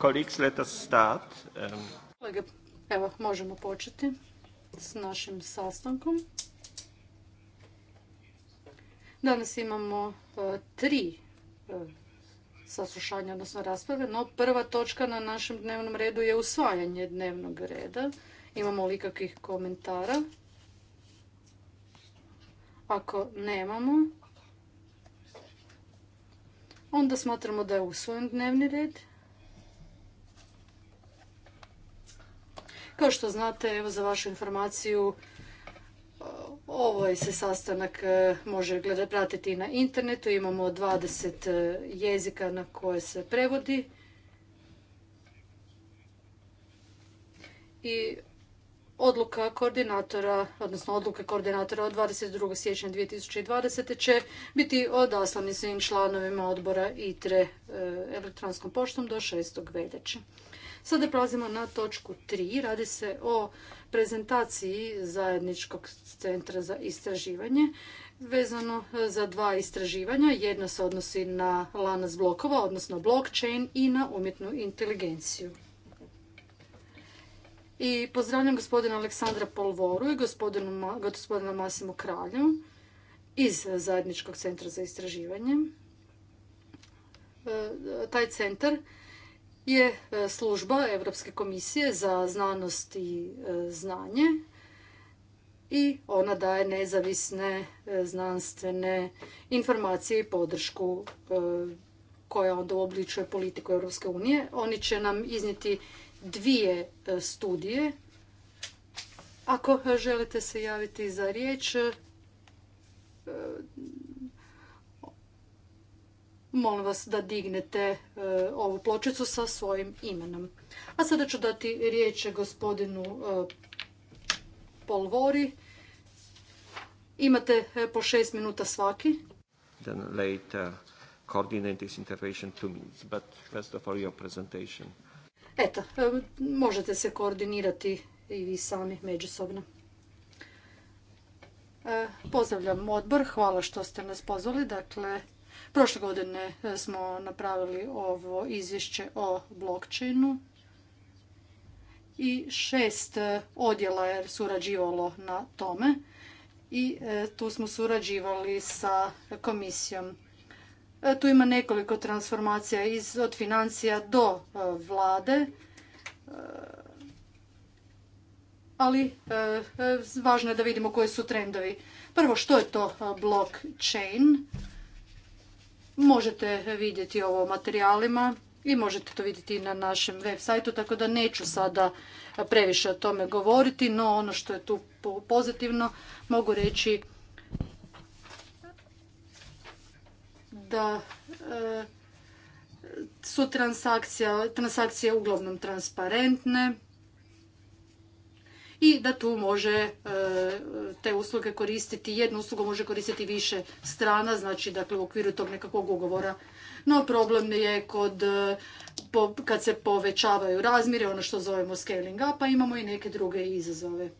Um, Kolege, evo, možemo početi s našim sastankom. Danas imamo e, tri e, saslušanja, odnosno rasprave, no prva točka na našem dnevnom redu je usvajanje dnevnog reda. Imamo li kakvih komentara? Ako nemamo, onda smatramo da je usvojen dnevni red. Kao što znate, evo za vašu informaciju, ovaj se sastanak e, može pratiti i na internetu. Imamo 20 e, jezika na koje se prevodi. I odluka koordinatora, odnosno odluka koordinatora od 22. siječnja 2020. će biti odaslani svim članovima odbora ITRE e, elektronskom poštom do 6. veljače. Sada prelazimo na točku 3. Radi se o prezentaciji zajedničkog centra za istraživanje vezano za dva istraživanja. Jedno se odnosi na lanac blokova, odnosno blockchain i na umjetnu inteligenciju. I pozdravljam gospodina Aleksandra Polvoru i gospodina Masimu Kralju iz Zajedničkog centra za istraživanje. E, taj centar je e, služba Europske komisije za znanost i e, znanje i ona daje nezavisne e, znanstvene informacije i podršku koja onda uobličuje politiku Europske unije. Oni će nam iznijeti dvije studije. Ako želite se javiti za riječ, Molim vas da dignete e, ovu pločicu sa svojim imenom. A sada ću dati riječ gospodinu e, Polvori. Imate e, po šest minuta svaki. Eto, možete se koordinirati i vi sami međusobno. Pozdravljam odbor, hvala što ste nas pozvali. Dakle, Prošle godine e, smo napravili ovo izvješće o blockchainu i šest e, odjela je surađivalo na tome i e, tu smo surađivali sa komisijom. Tu ima nekoliko transformacija iz, od financija do vlade, ali važno je da vidimo koji su trendovi. Prvo, što je to blockchain? Možete vidjeti ovo u materijalima i možete to vidjeti i na našem web sajtu, tako da neću sada previše o tome govoriti, no ono što je tu pozitivno mogu reći da e, su transakcije uglavnom transparentne, i da tu može e, te usluge koristiti, jednu uslugu može koristiti više strana, znači dakle u okviru tog nekakvog ugovora. No problem je kod e, kad se povećavaju razmjere, ono što zovemo scaling up, pa imamo i neke druge izazove.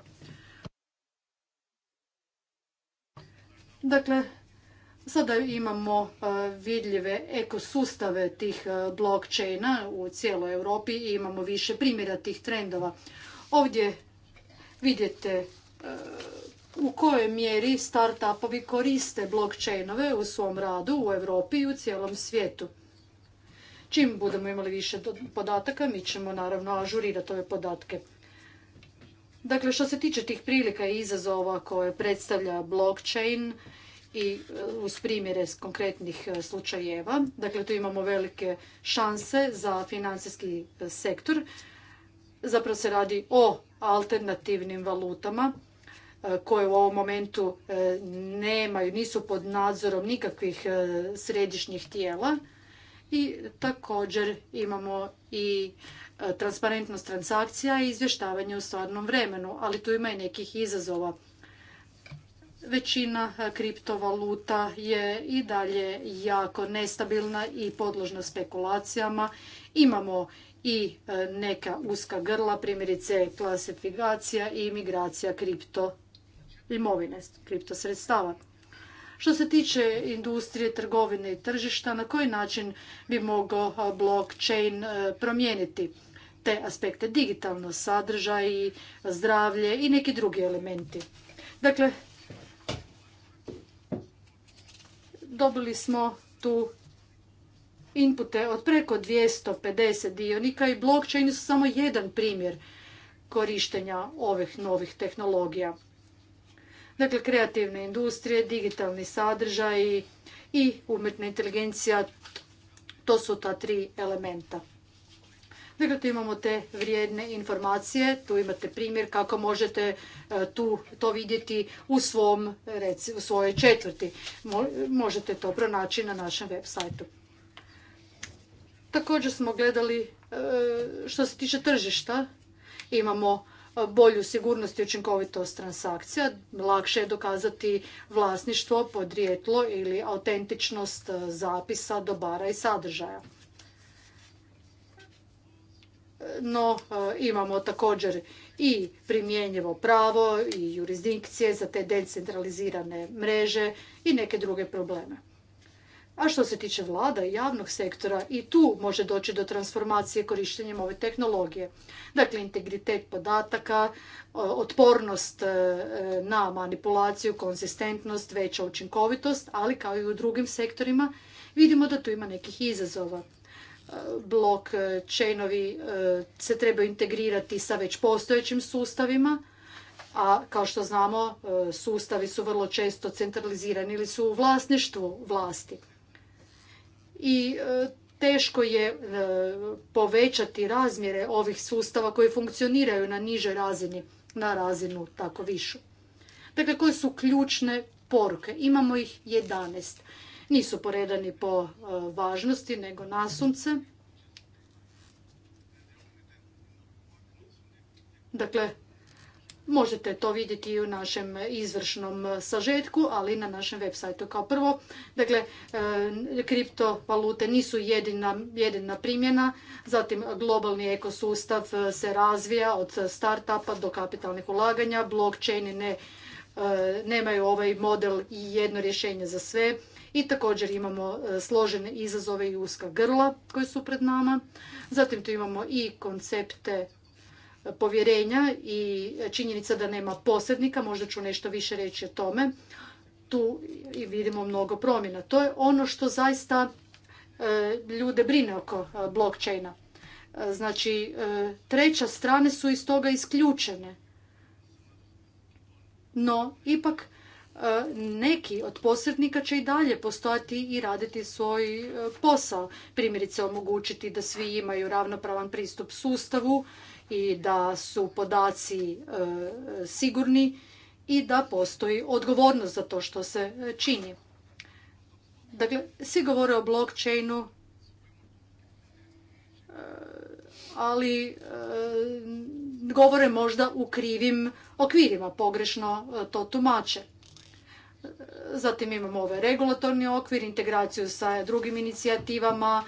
Dakle, sada imamo e, vidljive ekosustave tih blockchaina u cijeloj Europi i imamo više primjera tih trendova. Ovdje vidite e, u kojoj mjeri startupovi koriste blockchainove u svom radu u Europi i u cijelom svijetu. Čim budemo imali više podataka, mi ćemo naravno ažurirati ove podatke. Dakle, što se tiče tih prilika i izazova koje predstavlja blockchain i e, uz primjere konkretnih e, slučajeva, dakle tu imamo velike šanse za financijski sektor, zapravo se radi o alternativnim valutama e, koje u ovom momentu e, nemaju, nisu pod nadzorom nikakvih e, središnjih tijela. I također imamo i transparentnost transakcija i izvještavanje u stvarnom vremenu, ali tu ima i nekih izazova. Većina kriptovaluta je i dalje jako nestabilna i podložna spekulacijama. Imamo i e, neka uska grla, primjerice klasifikacija i migracija kripto imovine, kripto sredstava. Što se tiče industrije, trgovine i tržišta, na koji način bi mogao blockchain e, promijeniti te aspekte, digitalno sadržaj, zdravlje i neki drugi elementi. Dakle, dobili smo tu inpute od preko 250 dionika i blockchain su samo jedan primjer korištenja ovih novih tehnologija. Dakle, kreativne industrije, digitalni sadržaj i umjetna inteligencija, to su ta tri elementa. Dakle, tu imamo te vrijedne informacije, tu imate primjer kako možete e, tu to vidjeti u, svom, u svojoj četvrti. Možete to pronaći na našem web sajtu. Također smo gledali e, što se tiče tržišta. Imamo e, bolju sigurnost i učinkovitost transakcija. Lakše je dokazati vlasništvo, podrijetlo ili autentičnost e, zapisa, dobara i sadržaja. No, imamo također i primjenjivo pravo i jurisdikcije za te decentralizirane mreže i neke druge probleme. A što se tiče vlada i javnog sektora, i tu može doći do transformacije korištenjem ove tehnologije. Dakle, integritet podataka, e, otpornost e, na manipulaciju, konzistentnost, veća učinkovitost, ali kao i u drugim sektorima vidimo da tu ima nekih izazova. E, blok čenovi se trebaju integrirati sa već postojećim sustavima, a kao što znamo sustavi su vrlo često centralizirani ili su u vlasništvu vlasti i e, teško je e, povećati razmjere ovih sustava koji funkcioniraju na nižoj razini, na razinu tako višu. Dakle, koje su ključne poruke? Imamo ih 11. Nisu poredani po e, važnosti, nego nasumce. Dakle, Možete to vidjeti i u našem izvršnom sažetku, ali i na našem web sajtu. Kao prvo, dakle, e, kriptovalute nisu jedina, jedina primjena, zatim globalni ekosustav e, se razvija od startupa do kapitalnih ulaganja, blockchaini ne, e, nemaju ovaj model i jedno rješenje za sve i također imamo složene izazove i uska grla koji su pred nama. Zatim tu imamo i koncepte povjerenja i činjenica da nema posrednika, možda ću nešto više reći o tome. Tu vidimo mnogo promjena. To je ono što zaista e, ljude brine oko e, blockchaina. E, znači, treća strane su iz toga isključene. No, ipak neki od posrednika će i dalje postojati i raditi svoj posao. Primjerice, omogućiti da svi imaju ravnopravan pristup sustavu i da su podaci e, sigurni i da postoji odgovornost za to što se e, čini. Dakle, svi govore o blockchainu, e, ali govore možda u krivim okvirima, pogrešno to tumače. Zatim imamo ovaj regulatorni okvir, integraciju sa drugim inicijativama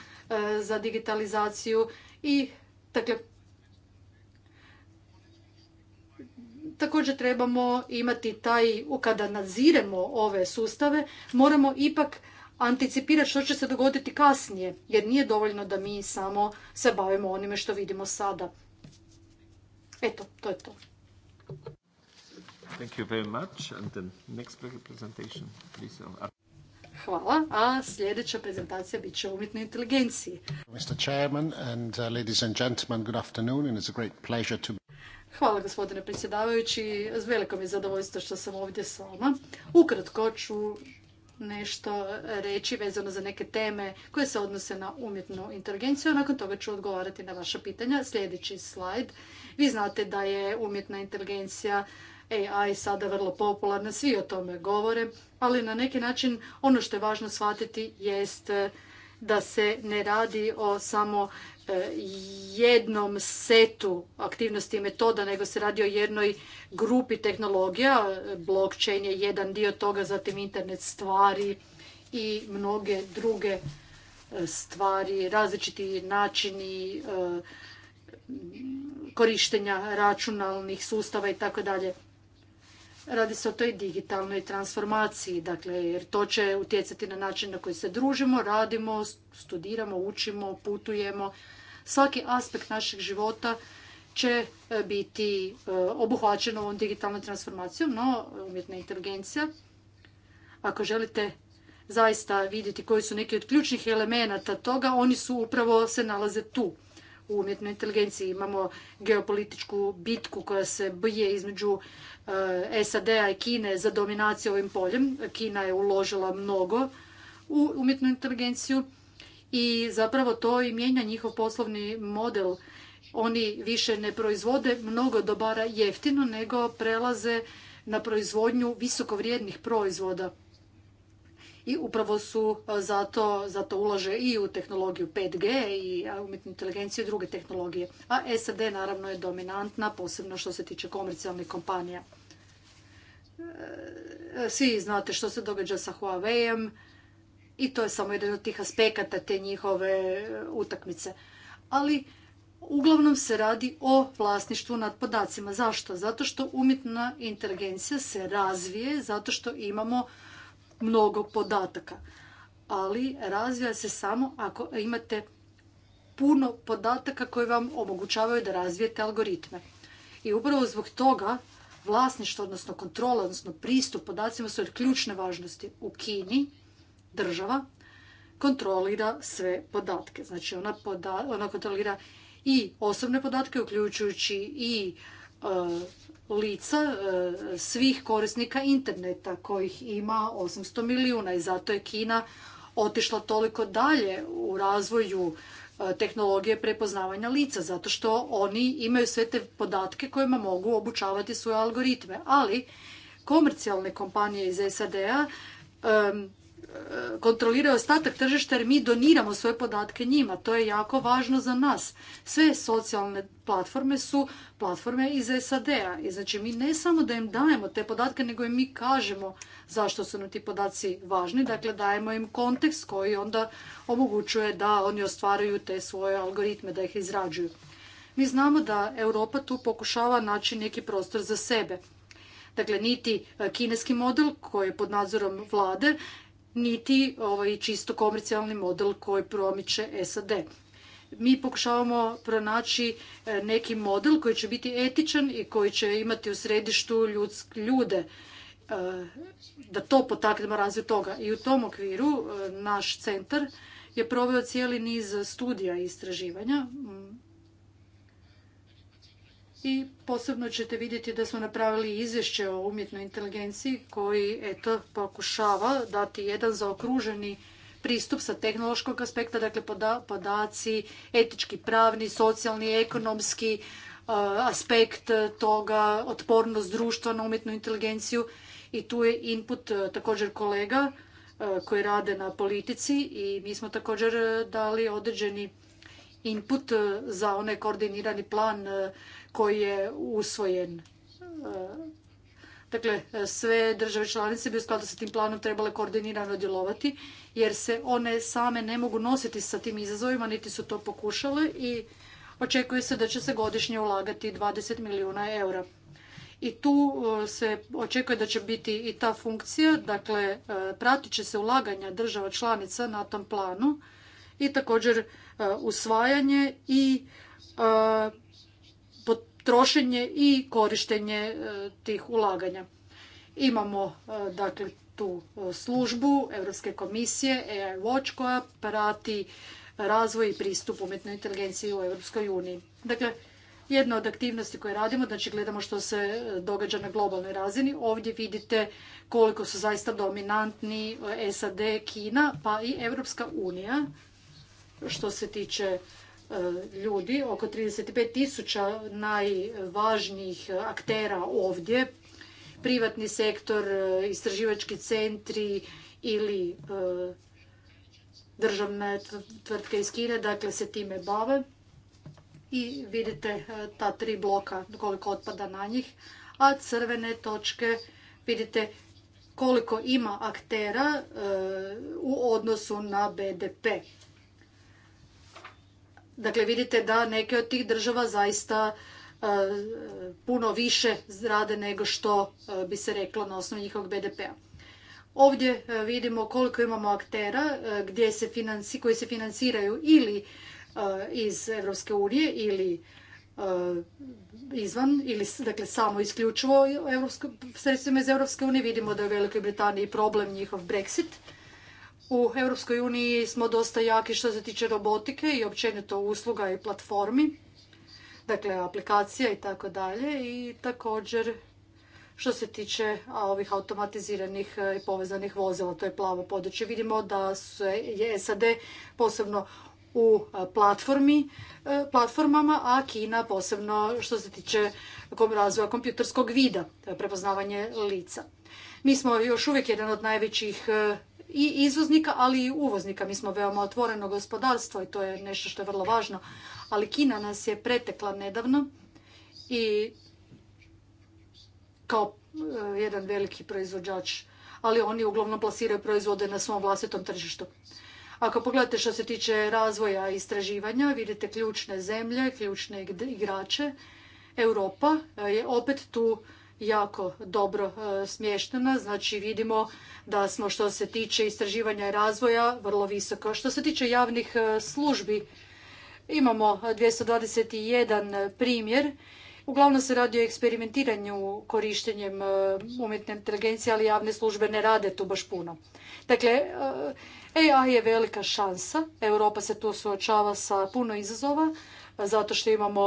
za digitalizaciju i dakle, također trebamo imati taj, kada nadziremo ove sustave, moramo ipak anticipirati što će se dogoditi kasnije, jer nije dovoljno da mi samo se bavimo onime što vidimo sada. Eto, to je to. Hvala, a sljedeća prezentacija bit će o umjetnoj inteligenciji. gentlemen, Hvala gospodine predsjedavajući. S veliko je zadovoljstvo što sam ovdje s vama. Ukratko ću nešto reći vezano za neke teme koje se odnose na umjetnu inteligenciju. Nakon toga ću odgovarati na vaša pitanja. Sljedeći slajd. Vi znate da je umjetna inteligencija AI sada vrlo popularna, svi o tome govore, ali na neki način ono što je važno shvatiti jest da se ne radi o samo jednom setu aktivnosti i metoda, nego se radi o jednoj grupi tehnologija. Blockchain je jedan dio toga, zatim internet stvari i mnoge druge e, stvari, različiti načini e, korištenja računalnih sustava i tako dalje. Radi se o toj digitalnoj transformaciji, dakle, jer to će utjecati na način na koji se družimo, radimo, studiramo, učimo, putujemo Svaki aspekt našeg života će e, biti e, obuhvaćen ovom digitalnom transformacijom, no umjetna inteligencija, ako želite zaista vidjeti koji su neki od ključnih elemenata toga, oni su upravo se nalaze tu u umjetnoj inteligenciji. Imamo geopolitičku bitku koja se bije između e, SAD-a i Kine za dominaciju ovim poljem. Kina je uložila mnogo u umjetnu inteligenciju i zapravo to i mijenja njihov poslovni model. Oni više ne proizvode mnogo dobara jeftino, nego prelaze na proizvodnju visokovrijednih proizvoda. I upravo su e, zato, zato ulaže i u tehnologiju 5G i e, umjetnu inteligenciju i druge tehnologije. A SAD naravno je dominantna, posebno što se tiče komercijalnih kompanija. E, svi znate što se događa sa Huawei-em, i to je samo jedan od tih aspekata te njihove utakmice. Ali uglavnom se radi o vlasništvu nad podacima. Zašto? Zato što umjetna inteligencija se razvije, zato što imamo mnogo podataka. Ali razvija se samo ako imate puno podataka koji vam omogućavaju da razvijete algoritme. I upravo zbog toga vlasništvo, odnosno kontrola, odnosno pristup podacima su od ključne važnosti. U Kini država kontrolira sve podatke. Znači ona, poda, ona kontrolira i osobne podatke, uključujući i e, lica e, svih korisnika interneta kojih ima 800 milijuna i zato je Kina otišla toliko dalje u razvoju e, tehnologije prepoznavanja lica, zato što oni imaju sve te podatke kojima mogu obučavati svoje algoritme. Ali komercijalne kompanije iz SAD-a kontroliraju ostatak tržišta jer mi doniramo svoje podatke njima. To je jako važno za nas. Sve socijalne platforme su platforme iz SAD-a. I znači mi ne samo da im dajemo te podatke, nego im mi kažemo zašto su nam ti podaci važni. Dakle, dajemo im kontekst koji onda omogućuje da oni ostvaraju te svoje algoritme, da ih izrađuju. Mi znamo da Europa tu pokušava naći neki prostor za sebe. Dakle, niti kineski model koji je pod nadzorom vlade, niti ovaj čisto komercijalni model koji promiče SAD. Mi pokušavamo pronaći e, neki model koji će biti etičan i koji će imati u središtu ljudsk, ljude e, da to potaknemo razvoj toga. I u tom okviru e, naš centar je proveo cijeli niz studija i istraživanja i posebno ćete vidjeti da smo napravili izvješće o umjetnoj inteligenciji koji eto pokušava dati jedan zaokruženi pristup sa tehnološkog aspekta, dakle podaci, etički, pravni, socijalni, ekonomski e, aspekt toga, otpornost društva na umjetnu inteligenciju i tu je input e, također kolega e, koji rade na politici i mi smo također dali određeni input za onaj koordinirani plan koji je usvojen. E, dakle, sve države članice bi u skladu sa tim planom trebale koordinirano djelovati, jer se one same ne mogu nositi sa tim izazovima, niti su to pokušale i očekuje se da će se godišnje ulagati 20 milijuna eura. I tu e, se očekuje da će biti i ta funkcija, dakle e, pratit će se ulaganja država članica na tom planu i također usvajanje i trošenje i korištenje e, tih ulaganja. Imamo e, dakle tu e, službu Europske komisije AI Watch koja prati razvoj i pristup umjetnoj inteligenciji u Europskoj uniji. Dakle, jedna od aktivnosti koje radimo, znači gledamo što se događa na globalnoj razini. Ovdje vidite koliko su zaista dominantni SAD, Kina, pa i Europska unija što se tiče E, ljudi, oko 35 tisuća najvažnijih aktera ovdje, privatni sektor, e, istraživački centri ili e, državne tvrtke iz Kine, dakle se time bave. I vidite ta tri bloka, koliko otpada na njih. A crvene točke, vidite koliko ima aktera u odnosu na BDP. Dakle, vidite da neke od tih država zaista e, puno više rade nego što e, bi se reklo na osnovu njihovog BDP-a. Ovdje e, vidimo koliko imamo aktera gdje se koji se financiraju ili iz EU unije ili izvan ili dakle samo isključivo sredstvima iz Europske unije. Vidimo da je u Velikoj Britaniji problem njihov Brexit u Europskoj uniji smo dosta jaki što se tiče robotike i općenito usluga i platformi, dakle aplikacija i tako dalje i također što se tiče ovih automatiziranih e, i povezanih vozila, to je plavo područje. Vidimo da je SAD posebno u platformi, e, platformama, a Kina posebno što se tiče razvoja kompjuterskog vida, e, prepoznavanje lica. Mi smo još uvijek jedan od najvećih i izvoznika, ali i uvoznika. Mi smo veoma otvoreno gospodarstvo i to je nešto što je vrlo važno. Ali Kina nas je pretekla nedavno i kao e, jedan veliki proizvođač, ali oni uglavnom plasiraju proizvode na svom vlastitom tržištu. Ako pogledate što se tiče razvoja i istraživanja, vidite ključne zemlje, ključne igrače. Europa e, je opet tu jako dobro e, smještena. Znači vidimo da smo što se tiče istraživanja i razvoja vrlo visoko. Što se tiče javnih e, službi, imamo 221 primjer. Uglavnom se radi o eksperimentiranju korištenjem e, umjetne inteligencije, ali javne službe ne rade tu baš puno. Dakle, AI je velika šansa. Europa se tu suočava sa puno izazova zato što imamo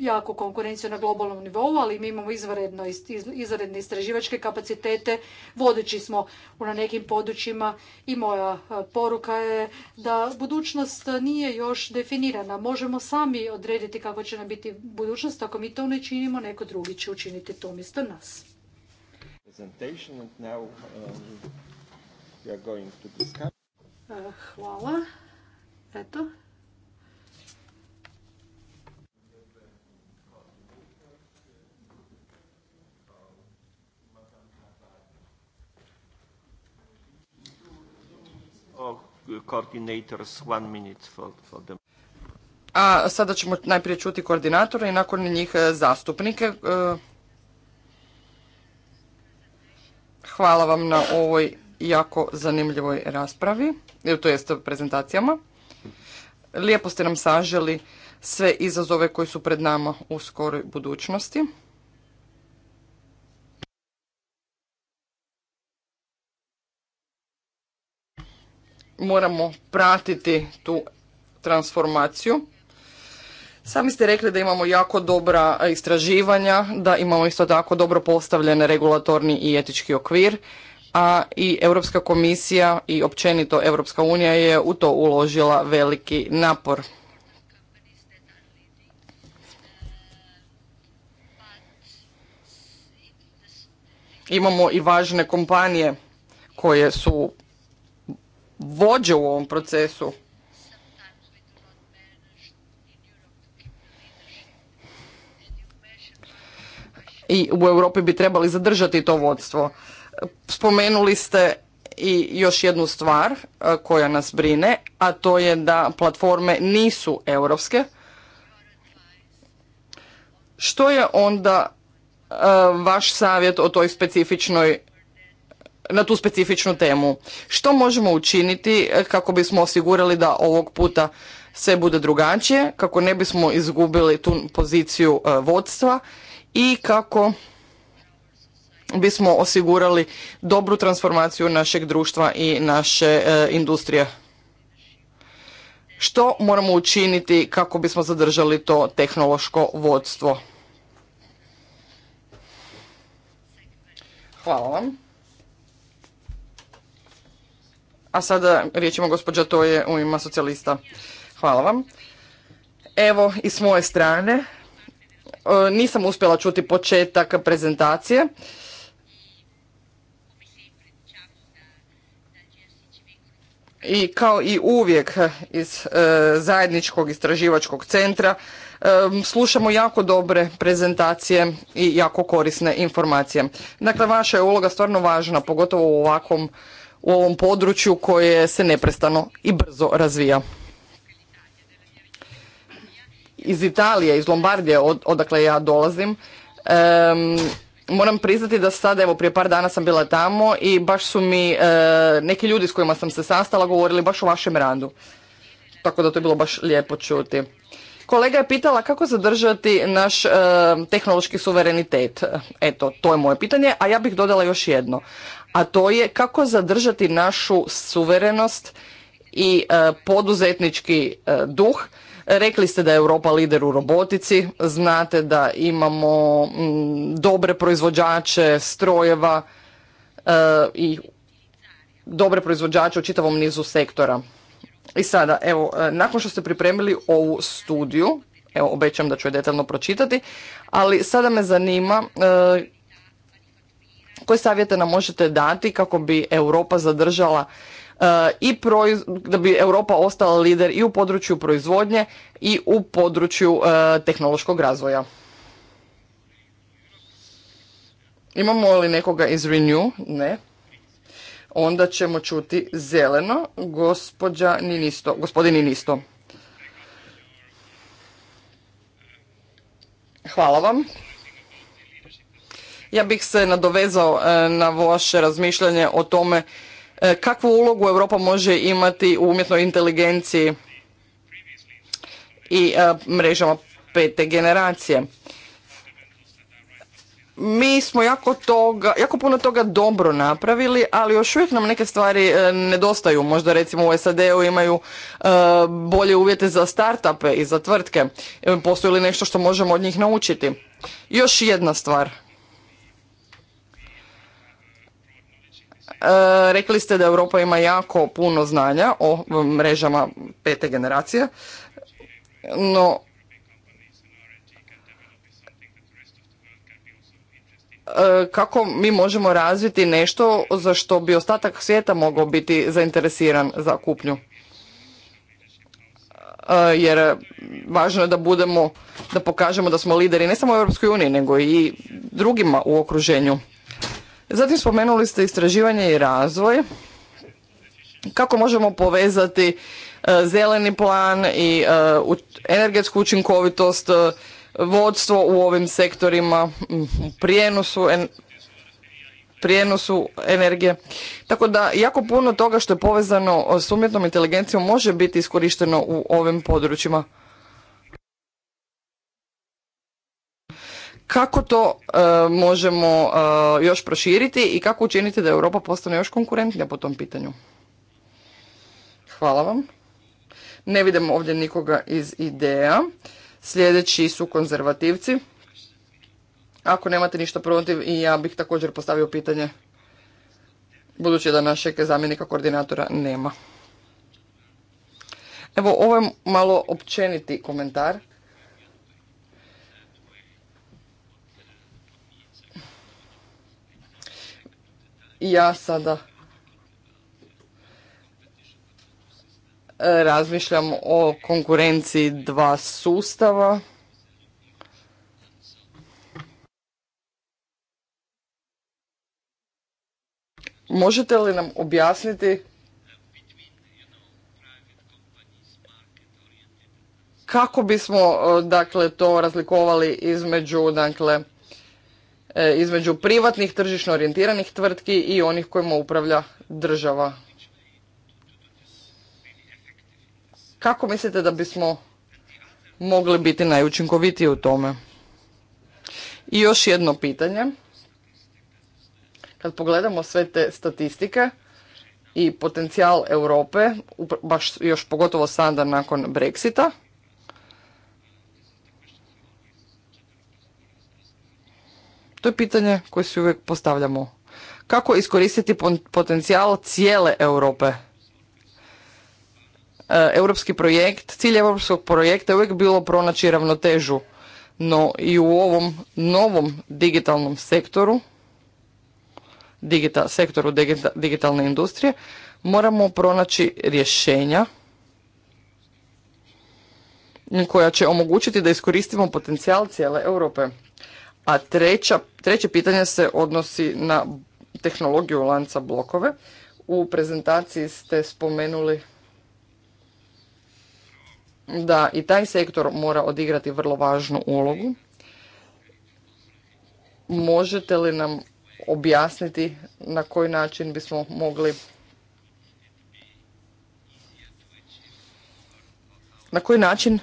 jaku konkurenciju na globalnom nivou, ali mi imamo izvanredne istraživačke kapacitete, vodeći smo na nekim područjima i moja e, poruka je da budućnost nije još definirana. Možemo sami odrediti kako će nam biti budućnost, ako mi to ne činimo, neko drugi će učiniti to umjesto nas. Um, e, hvala. Eto, Oh, A sada ćemo najprije čuti koordinatora i nakon njih e, zastupnike. E, hvala vam na ovoj jako zanimljivoj raspravi, e, to jest prezentacijama. Lijepo ste nam saželi sve izazove koji su pred nama u skoroj budućnosti. moramo pratiti tu transformaciju. Sami ste rekli da imamo jako dobra e, istraživanja, da imamo isto tako dobro postavljen regulatorni i etički okvir, a i Europska komisija i općenito Europska unija je u to uložila veliki napor. Imamo i važne kompanije koje su vođe u ovom procesu. I u Europi bi trebali zadržati to vodstvo. Spomenuli ste i još jednu stvar e, koja nas brine, a to je da platforme nisu europske. Što je onda e, vaš savjet o toj specifičnoj na tu specifičnu temu. Što možemo učiniti e, kako bismo osigurali da ovog puta sve bude drugačije, kako ne bismo izgubili tu poziciju e, vodstva i kako bismo osigurali dobru transformaciju našeg društva i naše e, industrije. Što moramo učiniti kako bismo zadržali to tehnološko vodstvo? Hvala vam. A sada riječ ima gospođa Toje u ima socijalista. Hvala vam. Evo i s moje strane. E, nisam uspjela čuti početak prezentacije. I kao i uvijek iz e, zajedničkog istraživačkog centra e, slušamo jako dobre prezentacije i jako korisne informacije. Dakle, vaša je uloga stvarno važna, pogotovo u ovakvom u ovom području koje se neprestano i brzo razvija. Iz Italije, iz Lombardije, od, odakle ja dolazim, moram priznati da sada, evo prije par dana sam bila tamo i baš su mi e, neki ljudi s kojima sam se sastala govorili baš o vašem radu. Tako da to je bilo baš lijepo čuti. Kolega je pitala kako zadržati naš e, tehnološki suverenitet. Eto, to je moje pitanje, a ja bih dodala još jedno a to je kako zadržati našu suverenost i e, poduzetnički e, duh. Rekli ste da je Europa lider u robotici, znate da imamo dobre proizvođače strojeva e, i dobre proizvođače u čitavom nizu sektora. I sada, evo, nakon što ste pripremili ovu studiju, evo, obećam da ću je detaljno pročitati, ali sada me zanima koje savjete nam možete dati kako bi Europa zadržala eh, i da bi Europa ostala lider i u području proizvodnje i u području eh, tehnološkog razvoja. Imamo li nekoga iz Renew? Ne. Onda ćemo čuti zeleno, gospođa Ninisto, gospodin Ninisto. Hvala vam. Ja bih se nadovezao e, na vaše razmišljanje o tome e, kakvu ulogu Europa može imati u umjetnoj inteligenciji i e, mrežama pete generacije. Mi smo jako, toga, jako puno toga dobro napravili, ali još uvijek nam neke stvari nedostaju. Možda recimo u SAD-u imaju bolje uvjete za startupe i za tvrtke. Postoji li nešto što možemo od njih naučiti? Još jedna stvar – E, rekli ste da Europa ima jako puno znanja o mrežama pete generacije, no e, kako mi možemo razviti nešto za što bi ostatak svijeta mogao biti zainteresiran za kupnju. E, jer važno je da budemo, da pokažemo da smo lideri ne samo u Europskoj nego i drugima u okruženju. Zatim spomenuli ste istraživanje i razvoj. Kako možemo povezati e, zeleni plan i e, energetsku učinkovitost, e, vodstvo u ovim sektorima, prijenosu, prijenosu energije. Tako da jako puno toga što je povezano s umjetnom inteligencijom može biti iskorišteno u ovim područjima. kako to e, možemo e, još proširiti i kako učiniti da Europa postane još konkurentnija po tom pitanju? Hvala vam. Ne vidim ovdje nikoga iz ideja. Sljedeći su konzervativci. Ako nemate ništa protiv i ja bih također postavio pitanje budući da našeg zamjenika koordinatora nema. Evo, ovo je malo općeniti komentar I ja sada e, razmišljam o konkurenciji dva sustava. Možete li nam objasniti kako bismo e, dakle to razlikovali između dakle E, između privatnih tržišno orijentiranih tvrtki i onih kojima upravlja država. Kako mislite da bismo mogli biti najučinkovitiji u tome? I još jedno pitanje. Kad pogledamo sve te statistike i potencijal Europe, baš još pogotovo sada nakon Brexita, To je pitanje koje si uvijek postavljamo. Kako iskoristiti potencijal cijele Europe? E, europski projekt, cilj europskog projekta je uvijek bilo pronaći ravnotežu, no i u ovom novom digitalnom sektoru, digital, sektoru digitalne industrije, moramo pronaći rješenja koja će omogućiti da iskoristimo potencijal cijele Europe. A treća, treće pitanje se odnosi na tehnologiju lanca blokove. U prezentaciji ste spomenuli da i taj sektor mora odigrati vrlo važnu ulogu. Možete li nam objasniti na koji način bismo mogli na koji način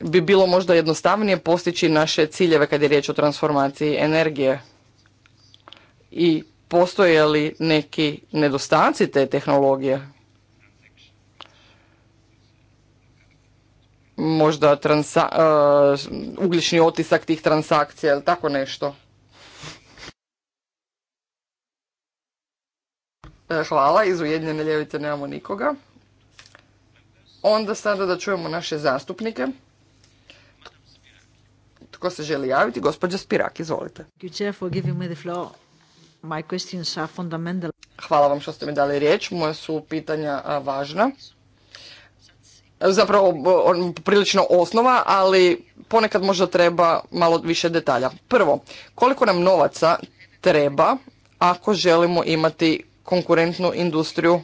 bi bilo možda jednostavnije postići naše ciljeve kad je riječ o transformaciji energije. I postoje li neki nedostaci te tehnologije? Možda e, ugljični otisak tih transakcija ili tako nešto. E, hvala, iz Ujedinjene ljevice nemamo nikoga. Onda sada da čujemo naše zastupnike. Tko se želi javiti? Gospođa Spirak, izvolite. Hvala vam što ste mi dali riječ. Moje su pitanja važna. E, zapravo, prilično osnova, ali ponekad možda treba malo više detalja. Prvo, koliko nam novaca treba ako želimo imati konkurentnu industriju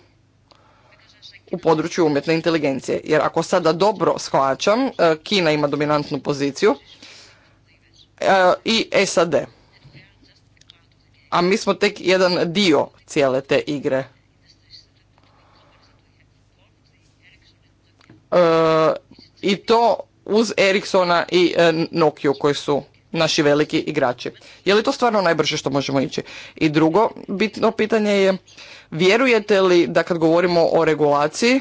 u području umjetne inteligencije. Jer ako sada dobro shvaćam, e, Kina ima dominantnu poziciju i SAD. A mi smo tek jedan dio cijele te igre. E, I to uz Ericssona i e, Nokia koji su naši veliki igrači. Je li to stvarno najbrže što možemo ići? I drugo bitno pitanje je, vjerujete li da kad govorimo o regulaciji, e,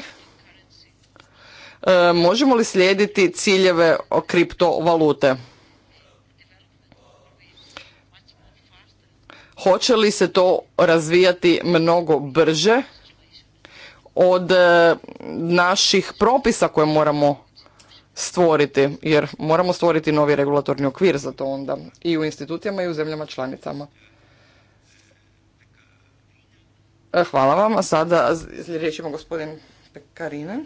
možemo li slijediti ciljeve kriptovalute? Hoće li se to razvijati mnogo brže od e, naših propisa koje moramo stvoriti, jer moramo stvoriti novi regulatorni okvir za to onda i u institucijama i u zemljama članicama. E, hvala vam, a sada riječ gospodin Pekarinen.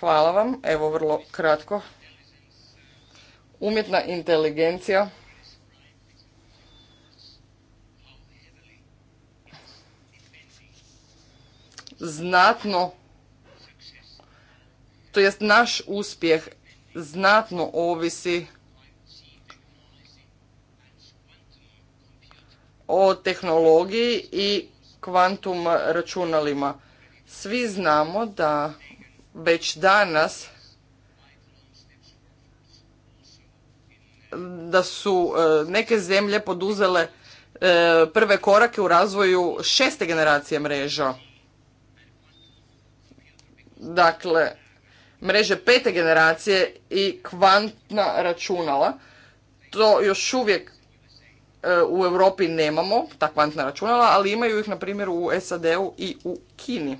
Hvala vam, evo vrlo kratko umjetna inteligencija znatno to jest naš uspjeh znatno ovisi o tehnologiji i kvantum računalima. Svi znamo da već danas da su e, neke zemlje poduzele e, prve korake u razvoju šeste generacije mreža. Dakle, mreže pete generacije i kvantna računala. To još uvijek e, u Europi nemamo, ta kvantna računala, ali imaju ih na primjer u SAD-u i u Kini.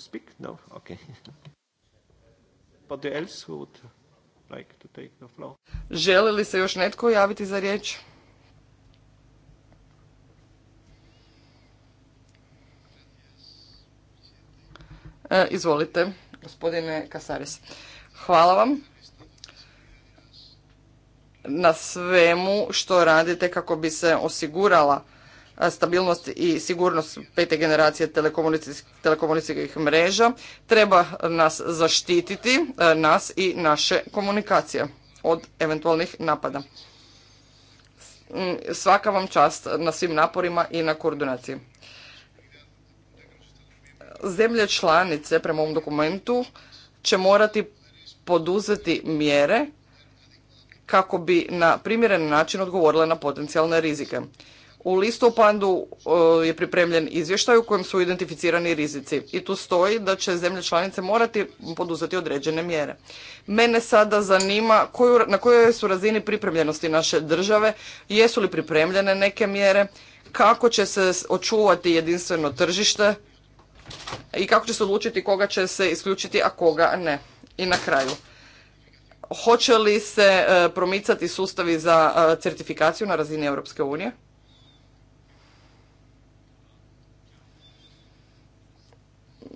to speak? No? Okay. else who like to take the floor? Želi li se još netko javiti za riječ? E, izvolite, gospodine Kasaris. Hvala vam na svemu što radite kako bi se osigurala stabilnost i sigurnost pete generacije telekomunicijskih mreža treba nas zaštititi, nas i naše komunikacije od eventualnih napada. Mm, svaka vam čast na svim naporima i na koordinaciji. Zemlje članice prema ovom dokumentu će morati poduzeti mjere kako bi na primjeren način odgovorile na potencijalne rizike. U listopadu e, je pripremljen izvještaj u kojem su identificirani rizici i tu stoji da će zemlje članice morati poduzeti određene mjere. Mene sada zanima koju, na kojoj su razini pripremljenosti naše države, jesu li pripremljene neke mjere, kako će se očuvati jedinstveno tržište i kako će se odlučiti koga će se isključiti, a koga ne. I na kraju, hoće li se e, promicati sustavi za e, certifikaciju na razini Europske unije?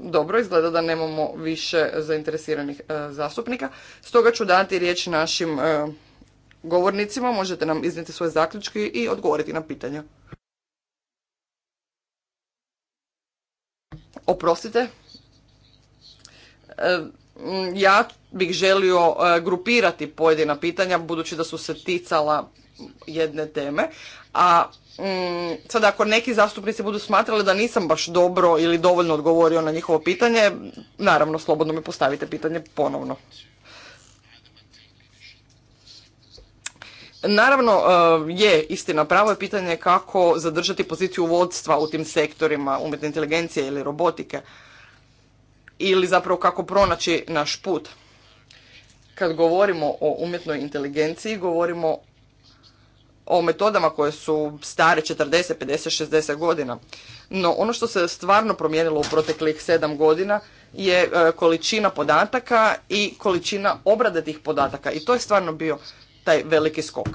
Dobro, izgleda da nemamo više zainteresiranih e, zastupnika. Stoga ću dati riječ našim e, govornicima. Možete nam iznijeti svoje zaključke i odgovoriti na pitanja. Oprostite. E, ja bih želio grupirati pojedina pitanja budući da su se ticala jedne teme, a mm, sada ako neki zastupnici budu smatrali da nisam baš dobro ili dovoljno odgovorio na njihovo pitanje, naravno slobodno mi postavite pitanje ponovno. Naravno, e, je istina, pravo je pitanje kako zadržati poziciju vodstva u tim sektorima umjetne inteligencije ili robotike ili zapravo kako pronaći naš put. Kad govorimo o umjetnoj inteligenciji, govorimo o metodama koje su stare 40, 50, 60 godina. No ono što se stvarno promijenilo u proteklih 7 godina je e, količina podataka i količina obrade tih podataka i to je stvarno bio taj veliki skok.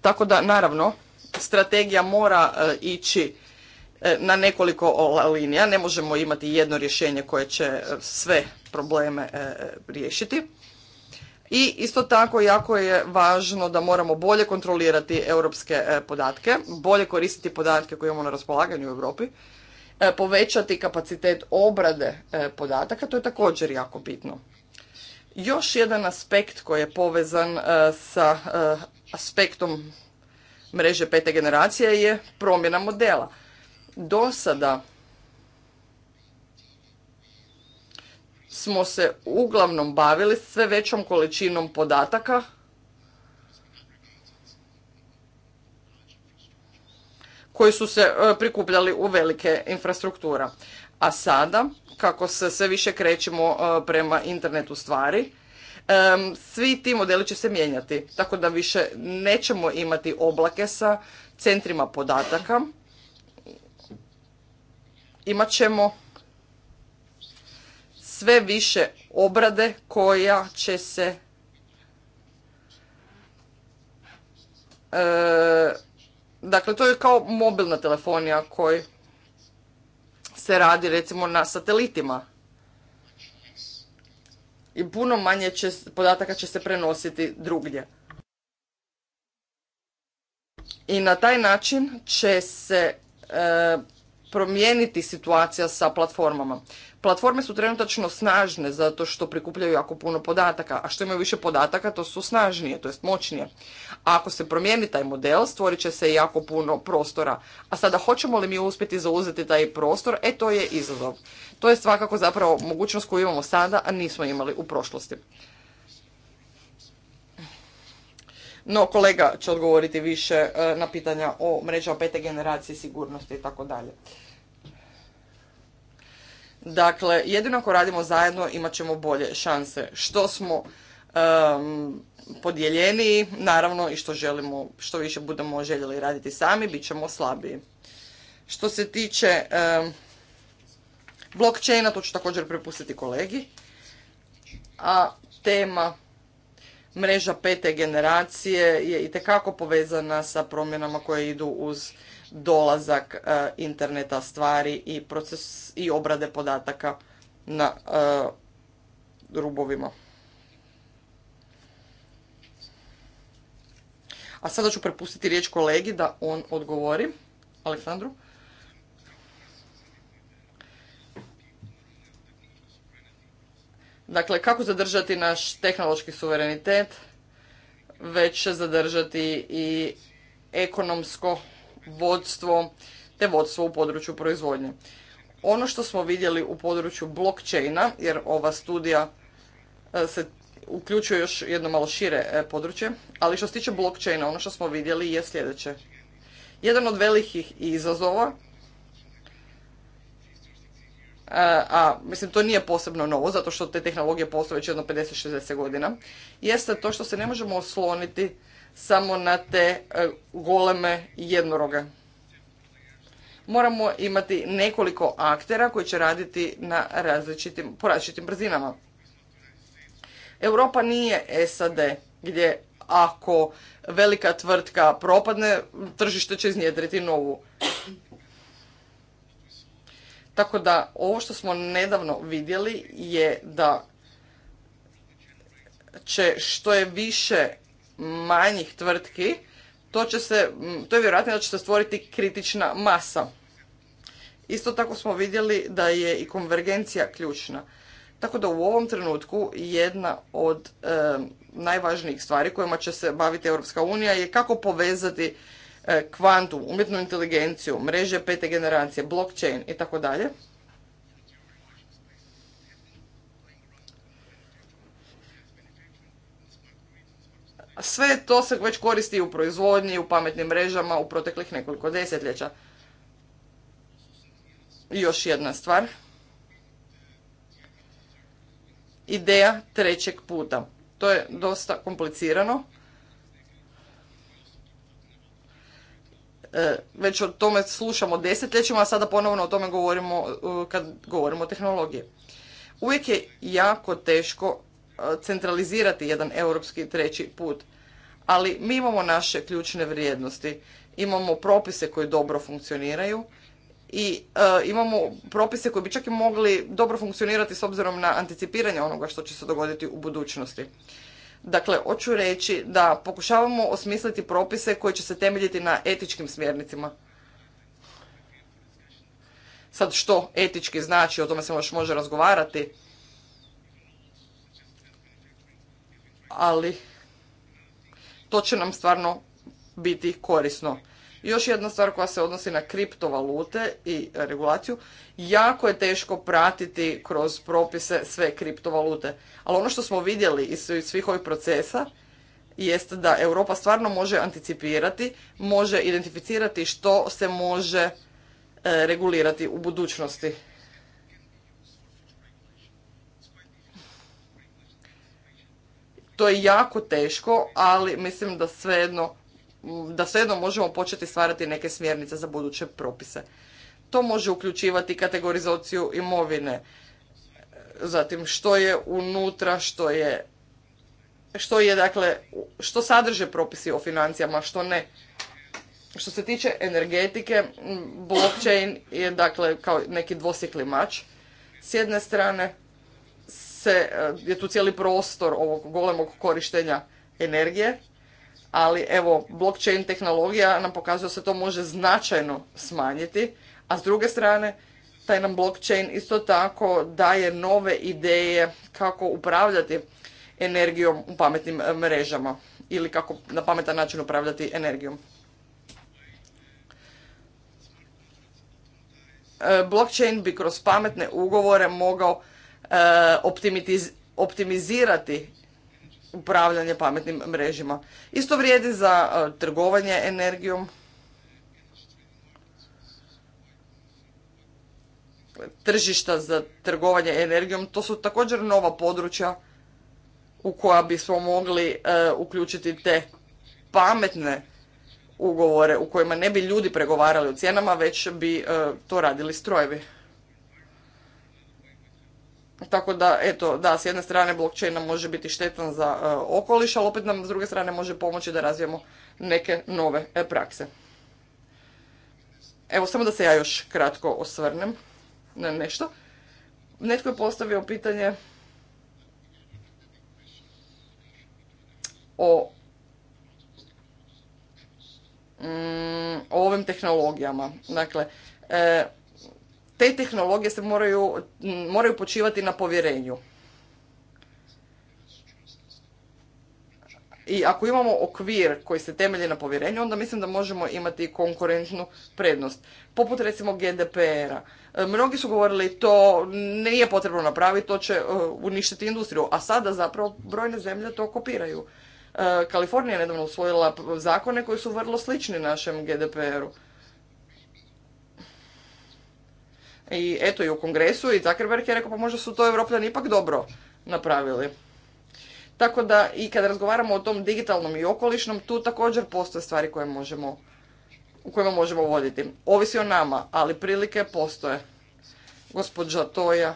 Tako da naravno strategija mora e, ići e, na nekoliko linija, ne možemo imati jedno rješenje koje će sve probleme riješiti. I isto tako jako je važno da moramo bolje kontrolirati europske e, podatke, bolje koristiti podatke koje imamo na raspolaganju u Europi, e, povećati kapacitet obrade e, podataka, to je također jako bitno. Još jedan aspekt koji je povezan sa aspektom mreže pete generacije je promjena modela. Do sada smo se uglavnom bavili sve većom količinom podataka koji su se e, prikupljali u velike infrastruktura. A sada, kako se sve više krećemo e, prema internetu stvari, e, svi ti modeli će se mijenjati. Tako da više nećemo imati oblake sa centrima podataka. Imat ćemo sve više obrade koja će se e, dakle to je kao mobilna telefonija koji se radi recimo na satelitima i puno manje podataka će se prenositi drugdje. I na taj način će se e, promijeniti situacija sa platformama. Platforme su trenutačno snažne zato što prikupljaju jako puno podataka, a što imaju više podataka to su snažnije, to jest moćnije. A ako se promijeni taj model, stvorit će se jako puno prostora. A sada hoćemo li mi uspjeti zauzeti taj prostor, e to je izazov. To je svakako zapravo mogućnost koju imamo sada, a nismo imali u prošlosti. No, kolega će odgovoriti više e, na pitanja o mrežama pete generacije sigurnosti i tako dalje. Dakle, jedino ako radimo zajedno imat ćemo bolje šanse. Što smo um, naravno i što želimo, što više budemo željeli raditi sami, bit ćemo slabiji. Što se tiče um, blockchaina, to ću također prepustiti kolegi. A tema mreža pete generacije je itekako povezana sa promjenama koje idu uz dolazak e, interneta stvari i proces i obrade podataka na e, rubovima. A sada ću prepustiti riječ kolegi da on odgovori. Aleksandru. Dakle, kako zadržati naš tehnološki suverenitet, već zadržati i ekonomsko vodstvo, te vodstvo u području proizvodnje. Ono što smo vidjeli u području blockchaina, jer ova studija e, se uključuje još jedno malo šire e, područje, ali što se tiče blockchaina, ono što smo vidjeli je sljedeće. Jedan od velikih izazova a mislim to nije posebno novo zato što te tehnologije postoje već jedno 50-60 godina, jeste to što se ne možemo osloniti samo na te e, goleme jednoroge. Moramo imati nekoliko aktera koji će raditi na različitim, po različitim brzinama. Europa nije SAD gdje ako velika tvrtka propadne, tržište će iznjedriti novu. Tako da ovo što smo nedavno vidjeli je da će što je više manjih tvrtki, to će se, to je vjerojatno da će se stvoriti kritična masa. Isto tako smo vidjeli da je i konvergencija ključna. Tako da u ovom trenutku jedna od najvažnijih stvari kojima će se baviti Europska unija je kako povezati E, kvantu, umjetnu inteligenciju, mreže pete generacije, blockchain i tako dalje. Sve to se već koristi u proizvodnji, u pametnim mrežama u proteklih nekoliko desetljeća. I još jedna stvar. Ideja trećeg puta. To je dosta komplicirano E, već o tome slušamo desetljećima, a sada ponovno o tome govorimo e, kad govorimo o tehnologiji. Uvijek je jako teško e, centralizirati jedan europski treći put, ali mi imamo naše ključne vrijednosti, imamo propise koji dobro funkcioniraju i imamo propise koji bi čak i mogli dobro funkcionirati s obzirom na anticipiranje onoga što će se dogoditi u budućnosti. Dakle, hoću reći da pokušavamo osmisliti propise koji će se temeljiti na etičkim smjernicima. Sad što etički znači, o tome se još može razgovarati. Ali to će nam stvarno biti korisno. Još jedna stvar koja se odnosi na kriptovalute i regulaciju, jako je teško pratiti kroz propise sve kriptovalute. Ali ono što smo vidjeli iz svih ovih procesa jest da Europa stvarno može anticipirati, može identificirati što se može e, regulirati u budućnosti. To je jako teško, ali mislim da svejedno da svejedno možemo početi stvarati neke smjernice za buduće propise. To može uključivati kategorizaciju imovine, zatim što je unutra, što je što je dakle, što sadrže propisi o financijama, što ne. Što se tiče energetike, blockchain je dakle kao neki dvosjekli mač. S jedne strane se, je tu cijeli prostor ovog golemog korištenja energije, ali evo blockchain tehnologija nam pokazuje da se to može značajno smanjiti, a s druge strane taj nam blockchain isto tako daje nove ideje kako upravljati energijom u pametnim e, mrežama ili kako na pametan način upravljati energijom. E, blockchain bi kroz pametne ugovore mogao e, optimizirati upravljanje pametnim mrežima. Isto vrijedi za e, trgovanje energijom. Tržišta za trgovanje energijom, to su također nova područja u koja bismo mogli e, uključiti te pametne ugovore u kojima ne bi ljudi pregovarali o cijenama, već bi e, to radili strojevi. Tako da, eto, da, s jedne strane blockchain može biti štetan za e, okoliš, ali opet nam s druge strane može pomoći da razvijemo neke nove e, prakse. Evo, samo da se ja još kratko osvrnem na nešto. Netko je postavio pitanje o, mm, ovim tehnologijama. Dakle, e, te tehnologije se moraju, moraju počivati na povjerenju. I ako imamo okvir koji se temelji na povjerenju, onda mislim da možemo imati konkurentnu prednost. Poput recimo GDPR-a. E, mnogi su govorili to nije potrebno napraviti, to će e, uništiti industriju, a sada zapravo brojne zemlje to kopiraju. E, Kalifornija je nedavno usvojila zakone koji su vrlo slični našem GDPR-u. I eto i u kongresu i Zuckerberg je rekao pa možda su to Evropljani ipak dobro napravili. Tako da i kada razgovaramo o tom digitalnom i okolišnom, tu također postoje stvari koje možemo, u kojima možemo voditi. Ovisi o nama, ali prilike postoje. Gospođa Toja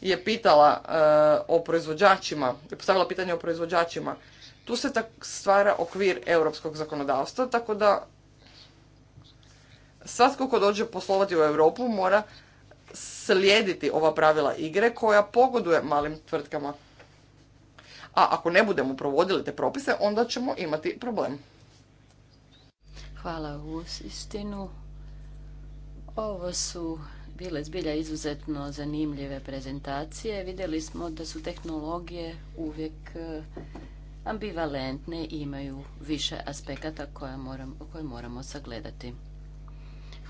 je pitala eh, o proizvođačima, je postavila pitanje o proizvođačima. Tu se tak stvara okvir europskog zakonodavstva, tako da svatko ko dođe poslovati u Europu mora slijediti ova pravila igre koja pogoduje malim tvrtkama. A ako ne budemo provodili te propise, onda ćemo imati problem. Hvala u istinu. Ovo su bile zbilja izuzetno zanimljive prezentacije. Vidjeli smo da su tehnologije uvijek e, ambivalentne i imaju više aspekata koje, koje moramo sagledati.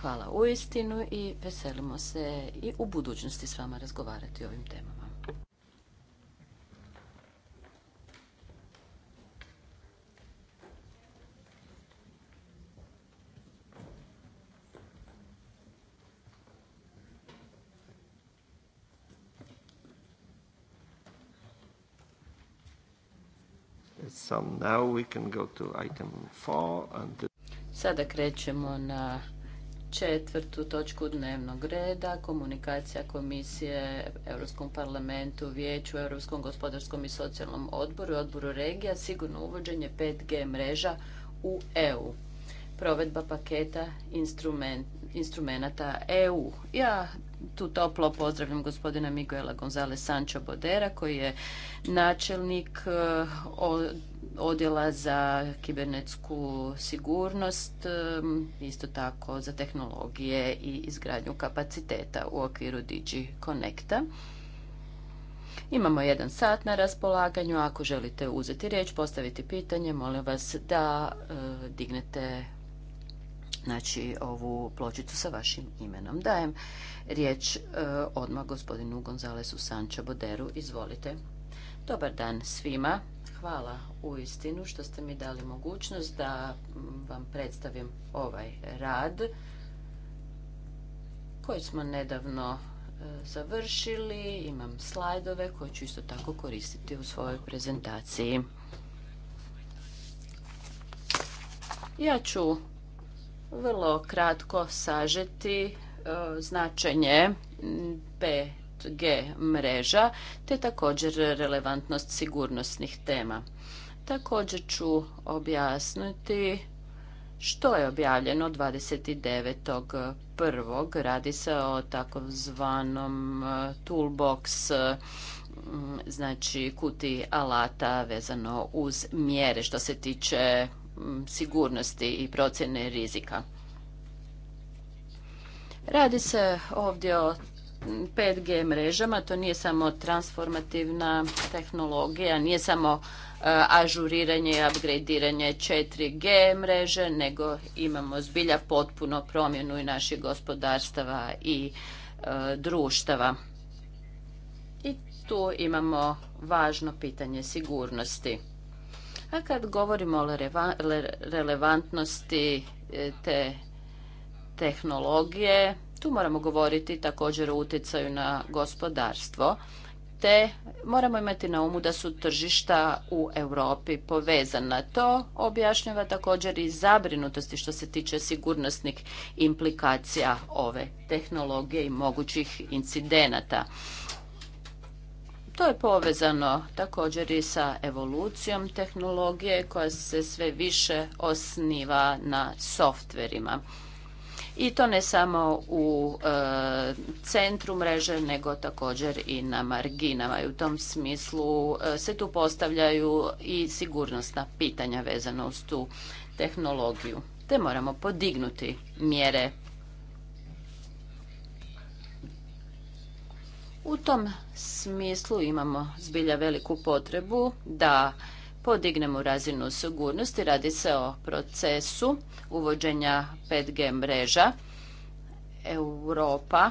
Hvala u istinu i veselimo se i u budućnosti s vama razgovarati o ovim temama. Sada krećemo na četvrtu točku dnevnog reda, komunikacija komisije Europskom parlamentu, vijeću, Europskom gospodarskom i socijalnom odboru i odboru regija, sigurno uvođenje 5G mreža u EU. Provedba paketa instrumenata EU. Ja tu toplo pozdravljam gospodina Miguela Gonzalez Sancho Bodera koji je načelnik eh, odjela za kibernetsku sigurnost, eh, isto tako za tehnologije i izgradnju kapaciteta u okviru Digi Connecta. Imamo jedan sat na raspolaganju. Ako želite uzeti riječ, postaviti pitanje, molim vas da eh, dignete znači ovu pločicu sa vašim imenom. Dajem riječ e, odmah gospodinu Gonzalesu Sanča Boderu. Izvolite. Dobar dan svima. Hvala u istinu što ste mi dali mogućnost da vam predstavim ovaj rad koji smo nedavno e, završili. Imam slajdove koje ću isto tako koristiti u svojoj prezentaciji. Ja ću vrlo kratko sažeti e, značenje 5G mreža te također relevantnost sigurnosnih tema. Također ću objasniti što je objavljeno 29.1. Radi se o takozvanom e, toolbox znači kuti alata vezano uz mjere što se tiče sigurnosti i procjene rizika. Radi se ovdje o 5G mrežama, to nije samo transformativna tehnologija, nije samo e, ažuriranje i upgradiranje 4G mreže, nego imamo zbilja potpuno promjenu i naših gospodarstava i e, društava. I tu imamo važno pitanje sigurnosti. A kad govorimo o relevantnosti e, te tehnologije, tu moramo govoriti također o utjecaju na gospodarstvo, te moramo imati na umu da su tržišta u Europi povezana. To objašnjava također i zabrinutosti što se tiče sigurnosnih implikacija ove tehnologije i mogućih incidenata. To je povezano također i sa evolucijom tehnologije koja se sve više osniva na softverima. I to ne samo u e, centru mreže, nego također i na marginama. I u tom smislu e, se tu postavljaju i sigurnosna pitanja vezana uz tu tehnologiju. Te moramo podignuti mjere. U tom smislu imamo zbilja veliku potrebu da podignemo razinu sigurnosti. Radi se o procesu uvođenja 5G mreža. Europa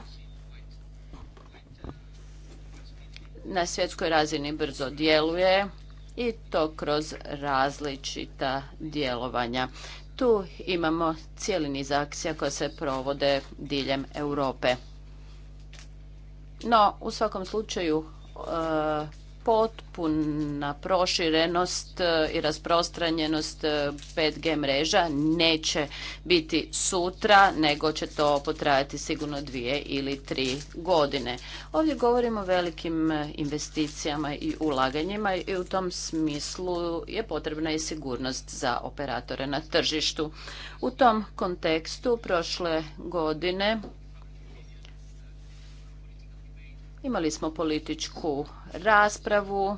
na svjetskoj razini brzo djeluje i to kroz različita djelovanja. Tu imamo cijeli niz akcija koje se provode diljem Europe. No, u svakom slučaju e, potpuna proširenost e, i rasprostranjenost 5G e, mreža neće biti sutra, nego će to potrajati sigurno dvije ili tri godine. Ovdje govorimo o velikim investicijama i ulaganjima i u tom smislu je potrebna i sigurnost za operatore na tržištu. U tom kontekstu prošle godine Imali smo političku raspravu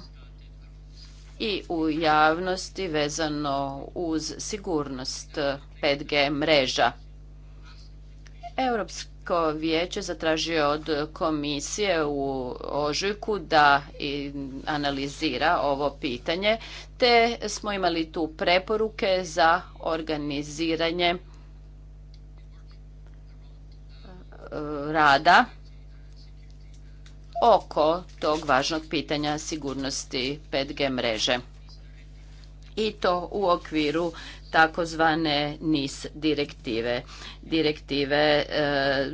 i u javnosti vezano uz sigurnost 5G mreža. Europsko vijeće zatražio od komisije u ožujku da analizira ovo pitanje, te smo imali tu preporuke za organiziranje e, rada oko tog važnog pitanja sigurnosti 5G mreže. I to u okviru takozvane NIS direktive, direktive e,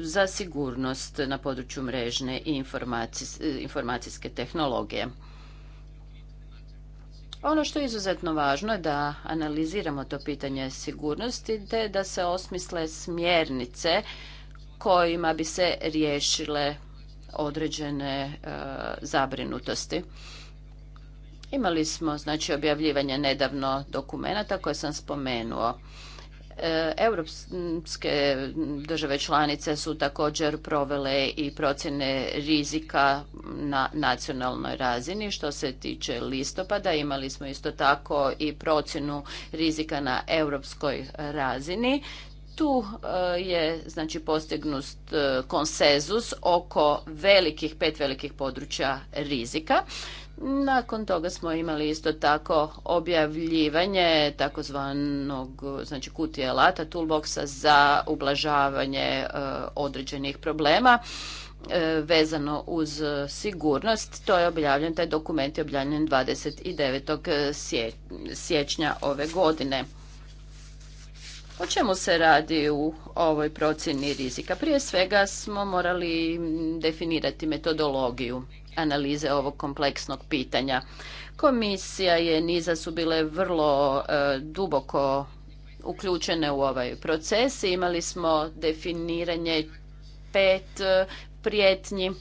za sigurnost na području mrežne i informacijske tehnologije. Ono što je izuzetno važno je da analiziramo to pitanje sigurnosti te da se osmisle smjernice kojima bi se riješile određene e, zabrinutosti. Imali smo znači objavljivanje nedavno dokumenata koje sam spomenuo. E, europske države članice su također provele i procjene rizika na nacionalnoj razini. Što se tiče listopada, imali smo isto tako i procjenu rizika na europskoj razini tu e, je znači postignut e, konsenzus oko velikih pet velikih područja rizika. Nakon toga smo imali isto tako objavljivanje takozvanog znači kutije alata toolboxa za ublažavanje e, određenih problema vezano uz sigurnost. To je objavljen, taj dokument je objavljen 29. siječnja ove godine. O čemu se radi u ovoj procjeni rizika? Prije svega smo morali definirati metodologiju analize ovog kompleksnog pitanja. Komisija je niza su bile vrlo e, duboko uključene u ovaj proces i imali smo definiranje pet e, prijetnji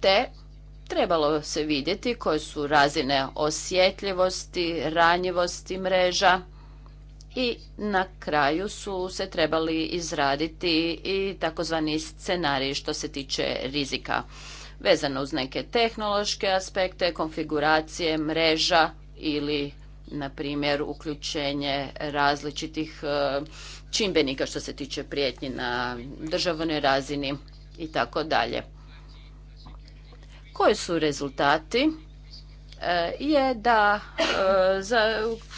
te trebalo se vidjeti koje su razine osjetljivosti, ranjivosti mreža i na kraju su se trebali izraditi i takozvani scenariji što se tiče rizika vezano uz neke tehnološke aspekte, konfiguracije mreža ili na primjer uključenje različitih e, čimbenika što se tiče prijetnji na državnoj razini i tako dalje. Koji su rezultati? E, je da e, za,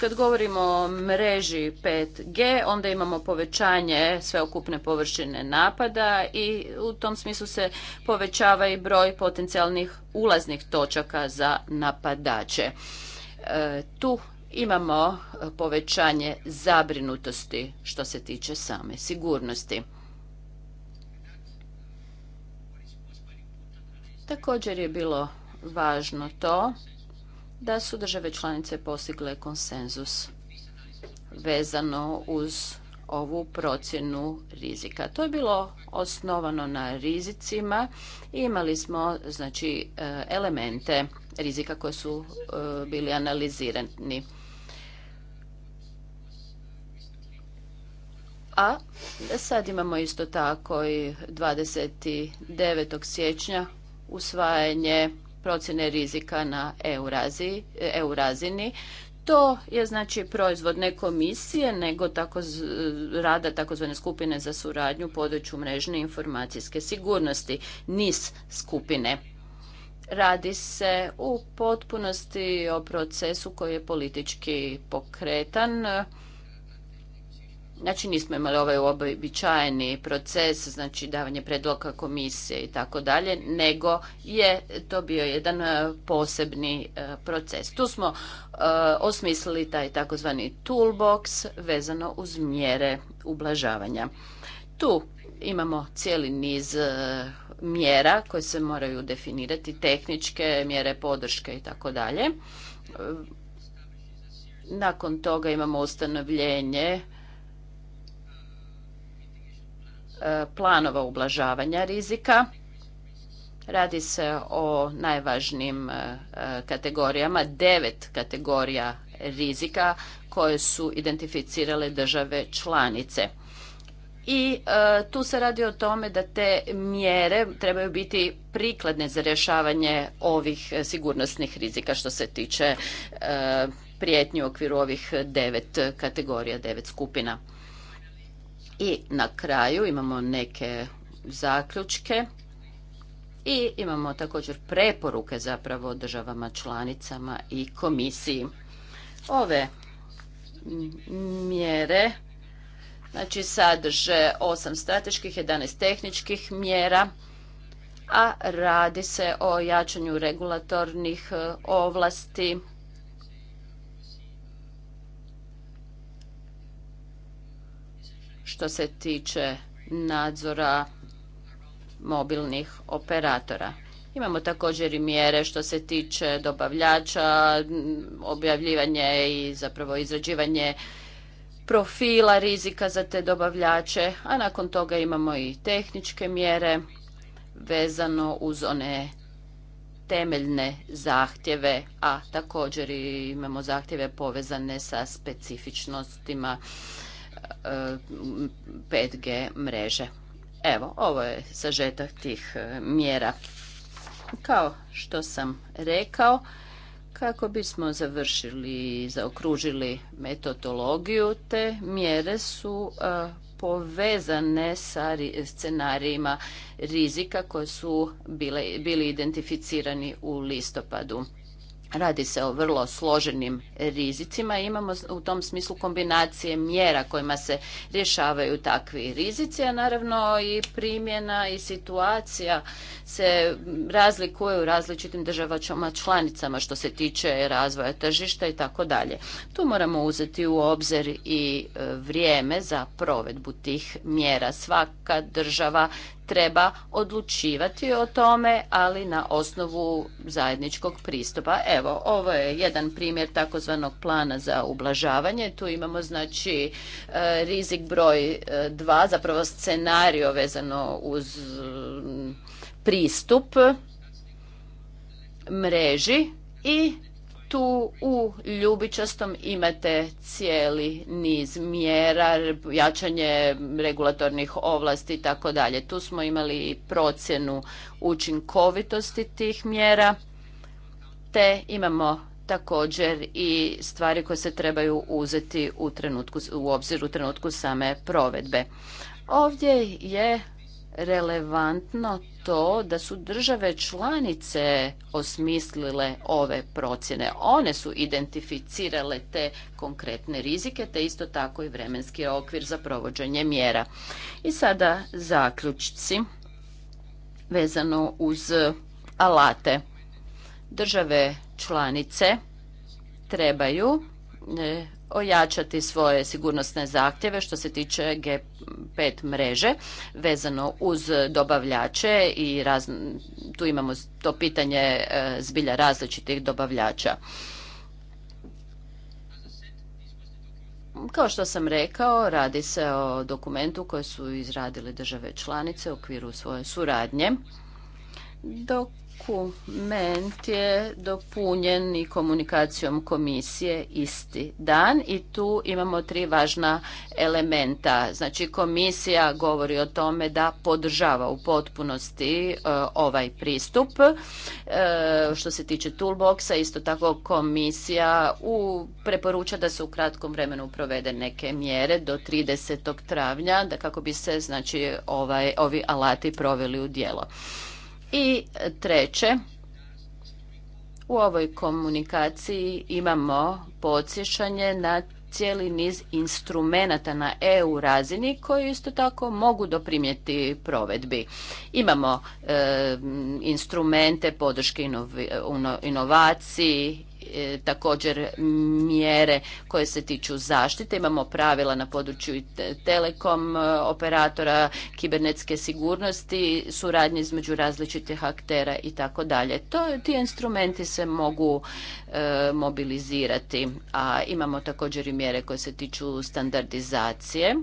kad govorimo o mreži 5G onda imamo povećanje sveukupne površine napada i u tom smislu se povećava i broj potencijalnih ulaznih točaka za napadače. E, tu imamo povećanje zabrinutosti što se tiče same sigurnosti. Također je bilo važno to da su države članice postigle konsenzus vezano uz ovu procjenu rizika. To je bilo osnovano na rizicima i imali smo znači e, elemente rizika koji su e, bili analizirani. A sad imamo isto tako i 29. siječnja usvajanje procjene rizika na EU razini. To je znači proizvod ne komisije, nego tako rada takozvane skupine za suradnju u području mrežne informacijske sigurnosti, NIS skupine. Radi se u potpunosti o procesu koji je politički pokretan, Znači nismo imali ovaj običajeni proces, znači davanje predloga komisije i tako dalje, nego je to bio jedan e, posebni e, proces. Tu smo e, osmislili taj takozvani toolbox vezano uz mjere ublažavanja. Tu imamo cijeli niz mjera koje se moraju definirati, tehničke mjere podrške i tako dalje. Nakon toga imamo ustanovljenje E, planova ublažavanja rizika. Radi se o najvažnijim e, e, kategorijama, devet kategorija rizika koje su identificirale države članice. I tu se radi o tome da te mjere trebaju biti prikladne za rješavanje ovih sigurnosnih rizika što se tiče e, prijetnju u okviru ovih devet kategorija, devet skupina. I na kraju imamo neke zaključke i imamo također preporuke zapravo državama članicama i komisiji. Ove mjere znači sadrže 8 strateških, 11 tehničkih mjera, a radi se o jačanju regulatornih e, ovlasti što se tiče nadzora mobilnih operatora. Imamo također i mjere što se tiče dobavljača, objavljivanje i zapravo izrađivanje profila rizika za te dobavljače, a nakon toga imamo i tehničke mjere vezano uz one temeljne zahtjeve, a također imamo zahtjeve povezane sa specifičnostima 5G e, mreže. Evo, ovo je sažetak tih e, mjera. Kao što sam rekao, kako bismo završili i zaokružili metodologiju, te mjere su e, povezane sa scenarijima rizika koji su bili identificirani u listopadu. Radi se o vrlo složenim rizicima i imamo u tom smislu kombinacije mjera kojima se rješavaju takvi rizici, a naravno i primjena i situacija se razlikuje u različitim državama članicama što se tiče razvoja tržišta i tako dalje. Tu moramo uzeti u obzir i e, vrijeme za provedbu tih mjera. Svaka država treba odlučivati o tome, ali na osnovu zajedničkog pristupa. Evo, ovo je jedan primjer takozvanog plana za ublažavanje. Tu imamo znači e, rizik broj 2, e, zapravo scenario vezano uz pristup mreži i tu u Ljubičastom imate cijeli niz mjera, jačanje regulatornih ovlasti i tako dalje. Tu smo imali procjenu učinkovitosti tih mjera, te imamo također i stvari koje se trebaju uzeti u, trenutku, u obzir u trenutku same provedbe. Ovdje je relevantno to da su države članice osmislile ove procjene. One su identificirale te konkretne rizike, te isto tako i vremenski okvir za provođenje mjera. I sada zaključci vezano uz alate. Države članice trebaju e, ojačati svoje sigurnosne zahtjeve što se tiče G5 mreže vezano uz dobavljače i tu imamo to pitanje e, zbilja različitih dobavljača. Kao što sam rekao, radi se o dokumentu koji su izradile države članice u okviru svoje suradnje. Dok dokument je dopunjen i komunikacijom komisije isti dan i tu imamo tri važna elementa. Znači komisija govori o tome da podržava u potpunosti e, ovaj pristup. E, što se tiče toolboxa, isto tako komisija u, preporuča da se u kratkom vremenu provede neke mjere do 30. travnja da kako bi se znači ovaj, ovi alati proveli u djelo. I treće, u ovoj komunikaciji imamo podsjećanje na cijeli niz instrumenata na EU razini koji isto tako mogu doprimjeti provedbi. Imamo e, instrumente podrške inovaciji E, također mjere koje se tiču zaštite. Imamo pravila na području telekom e, operatora, kibernetske sigurnosti, suradnje između različitih aktera i tako dalje. Ti instrumenti se mogu e, mobilizirati, a imamo također i mjere koje se tiču standardizacije.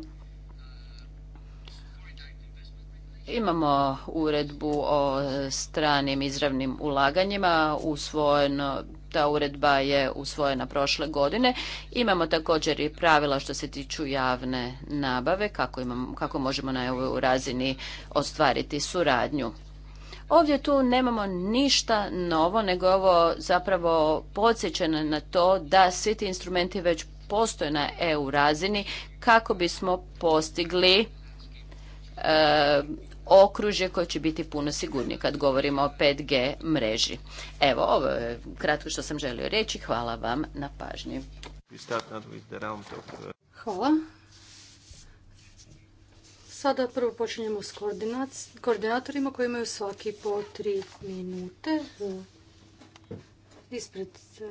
Imamo uredbu o stranim izravnim ulaganjima usvojeno ta uredba je usvojena prošle godine. Imamo također i pravila što se tiču javne nabave, kako, kako možemo na ovoj razini ostvariti suradnju. Ovdje tu nemamo ništa novo, nego ovo zapravo podsjećeno na to da svi ti instrumenti već postoje na EU razini kako bismo postigli e, okružje koje će biti puno sigurnije kad govorimo o 5G mreži. Evo, ovo je kratko što sam želio reći. Hvala vam na pažnji. Uh, Hvala. Sada prvo počinjemo s koordinatorima koji imaju svaki po tri minute. Uh, ispred uh,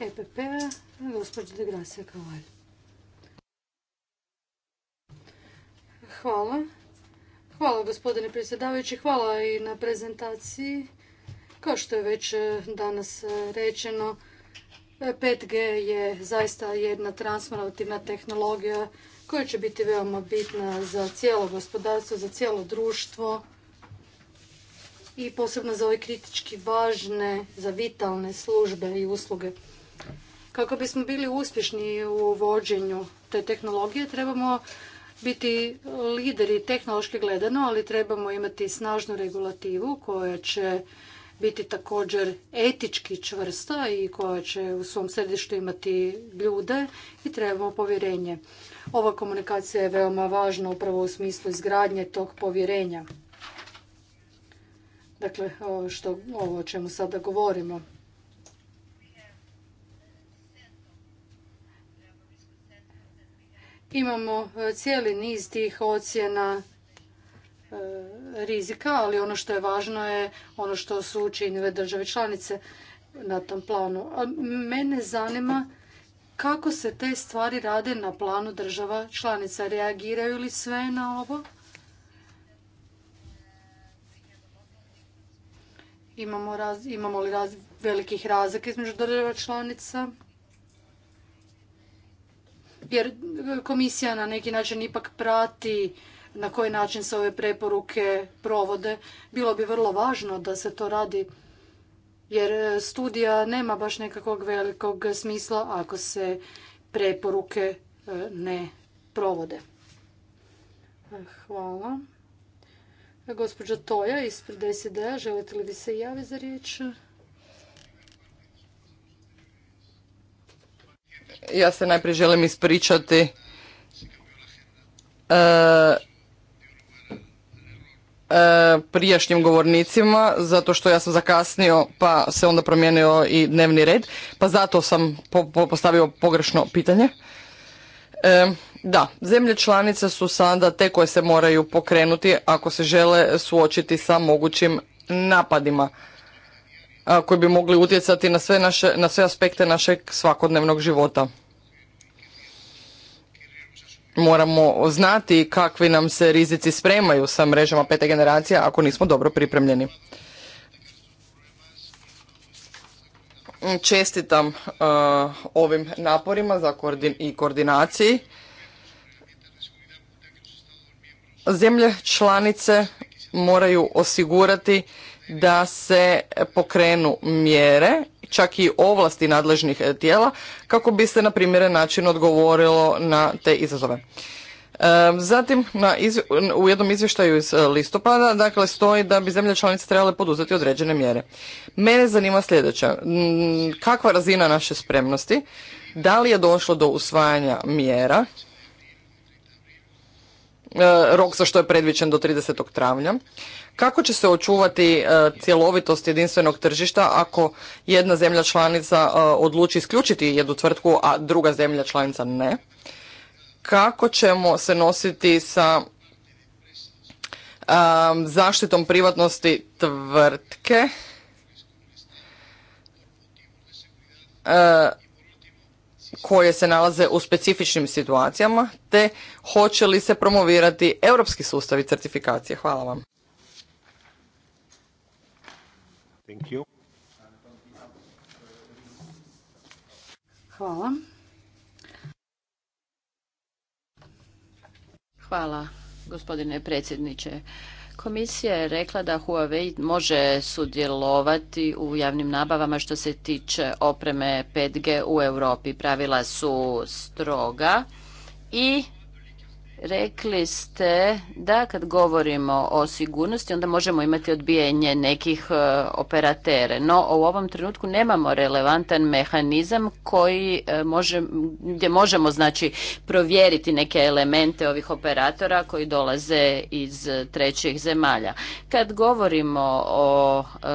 EPP-a, gospođa de Hvala. Hvala gospodine predsjedavajući, hvala i na prezentaciji. Kao što je već e, danas e, rečeno, 5G e, je zaista jedna transformativna tehnologija koja će biti veoma bitna za cijelo gospodarstvo, za cijelo društvo i posebno za ove kritički važne, za vitalne službe i usluge. Kako bismo bili uspješni u vođenju te tehnologije, trebamo biti lideri tehnološki gledano, ali trebamo imati snažnu regulativu koja će biti također etički čvrsta i koja će u svom središtu imati ljude i trebamo povjerenje. Ova komunikacija je veoma važna upravo u smislu izgradnje tog povjerenja. Dakle, ovo o čemu sada govorimo. Imamo e, cijeli niz tih ocjena e, rizika, ali ono što je važno je ono što su učinile države članice na tom planu. mene zanima kako se te stvari rade na planu država članica. Reagiraju li sve na ovo? Imamo, li raz, velikih razlika između država članica? jer e, komisija na neki način ipak prati na koji način se ove preporuke provode. Bilo bi vrlo važno da se to radi jer e, studija nema baš nekakvog velikog smisla ako se preporuke e, ne provode. Hvala. Gospođa Toja ispred SED-a, želite li vi se javiti za riječ? Ja se najprije želim ispričati e, e, prijašnjim govornicima zato što ja sam zakasnio pa se onda promijenio i dnevni red pa zato sam postavio pogrešno pitanje e, da zemlje članice su sada te koje se moraju pokrenuti ako se žele suočiti sa mogućim napadima koji bi mogli utjecati na sve, naše, na sve aspekte našeg svakodnevnog života. Moramo znati kakvi nam se rizici spremaju sa mrežama pete generacije ako nismo dobro pripremljeni. Čestitam ovim naporima za i koordinaciji. Zemlje članice moraju osigurati da se pokrenu mjere, čak i ovlasti nadležnih tijela, kako bi se na primjeren način odgovorilo na te izazove. E, zatim, u jednom izvještaju iz listopada, dakle, stoji da bi zemlje članice trebale poduzeti određene mjere. Mene zanima sljedeća. Mm, kakva razina naše spremnosti? Da li je došlo do usvajanja mjera? E, rok za što je predviđen do 30. travnja. Kako će se očuvati e, cjelovitost jedinstvenog tržišta ako jedna zemlja članica e, odluči isključiti jednu tvrtku, a druga zemlja članica ne? Kako ćemo se nositi sa e, zaštitom privatnosti tvrtke? koje se nalaze u specifičnim situacijama, te hoće li se promovirati europski sustavi certifikacije. Hvala vam. Hvala. Hvala, gospodine predsjedniče. Komisija je rekla da Huawei može sudjelovati u javnim nabavama što se tiče opreme 5G u Europi. Pravila su stroga i Rekli ste da kad govorimo o sigurnosti onda možemo imati odbijanje nekih e, operatere, no u ovom trenutku nemamo relevantan mehanizam koji e, može, gdje možemo znači provjeriti neke elemente ovih operatora koji dolaze iz trećih zemalja. Kad govorimo o e,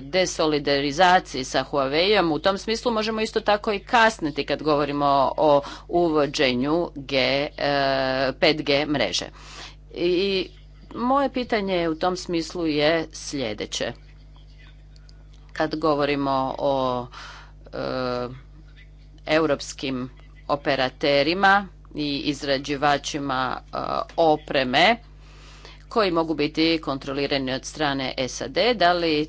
desolidarizaciji sa Huaweiom, u tom smislu možemo isto tako i kasniti kad govorimo o uvođenju G 5G mreže. I moje pitanje u tom smislu je sljedeće. Kad govorimo o e, europskim operaterima i izrađivačima e, opreme koji mogu biti kontrolirani od strane SAD, da li,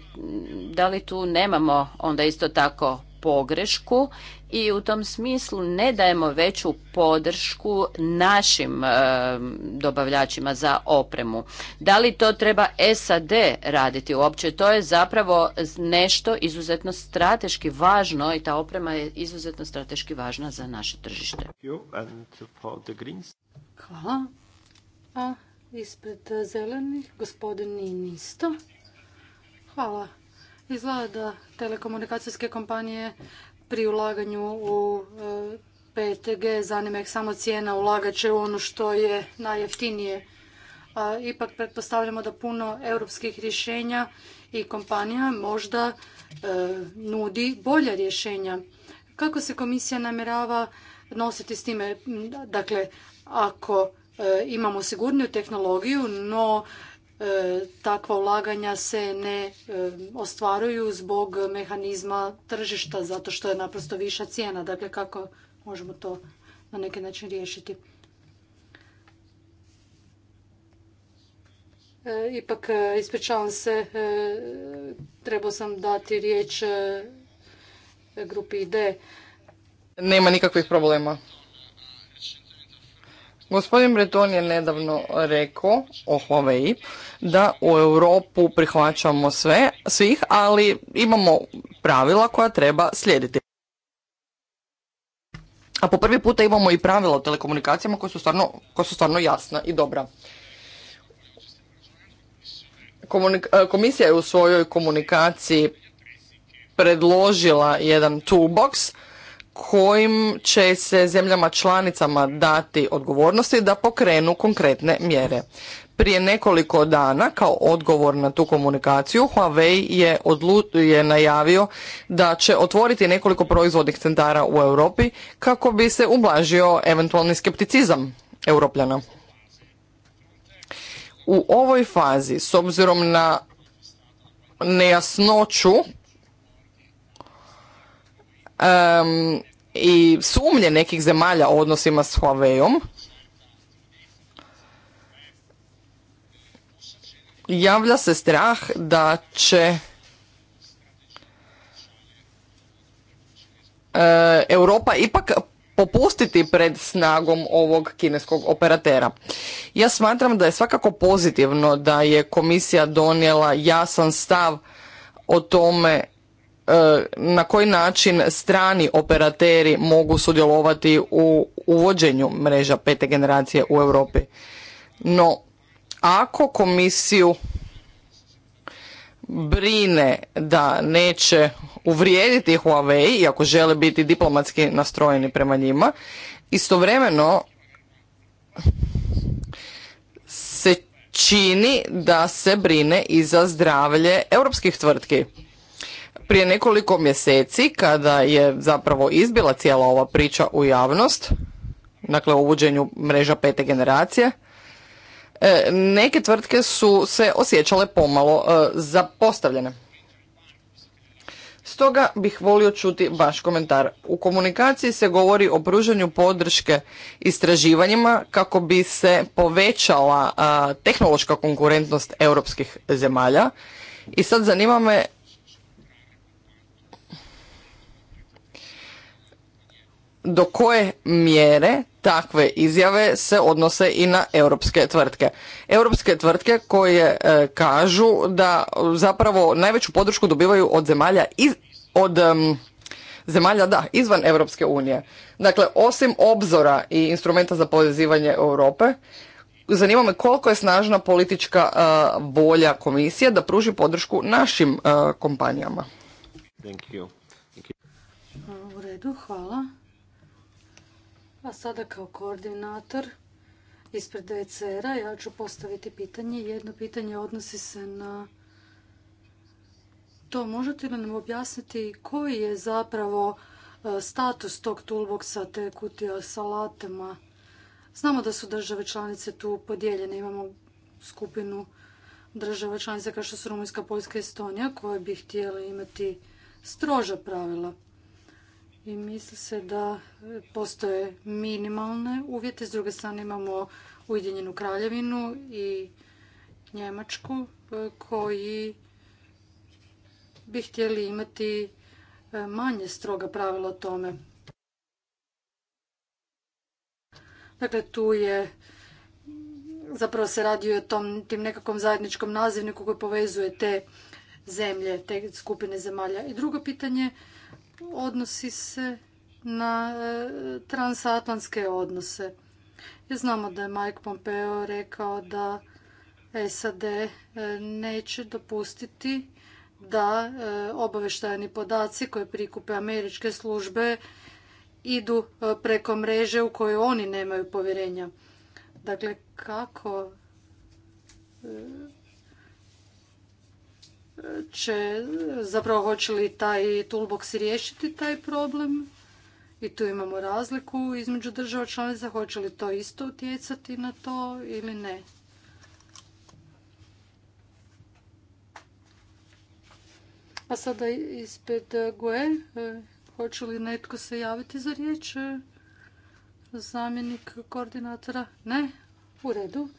da li tu nemamo onda isto tako pogrešku i u tom smislu ne dajemo veću podršku našim e, dobavljačima za opremu. Da li to treba SAD raditi uopće? To je zapravo nešto izuzetno strateški važno i ta oprema je izuzetno strateški važna za naše tržište. Hvala. A ispred zelenih gospodin Ninisto. Hvala. Izgleda da telekomunikacijske kompanije pri ulaganju u e, PTG. Zanima ih samo cijena, ulagat će u ono što je najjeftinije. Ipak pretpostavljamo da puno europskih rješenja i kompanija možda e, nudi bolja rješenja. Kako se komisija namjerava nositi s time? Dakle, ako e, imamo sigurniju tehnologiju, no E, takva ulaganja se ne e, ostvaruju zbog mehanizma tržišta zato što je naprosto viša cijena. Dakle, kako možemo to na neki način riješiti? E, ipak, ispričavam se, trebao sam dati riječ grupi ID. Nema nikakvih problema. Gospodin Breton je nedavno rekao o Huawei da u Europu prihvaćamo sve, svih, ali imamo pravila koja treba slijediti. A po prvi puta imamo i pravila o telekomunikacijama koja su stvarno, su stvarno jasna i dobra. E, komisija je u svojoj komunikaciji predložila jedan toolbox kojim će se zemljama članicama dati odgovornosti da pokrenu konkretne mjere. Prije nekoliko dana kao odgovor na tu komunikaciju Huawei je, odlu je najavio da će otvoriti nekoliko proizvodnih centara u Europi kako bi se ublažio eventualni skepticizam europljana. U ovoj fazi s obzirom na nejasnoću um, i sumnje nekih zemalja o odnosima s Huaweiom, javlja se strah da će e, Europa ipak popustiti pred snagom ovog kineskog operatera. Ja smatram da je svakako pozitivno da je komisija donijela jasan stav o tome E, na koji način strani operateri mogu sudjelovati u uvođenju mreža pete generacije u Europi. No, ako komisiju brine da neće uvrijediti Huawei, ako žele biti diplomatski nastrojeni prema njima, istovremeno se čini da se brine i za zdravlje europskih tvrtki prije nekoliko mjeseci kada je zapravo izbila cijela ova priča u javnost, dakle o uvođenju mreža pete generacije, e, neke tvrtke su se osjećale pomalo e, zapostavljene. Stoga bih volio čuti vaš komentar. U komunikaciji se govori o pružanju podrške istraživanjima kako bi se povećala tehnološka konkurentnost europskih zemalja. I sad zanima me do koje mjere takve izjave se odnose i na europske tvrtke. Europske tvrtke koje e, kažu da zapravo najveću podršku dobivaju od zemalja iz, od zemalja da izvan Europske unije. Dakle, osim obzora i instrumenta za povezivanje Europe, zanima me koliko je snažna politička e, volja komisije da pruži podršku našim e, kompanijama. Thank you. hvala. A sada kao koordinator ispred ECR-a ja ću postaviti pitanje. Jedno pitanje odnosi se na to. Možete li nam objasniti koji je zapravo e, status tog toolboxa, te kutija sa Znamo da su države članice tu podijeljene. Imamo skupinu država članica kao što su Rumunjska, Poljska i Estonija koje bi htjele imati stroža pravila i misli se da postoje minimalne uvjete. S druge strane imamo Ujedinjenu kraljevinu i Njemačku e, koji bi htjeli imati e, manje stroga pravila o tome. Dakle, tu je zapravo se radi o tom, tim nekakvom zajedničkom nazivniku koji povezuje te zemlje, te skupine zemalja. I drugo pitanje odnosi se na e, transatlantske odnose. znamo da je Mike Pompeo rekao da SAD e, neće dopustiti da e, obavještajni podaci koje prikupe američke službe idu preko mreže u kojoj oni nemaju povjerenja. Dakle, kako će, zapravo hoće li taj toolbox riješiti taj problem i tu imamo razliku između država članica, hoće li to isto utjecati na to ili ne. A sada ispred GUE, hoće li netko se javiti za riječ? Zamjenik koordinatora? Ne? U redu.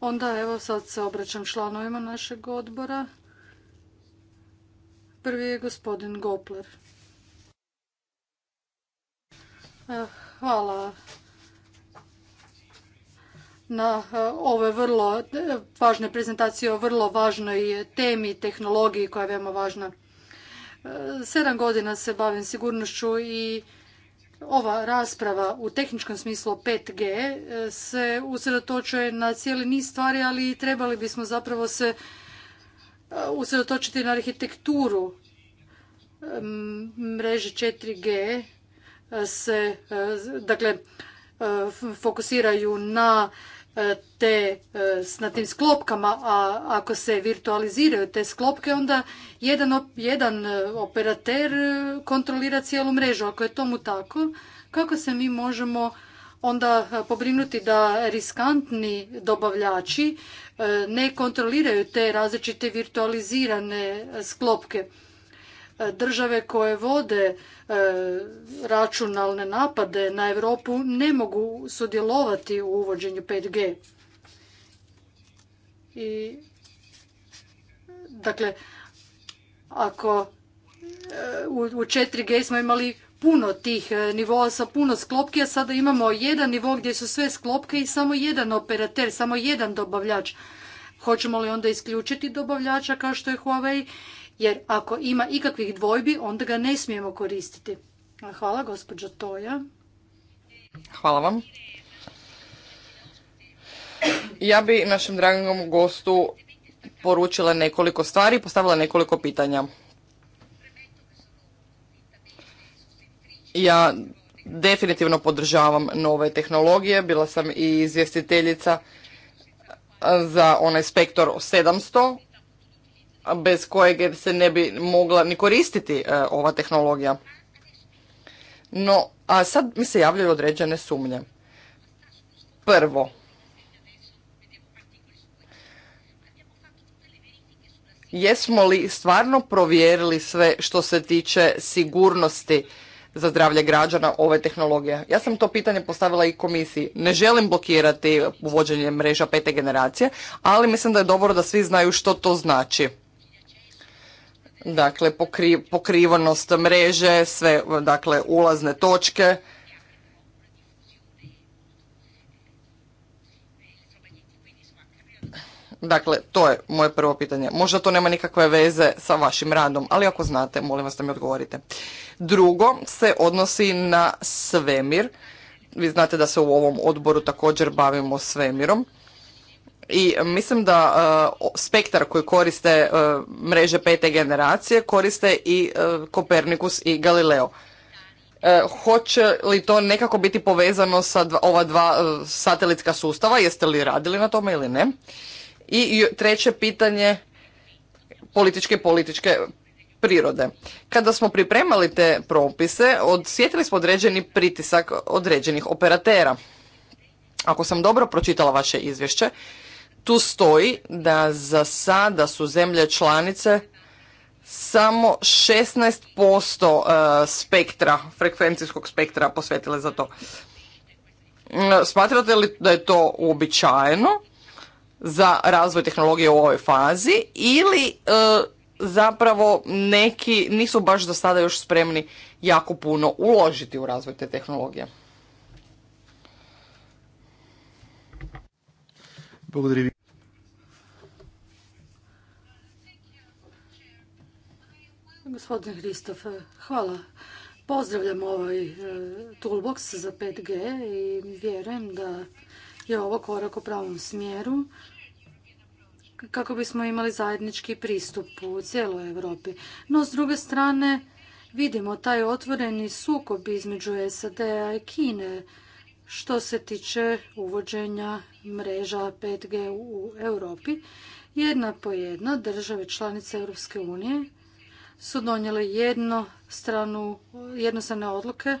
Onda evo sad se obraćam članovima našeg odbora. Prvi je gospodin Gopler. Eh, hvala na eh, ove vrlo eh, važne prezentacije o vrlo važnoj temi, tehnologiji koja je veoma važna. Sedam godina se bavim sigurnošću i ova rasprava u tehničkom smislu 5G se usredotočuje na cijeli niz stvari, ali trebali bismo zapravo se usredotočiti na arhitekturu mreže 4G e, se e, dakle e, fokusiraju na te na tim sklopkama, a ako se virtualiziraju te sklopke onda jedan, jedan operater kontrolira cijelu mrežu. Ako je tomu tako, kako se mi možemo onda e, pobrinuti da riskantni dobavljači e, ne kontroliraju te različite virtualizirane sklopke. E, države koje vode računalne napade na Europu ne mogu sudjelovati u uvođenju 5G. I, dakle, ako u 4G smo imali puno tih e, nivoa sa puno sklopki, a sada imamo jedan nivo gdje su sve sklopke i samo jedan operater, samo jedan dobavljač. Hoćemo li onda isključiti dobavljača kao što je Huawei? Jer ako ima ikakvih dvojbi, onda ga ne smijemo koristiti. Hvala, gospođo Toja. Hvala vam. Ja bi našem dragom gostu poručila nekoliko stvari i postavila nekoliko pitanja. Ja definitivno podržavam nove tehnologije. Bila sam i izvjestiteljica e, za onaj spektor 700 bez kojeg se ne bi mogla ni koristiti e, ova tehnologija. No, a sad mi se javljaju određene sumnje. Prvo, jesmo li stvarno provjerili sve što se tiče sigurnosti za zdravlje građana ove tehnologije. Ja sam to pitanje postavila i komisiji. Ne želim blokirati uvođenje mreža pete generacije, ali mislim da je dobro da svi znaju što to znači. Dakle, pokrivanost mreže, sve dakle ulazne točke Dakle, to je moje prvo pitanje. Možda to nema nikakve veze sa vašim radom, ali ako znate, molim vas da mi odgovorite. Drugo se odnosi na svemir. Vi znate da se u ovom odboru također bavimo svemirom. I mislim da e, spektar koji koriste e, mreže pete generacije koriste i e, Kopernikus i Galileo. Hoće li to nekako biti povezano sa ova dva satelitska sustava? Jeste li radili na tome ili ne? I treće pitanje političke političke prirode. Kada smo pripremali te propise, odsjetili smo određeni pritisak određenih operatera. Ako sam dobro pročitala vaše izvješće, tu stoji da za sada su zemlje članice samo 16% e, spektra, frekvencijskog spektra posvetile za to. E, smatrate li da je to uobičajeno za razvoj tehnologije u ovoj fazi ili e, zapravo neki nisu baš do sada još spremni jako puno uložiti u razvoj te tehnologije. Благодаря hvala. Pozdravljam ovaj e, toolbox za 5G i vjerujem da je ovo korak u pravom smjeru kako bismo imali zajednički pristup u cijeloj Europi. No, s druge strane, vidimo taj otvoreni sukob između SAD-a i Kine što se tiče uvođenja mreža 5G u Europi. Jedna po jedna države članice Europske unije su donijele jednostranu, jednostrane odluke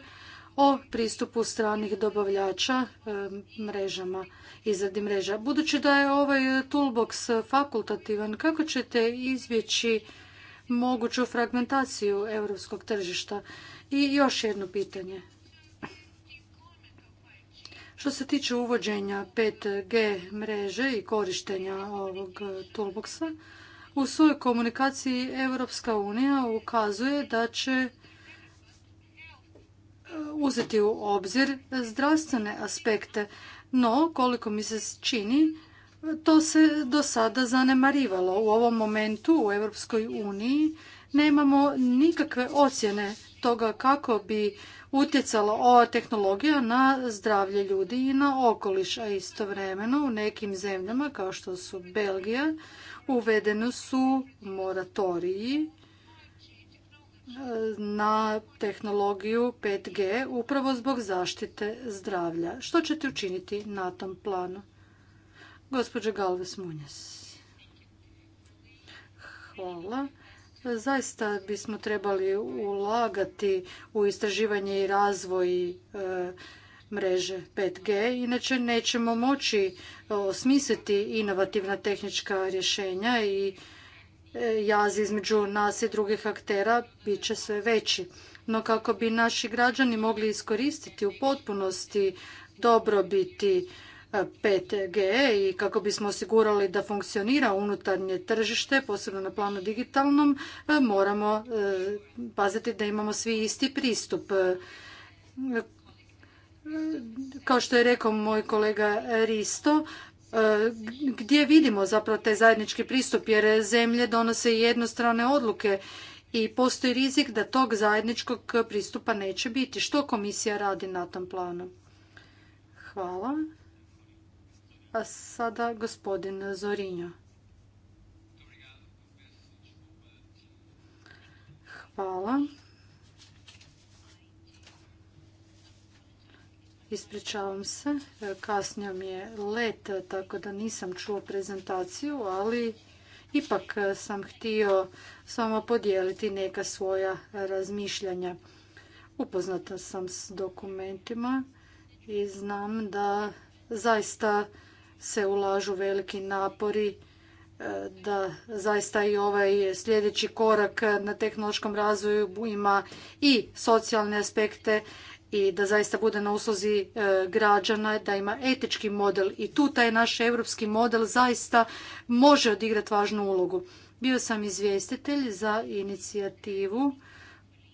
o pristupu stranih dobavljača mrežama, izradi mreža. Budući da je ovaj toolbox fakultativan, kako ćete izbjeći moguću fragmentaciju europskog tržišta? I još jedno pitanje. Što se tiče uvođenja 5G mreže i korištenja ovog toolboxa, u svojoj komunikaciji Europska unija ukazuje da će uzeti u obzir zdravstvene aspekte, no koliko mi se čini, to se do sada zanemarivalo. U ovom momentu u Europskoj uniji nemamo nikakve ocjene toga kako bi utjecala ova tehnologija na zdravlje ljudi i na okoliš, a istovremeno u nekim zemljama kao što su Belgija uvedeni su moratoriji na tehnologiju 5G upravo zbog zaštite zdravlja. Što ćete učiniti na tom planu? gospođo Galves Munjes. Hvala. Zaista bismo trebali ulagati u istraživanje i razvoj e, mreže 5G, inače nećemo moći e, osmisliti inovativna tehnička rješenja i E, jaz između nas i drugih aktera bit će sve veći. No kako bi naši građani mogli iskoristiti u potpunosti dobrobiti 5G e, i kako bismo osigurali da funkcionira unutarnje tržište, posebno na planu digitalnom, e, moramo paziti da imamo svi isti pristup. Kao što je rekao moj kolega Risto, E, gdje vidimo zapravo taj zajednički pristup jer zemlje donose jednostrane odluke i postoji rizik da tog zajedničkog pristupa neće biti. Što komisija radi na tom planu? Hvala. A sada gospodin Zorinjo. Hvala. Ispričavam se, e, kasnio mi je let, e, tako da nisam čuo prezentaciju, ali ipak e, sam htio s vama podijeliti neka svoja razmišljanja. Upoznata sam s dokumentima i znam da zaista se ulažu veliki napori da zaista i ovaj sljedeći korak na tehnološkom razvoju ima i socijalne aspekte i da zaista bude na usluzi e, građana, da ima etički model i tu taj naš europski model zaista može odigrati važnu ulogu. Bio sam izvjestitelj za inicijativu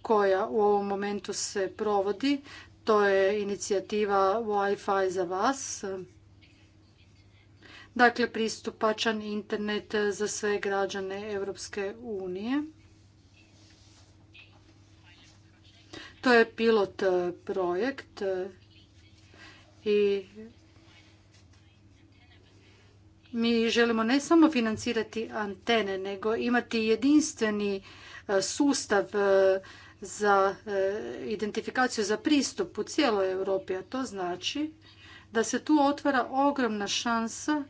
koja u ovom momentu se provodi. To je inicijativa Wi-Fi za vas. Dakle, pristupačan internet za sve građane Europske unije. To je pilot e, projekt e, i mi želimo ne samo financirati antene, nego imati jedinstveni e, sustav za identifikaciju za pristup u cijeloj Europi, a to znači da se tu otvara ogromna šansa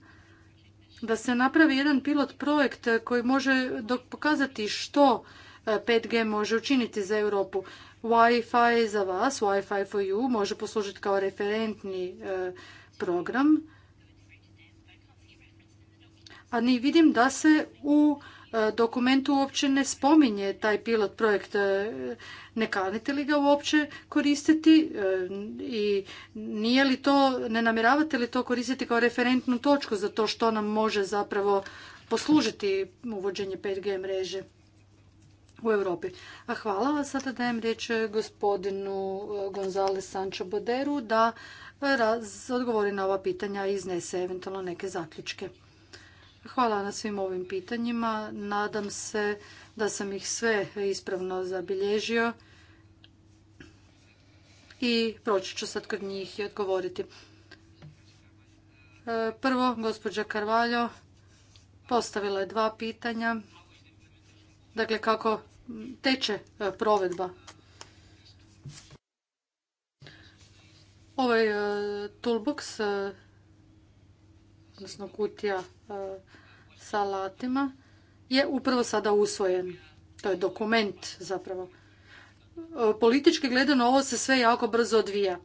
da se napravi jedan pilot projekt koji može pokazati što 5G može učiniti za Europu. Wi-Fi za vas, Wi-Fi for you, može poslužiti kao referentni e, program. A ni vidim da se u e, dokumentu uopće ne spominje taj pilot projekt. E, ne kanite li ga uopće koristiti i nije li to, ne namjeravate li to koristiti kao referentnu točku za to što nam može zapravo poslužiti uvođenje 5G mreže? u Europi. A hvala vas. Sada dajem riječ gospodinu e, Gonzalez Sancho Boderu da e, odgovori na ova pitanja i iznese eventualno neke zaključke. Hvala na svim ovim pitanjima. Nadam se da sam ih sve ispravno zabilježio i proći ću sad kod njih i odgovoriti. E, prvo, gospođa Karvaljo postavila je dva pitanja. Dakle, kako teče e, provedba. Ovaj e, toolbox, e, odnosno kutija sa alatima, je upravo sada usvojen. To je dokument zapravo. Politički gledano ovo se sve jako brzo odvija.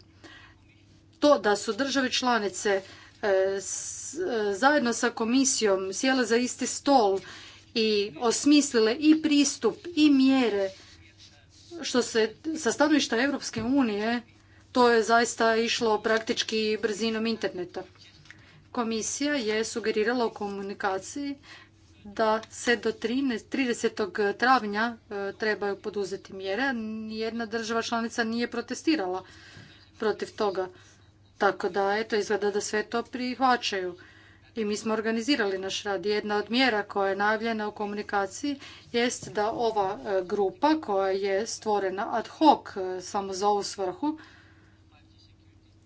To da su države članice zajedno sa komisijom sjele za isti stol i osmislile i pristup i mjere što se sa stanovišta Europske unije to je zaista išlo praktički brzinom interneta. Komisija je sugerirala u komunikaciji da se do 30. travnja e, trebaju poduzeti mjere. Nijedna država članica nije protestirala protiv toga. Tako da, eto, izgleda da sve to prihvaćaju i mi smo organizirali naš rad. Jedna od mjera koja je najavljena u komunikaciji jest da ova e, grupa koja je stvorena ad hoc e, samo za ovu svrhu,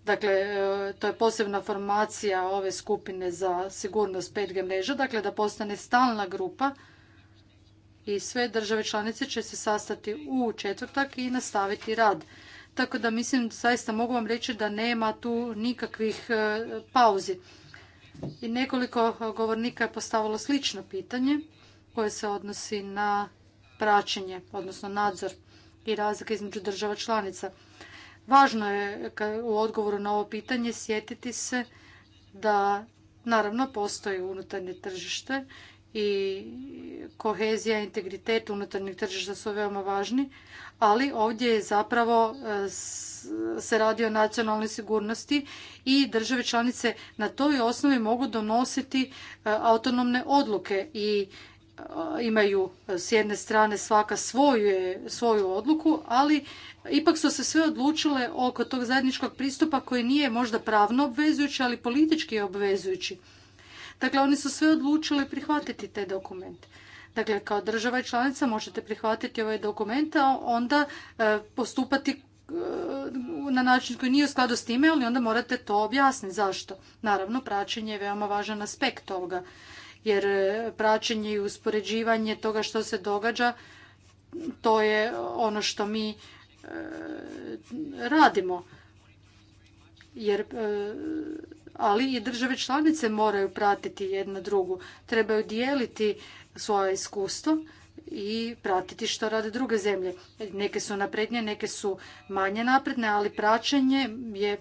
dakle e, to je posebna formacija ove skupine za sigurnost 5G mreža, dakle da postane stalna grupa i sve države članice će se sastati u četvrtak i nastaviti rad. Tako da mislim, zaista mogu vam reći da nema tu nikakvih pauzi. I nekoliko govornika je postavilo slično pitanje koje se odnosi na praćenje, odnosno nadzor i razlike između država članica. Važno je u odgovoru na ovo pitanje sjetiti se da naravno postoji unutarnje tržište i kohezija, i integritet unutarnjeg tržišta su veoma važni, ali ovdje je zapravo e, se radi o nacionalnoj sigurnosti i države članice na toj osnovi mogu donositi e, autonomne odluke i e, imaju s jedne strane svaka svoju, svoju odluku, ali ipak su se sve odlučile oko tog zajedničkog pristupa koji nije možda pravno obvezujući, ali politički je obvezujući. Dakle, oni su sve odlučili prihvatiti te dokumente. Dakle, kao država i članica možete prihvatiti ovaj dokument, a onda e, postupati e, na način koji nije u skladu s time, ali onda morate to objasniti. Zašto? Naravno, praćenje je veoma važan aspekt toga. jer e, praćenje i uspoređivanje toga što se događa, to je ono što mi radimo. Jer ali i države članice moraju pratiti jedna drugu. Trebaju dijeliti svoje iskustvo i pratiti što rade druge zemlje. Neke su naprednje, neke su manje napredne, ali praćenje je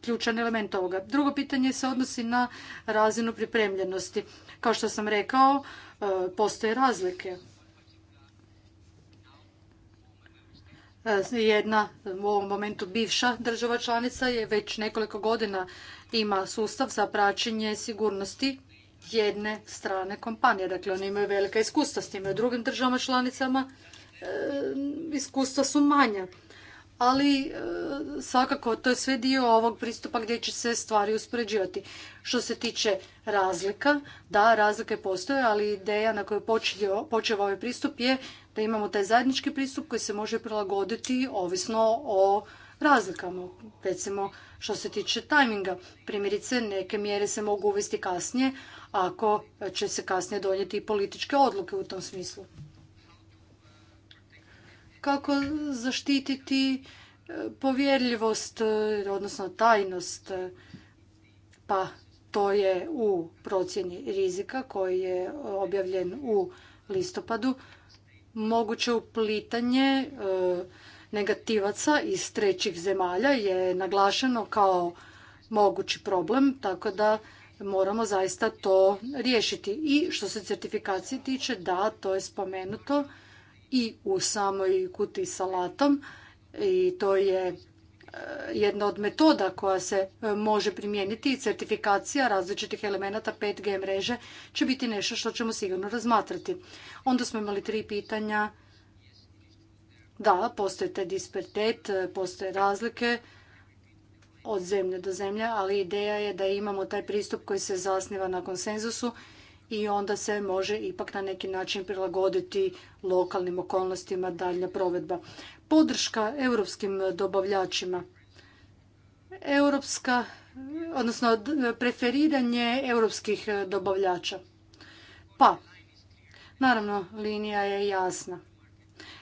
ključan element ovoga. Drugo pitanje se odnosi na razinu pripremljenosti. Kao što sam rekao, e, postoje razlike E, jedna u ovom momentu bivša država članica je već nekoliko godina ima sustav za praćenje sigurnosti jedne strane kompanije. Dakle, oni imaju velika iskustva s time. U drugim državama članicama e, iskustva su manja. Ali e, svakako to je sve dio ovog pristupa gdje će se stvari uspoređivati. Što se tiče razlika, da, razlike postoje, ali ideja na kojoj počeo ovaj pristup je da imamo taj zajednički pristup koji se može prilagoditi ovisno o razlikama. Recimo, što se tiče tajminga, primjerice neke mjere se mogu uvesti kasnije ako će se kasnije donijeti i političke odluke u tom smislu. Kako zaštititi e, povjerljivost, e, odnosno tajnost, pa to je u procjeni rizika koji je objavljen u listopadu moguće uplitanje e, negativaca iz trećih zemalja je naglašeno kao mogući problem, tako da moramo zaista to riješiti. I što se certifikacije tiče, da, to je spomenuto i u samoj kuti salatom i to je Eh, jedna od metoda koja se eh, može primijeniti i certifikacija različitih elemenata 5G mreže će biti nešto što ćemo sigurno razmatrati. Onda smo imali tri pitanja. Da, postoje taj dispertet, postoje razlike od zemlje do zemlje, ali ideja je da imamo taj pristup koji se zasniva na konsenzusu i onda se može ipak na neki način prilagoditi lokalnim okolnostima daljnja provedba podrška europskim dobavljačima. Europska, odnosno preferiranje europskih dobavljača. Pa, naravno, linija je jasna.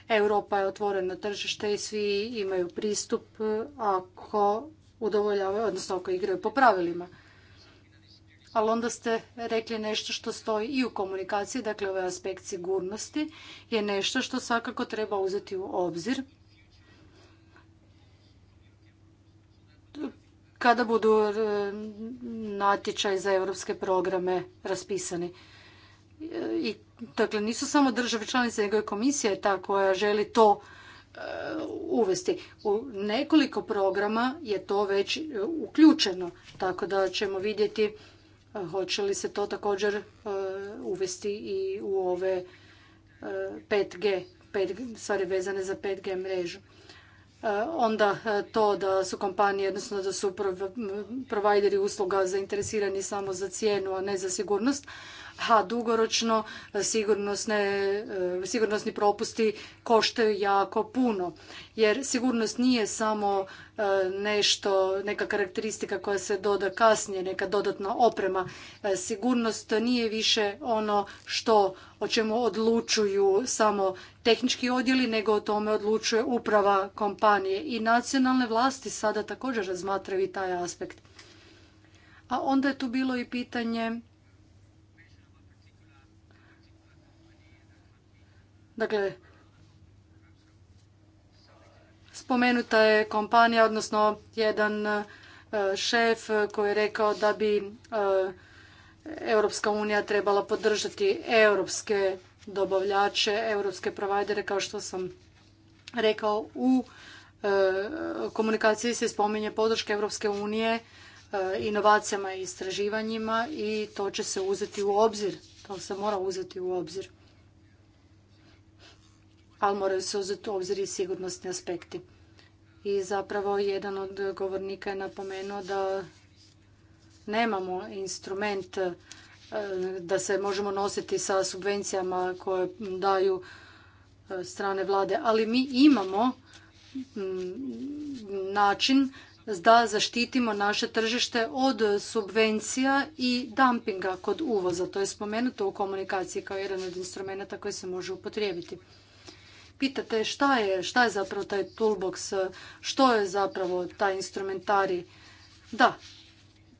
Europa je otvoreno tržište i svi imaju pristup e, ako udovoljavaju, odnosno ako igraju po pravilima. Ali onda ste rekli nešto što stoji i u komunikaciji, dakle ovaj aspekt sigurnosti je nešto što svakako treba uzeti u obzir kada budu e, natječaj za europske programe raspisani. I, dakle, nisu samo države članice, nego i komisija ta koja želi to e, uvesti. U nekoliko programa je to već e, uključeno, tako da ćemo vidjeti hoće li se to također uvesti i u ove 5G, 5G stvari vezane za 5G mrežu. Eh, onda eh, to da su kompanije, odnosno da su provajderi usluga zainteresirani samo za cijenu, a ne za sigurnost, Ha, dugoročno e, e, sigurnosni propusti koštaju jako puno. Jer sigurnost nije samo e, nešto, neka karakteristika koja se doda kasnije, neka dodatna oprema. Sigurnost nije više ono što o čemu odlučuju samo tehnički odjeli, nego o tome odlučuje uprava kompanije. I nacionalne vlasti sada također razmatraju i taj aspekt. A onda je tu bilo i pitanje Dakle, spomenuta je kompanija, odnosno jedan e, šef koji je rekao da bi e, Europska unija trebala podržati europske dobavljače, europske provajdere, kao što sam rekao u e, komunikaciji se spominje podrške Europske unije inovacijama i istraživanjima i to će se uzeti u obzir, to se mora uzeti u obzir ali moraju se uzeti u obzir i sigurnosni aspekti. I zapravo jedan od govornika je napomenuo da nemamo instrument e, da se možemo nositi sa subvencijama koje daju e, strane vlade, ali mi imamo mm, način da zaštitimo naše tržište od subvencija i dampinga kod uvoza. To je spomenuto u komunikaciji kao jedan od instrumenta koji se može upotrijebiti pitate šta je, šta je zapravo taj toolbox, što je zapravo taj instrumentari. Da,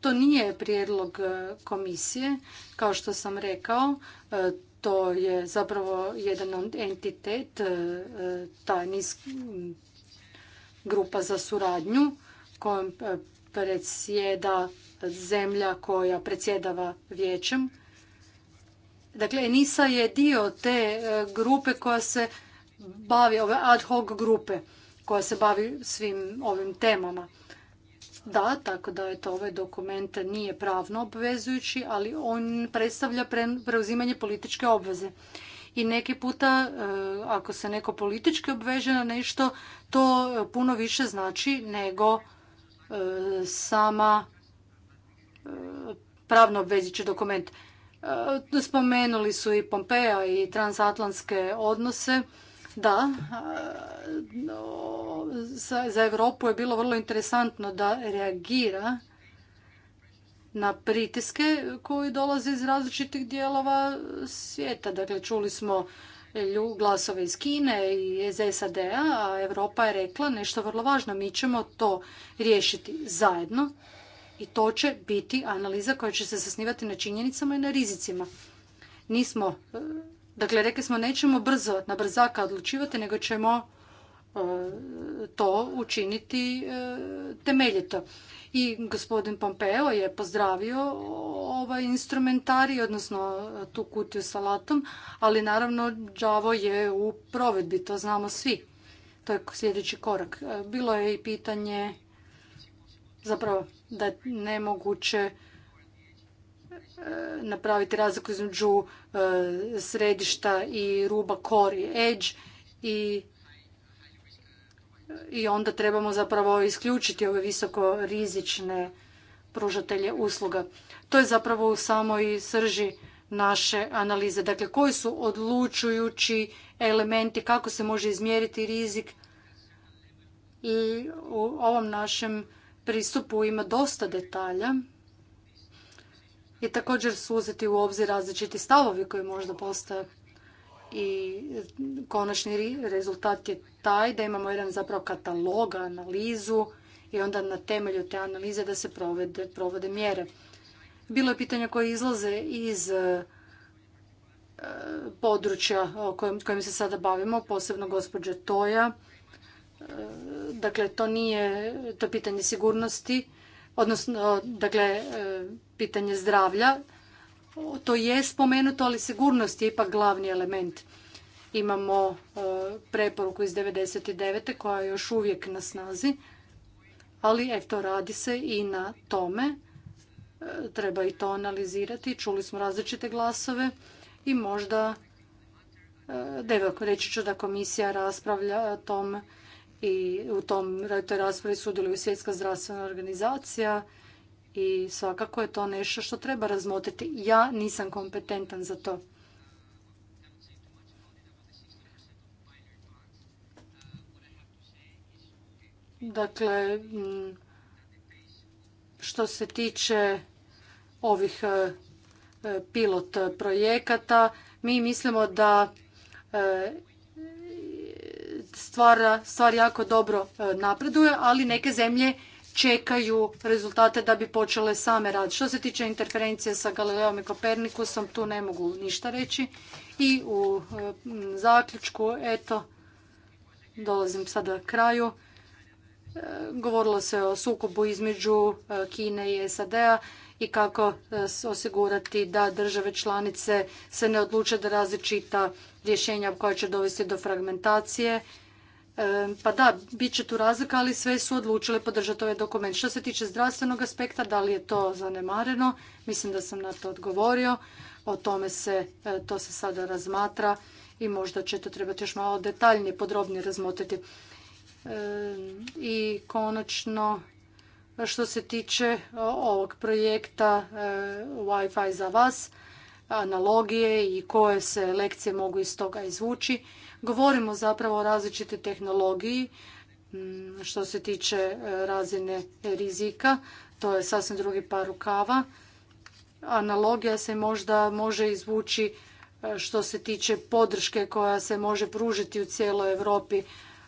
to nije prijedlog e, komisije, kao što sam rekao, e, to je zapravo jedan entitet, e, ta mm, grupa za suradnju kojom predsjeda zemlja koja predsjedava vijećem. Dakle, NISA je dio te grupe koja se bavi ove ad hoc grupe koja se bavi svim ovim temama. Da, tako da je to ovaj dokument nije pravno obvezujući, ali on predstavlja preuzimanje političke obveze. I neki puta, e, ako se neko politički obveže na nešto, to e, puno više znači nego e, sama pravno obvezujući dokument. Spomenuli su i Pompeja i transatlantske odnose da, za Europu je bilo vrlo interesantno da reagira na pritiske koji dolaze iz različitih dijelova svijeta. Dakle, čuli smo glasove iz Kine i iz SAD-a, a Europa je rekla nešto vrlo važno. Mi ćemo to riješiti zajedno i to će biti analiza koja će se zasnivati na činjenicama i na rizicima. Nismo e, Dakle, rekli smo nećemo brzo, na brzaka odlučivati, nego ćemo eh, to učiniti eh, temeljito. I gospodin Pompeo je pozdravio ovaj instrumentari, odnosno eh, tu kutiju s alatom, ali naravno džavo je u provedbi, to znamo svi. To je sljedeći korak. Bilo je i pitanje zapravo da je nemoguće E, napraviti razliku između e, središta i ruba kori edge i i onda trebamo zapravo isključiti ove visoko rizične pružatelje usluga. To je zapravo u samoj srži naše analize. Dakle, koji su odlučujući elementi, kako se može izmjeriti rizik i u ovom našem pristupu ima dosta detalja i također su uzeti u obzir različiti stavovi koji možda postoje i konačni rezultat je taj da imamo jedan zapravo katalog, analizu i onda na temelju te analize da se provede, provode mjere. Bilo je pitanja koje izlaze iz e, područja kojim, kojim se sada bavimo, posebno gospođe Toja. E, dakle, to nije to pitanje sigurnosti, odnosno, dakle, e, pitanje zdravlja. To je spomenuto, ali sigurnost je ipak glavni element. Imamo e, preporuku iz 99. koja je još uvijek na snazi, ali eto radi se i na tome. E, treba i to analizirati. Čuli smo različite glasove i možda e, reći ću da komisija raspravlja o tom i u tom toj raspravi sudjeluju Svjetska zdravstvena organizacija i svakako je to nešto što treba razmotriti. Ja nisam kompetentan za to. Dakle, što se tiče ovih e, e, pilot projekata, mi mislimo da e, stvar, stvar jako dobro napreduje, ali neke zemlje čekaju rezultate da bi počele same rad. Što se tiče interferencije sa Galileom i Kopernikusom, tu ne mogu ništa reći. I u e, zaključku, eto, dolazim sada kraju. E, govorilo se o sukobu između e, Kine i SAD-a i kako osigurati da države članice se ne odluče da različita rješenja koja će dovesti do fragmentacije pa da, bit će tu razlika, ali sve su odlučile podržati ovaj dokument. Što se tiče zdravstvenog aspekta, da li je to zanemareno? Mislim da sam na to odgovorio. O tome se, e, to se sada razmatra i možda će to trebati još malo detaljnije, podrobnije razmotriti. I konačno, što se tiče ovog projekta e, Wi-Fi za vas, analogije i koje se lekcije mogu iz toga izvući, Govorimo zapravo o različitoj tehnologiji mm, što se tiče e, razine rizika. To je sasvim drugi par rukava. Analogija se možda može izvući e, što se tiče podrške koja se može pružiti u cijeloj Europi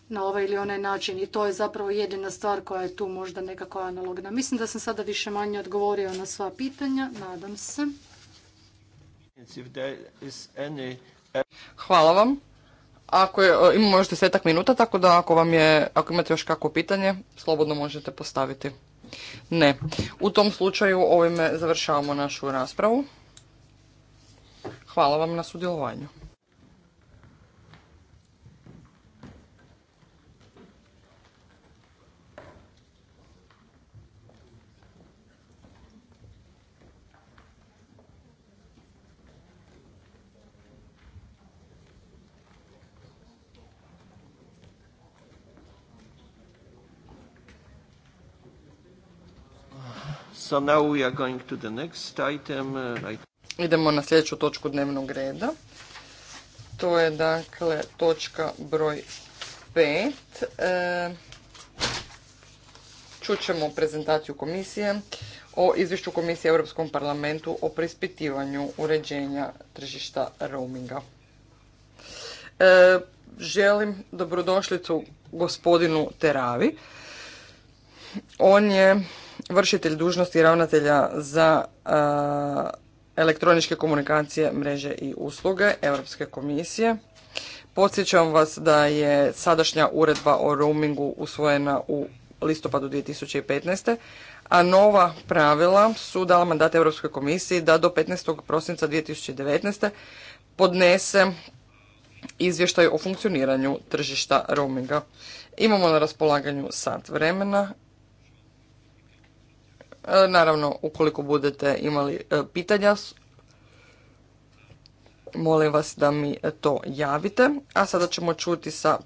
na ovaj ili onaj način i to je zapravo jedina stvar koja je tu možda nekako analogna. Mislim da sam sada više manje odgovorio na sva pitanja, nadam se. Hvala vam. Ako je, e, imamo još desetak minuta, tako da ako vam je, ako imate još kakvo pitanje, slobodno možete postaviti. Ne. U tom slučaju ovime završavamo našu raspravu. Hvala vam na sudjelovanju. Idemo na sljedeću točku dnevnog reda. To je dakle točka broj 5. E, čućemo prezentaciju komisije o izvješću komisije Europskom parlamentu o prispitivanju uređenja tržišta roaminga. E, želim dobrodošlicu gospodinu Teravi. On je vršitelj dužnosti ravnatelja za elektroničke komunikacije, mreže i usluge Europske komisije. Podsjećam vas da je sadašnja uredba o roamingu usvojena u listopadu 2015. A nova pravila su dala mandat Europskoj komisiji da do 15. prosinca 2019. podnese izvještaj o funkcioniranju tržišta roaminga. Imamo na raspolaganju sat vremena E, naravno, ukoliko budete imali e, pitanja, molim vas da mi e, to javite. A sada ćemo, čuti sa,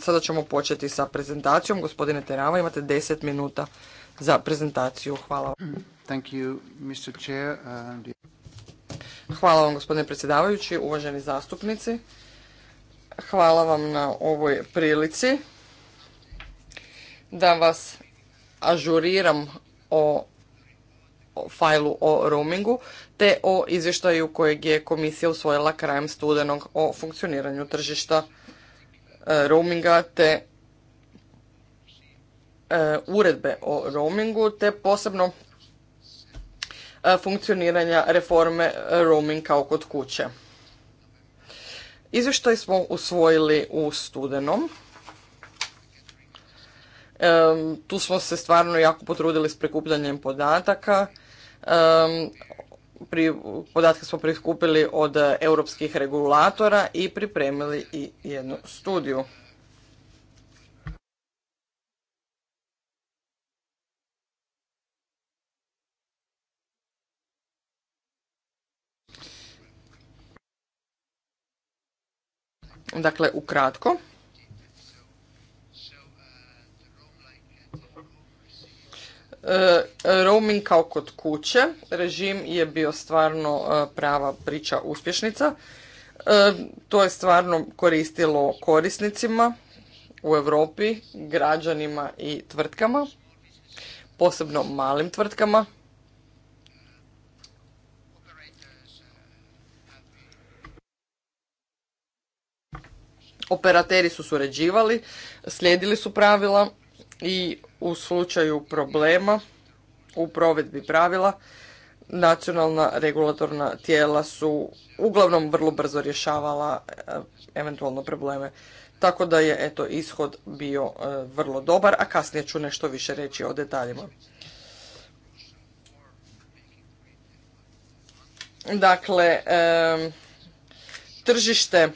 sada ćemo početi sa prezentacijom. Gospodine Terava, imate 10 minuta za prezentaciju. Hvala vam. Mm, thank you, Mr. Chair. Uh, Hvala vam, gospodine predsjedavajući, uvaženi zastupnici. Hvala vam na ovoj prilici da vas ažuriram o fajlu o roamingu te o izvještaju kojeg je komisija usvojila krajem studenog o funkcioniranju tržišta e, roaminga te e, uredbe o roamingu te posebno e, funkcioniranja reforme roaming kao kod kuće. Izvještaj smo usvojili u studenom. Tu smo se stvarno jako potrudili s prikupljanjem podataka Pri, podatke smo prikupili od europskih regulatora i pripremili i jednu studiju. Dakle, ukratko. E, roaming kao kod kuće, režim je bio stvarno e, prava priča uspješnica. E, to je stvarno koristilo korisnicima u Europi, građanima i tvrtkama, posebno malim tvrtkama. Operateri su surađivali, slijedili su pravila i u slučaju problema u provedbi pravila nacionalna regulatorna tijela su uglavnom vrlo brzo rješavala e, eventualno probleme. Tako da je eto ishod bio e, vrlo dobar, a kasnije ću nešto više reći o detaljima. Dakle, e, tržište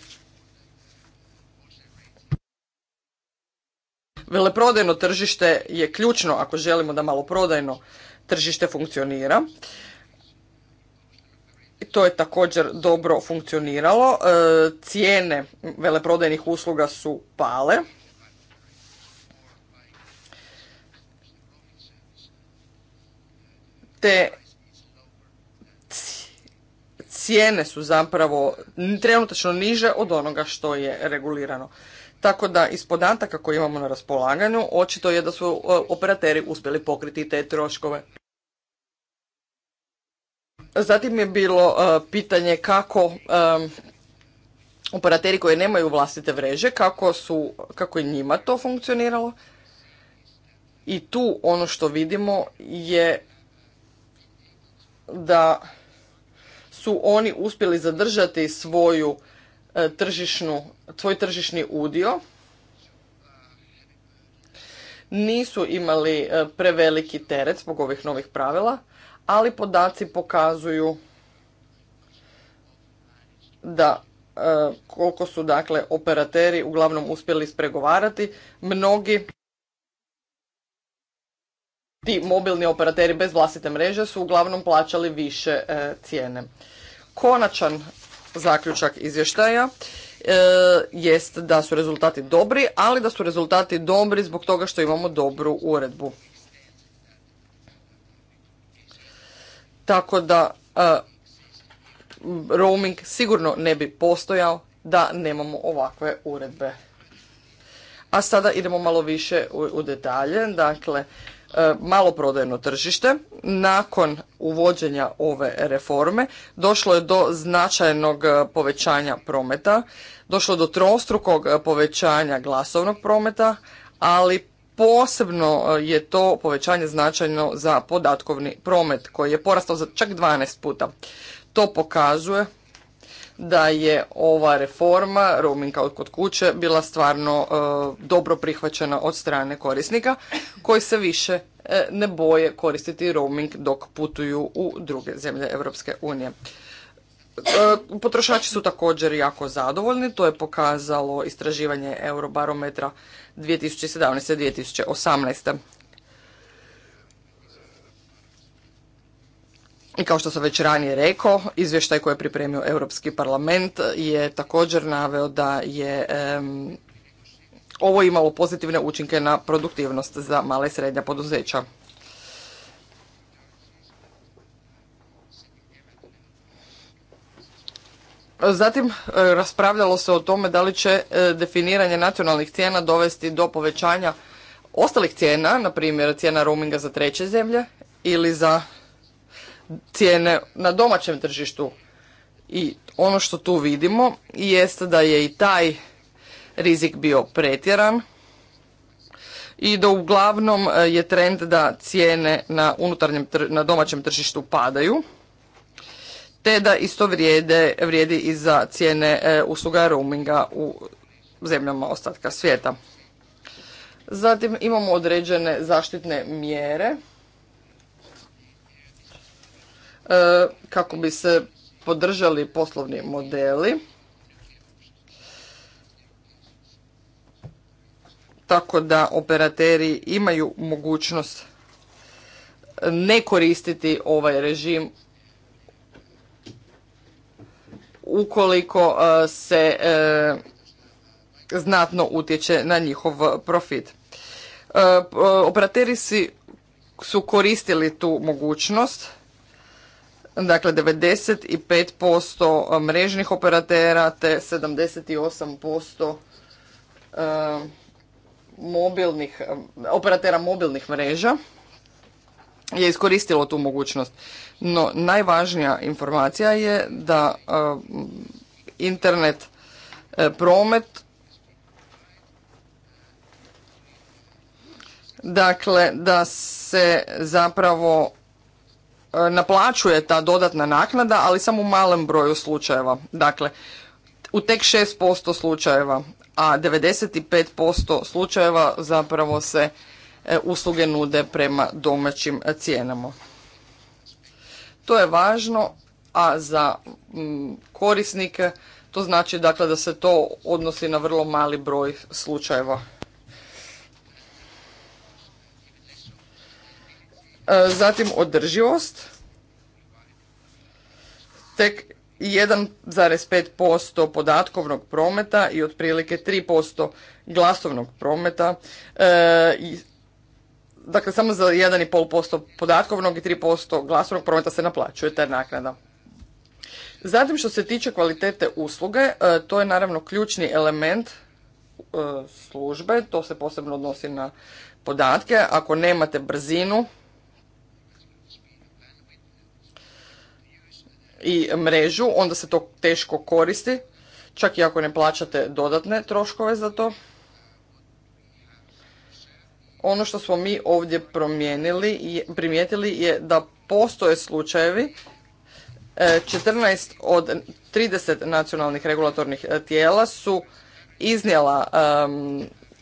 Veleprodajno tržište je ključno ako želimo da maloprodajno tržište funkcionira. To je također dobro funkcioniralo. E, cijene veleprodajnih usluga su pale. Te cijene su zapravo trenutačno niže od onoga što je regulirano. Tako da iz podataka koje imamo na raspolaganju očito je da su e, operateri uspjeli pokriti te troškove. Zatim je bilo e, pitanje kako e, operateri koji nemaju vlastite mreže, kako, kako je njima to funkcioniralo. I tu ono što vidimo je da su oni uspjeli zadržati svoju E, tržišnu, tvoj tržišni udio nisu imali e, preveliki teret zbog ovih novih pravila, ali podaci pokazuju da e, koliko su dakle operateri uglavnom uspjeli spregovarati. mnogi ti mobilni operateri bez vlastite mreže su uglavnom plaćali više cijene. Konačan zaključak izvještaja e, jest da su rezultati dobri, ali da su rezultati dobri zbog toga što imamo dobru uredbu. Tako da e, roaming sigurno ne bi postojao da nemamo ovakve uredbe. A sada idemo malo više u detalje. Dakle, E, maloprodajno tržište. Nakon uvođenja ove reforme došlo je do značajnog e, povećanja prometa, došlo je do trostrukog e, povećanja glasovnog prometa, ali posebno je to povećanje značajno za podatkovni promet koji je porastao za čak 12 puta. To pokazuje da je ova reforma roaming kao kod kuće bila stvarno e, dobro prihvaćena od strane korisnika koji se više e, ne boje koristiti roaming dok putuju u druge zemlje Europske unije. E, potrošači su također jako zadovoljni, to je pokazalo istraživanje Eurobarometra 2017-2018. I kao što sam već ranije rekao, izvještaj koji je pripremio Europski parlament je također naveo da je ovo imalo pozitivne učinke na produktivnost za male i srednja poduzeća. Zatim e, raspravljalo se o tome da li će e, definiranje nacionalnih cijena dovesti do povećanja ostalih cijena, na primjer cijena roaminga za treće zemlje ili za cijene na domaćem tržištu. I ono što tu vidimo jeste da je i taj rizik bio pretjeran i da uglavnom e, je trend da cijene na unutarnjem, na domaćem tržištu padaju, te da isto vrijede, vrijedi i za cijene e, usluga roaminga u zemljama ostatka svijeta. Zatim imamo određene zaštitne mjere E, kako bi se podržali poslovni modeli. Tako da operateri imaju mogućnost ne koristiti ovaj režim ukoliko e, se e, znatno utječe na njihov profit. Operateri su koristili tu mogućnost dakle 95% eh, mrežnih operatera te 78% eh, mobilnih, eh, operatera mobilnih mreža je iskoristilo tu mogućnost. No najvažnija informacija je da internet promet dakle da se zapravo E, naplaćuje ta dodatna naknada, ali samo u malem broju slučajeva. Dakle, u tek 6% slučajeva, a 95% slučajeva zapravo se e, usluge nude prema domaćim cijenama. To je važno, a za korisnike to znači dakle da se to odnosi na vrlo mali broj slučajeva. E, zatim održivost, tek 1,5% podatkovnog prometa i otprilike 3% glasovnog prometa. E, dakle, samo za 1,5% podatkovnog i 3% glasovnog prometa se naplaćuje ta naknada. Zatim što se tiče kvalitete usluge, e, to je naravno ključni element službe, to se posebno odnosi na podatke. Ako nemate brzinu, i mrežu, onda se to teško koristi, čak i ako ne plaćate dodatne troškove za to. Ono što smo mi ovdje promijenili i primijetili je da postoje slučajevi 14 e, od 30 nacionalnih regulatornih e, tijela su iznijela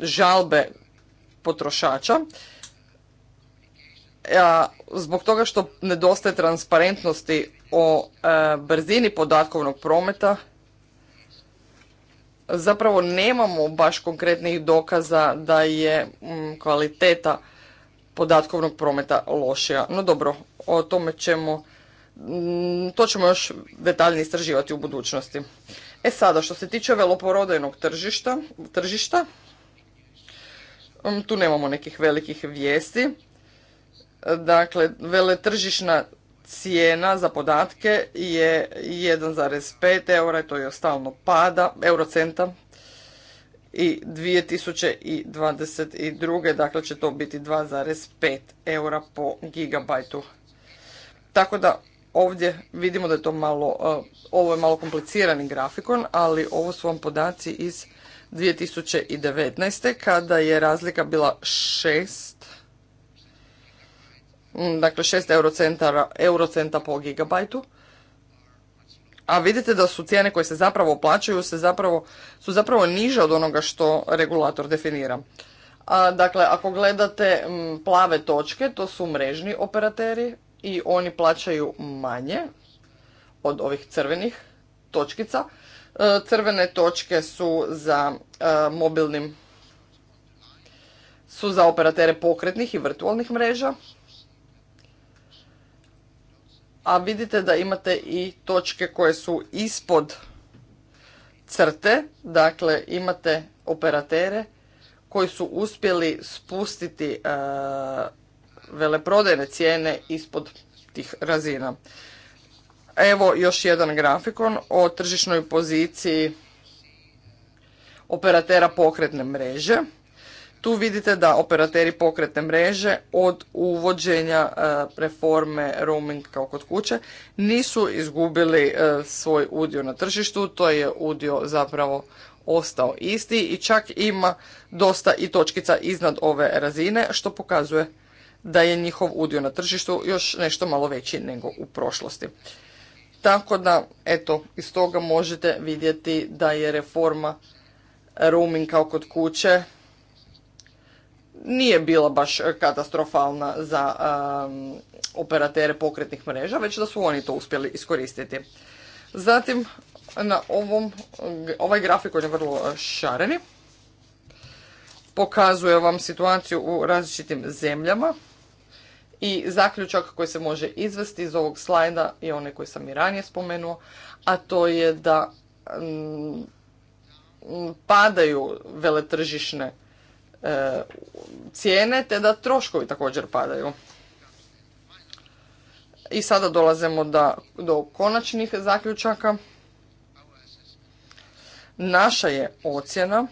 žalbe potrošača zbog toga što nedostaje transparentnosti o e, brzini podatkovnog prometa zapravo nemamo baš konkretnih dokaza da je mm, kvaliteta podatkovnog prometa lošija. No dobro, o tome ćemo, mm, to ćemo još detaljnije istraživati u budućnosti. E sada, što se tiče veloporodajnog tržišta, tržišta, mm, tu nemamo nekih velikih vijesti. Dakle, veletržišna cijena za podatke je 1,5 eura, to je stalno pada, eurocenta. I 2022. dakle će to biti 2,5 eura po gigabajtu. Tako da ovdje vidimo da je to malo, e, ovo je malo komplicirani grafikon, ali ovo su vam podaci iz 2019. kada je razlika bila 6 Mm, dakle 6 eurocenta po gigabajtu. A vidite da su cijene koje se zapravo plaćaju su zapravo niže od onoga što regulator definira. dakle, ako gledate mm, plave točke, to su mrežni operateri i oni plaćaju manje od ovih crvenih točkica. E, crvene točke su za e, mobilnim su za operatere pokretnih i virtualnih mreža, a vidite da imate i točke koje su ispod crte, dakle imate operatere koji su uspjeli spustiti e, veleprodajne cijene ispod tih razina. Evo još jedan grafikon o tržišnoj poziciji operatera pokretne mreže. Tu vidite da operateri pokretne mreže od uvođenja e, reforme roaming kao kod kuće nisu izgubili e, svoj udio na tržištu, to je udio zapravo ostao isti i čak ima dosta i točkica iznad ove razine što pokazuje da je njihov udio na tržištu još nešto malo veći nego u prošlosti. Tako da, eto, iz toga možete vidjeti da je reforma roaming kao kod kuće nije bila baš katastrofalna za um, operatere pokretnih mreža, već da su oni to uspjeli iskoristiti. Zatim, na ovom, ovaj grafikon je vrlo uh, šareni. Pokazuje vam situaciju u različitim zemljama i zaključak koji se može izvesti iz ovog slajda i onaj koji sam i ranije spomenuo, a to je da mm, padaju veletržišne E, cijene te da troškovi također padaju. I sada dolazimo do konačnih zaključaka. Naša je ocjena,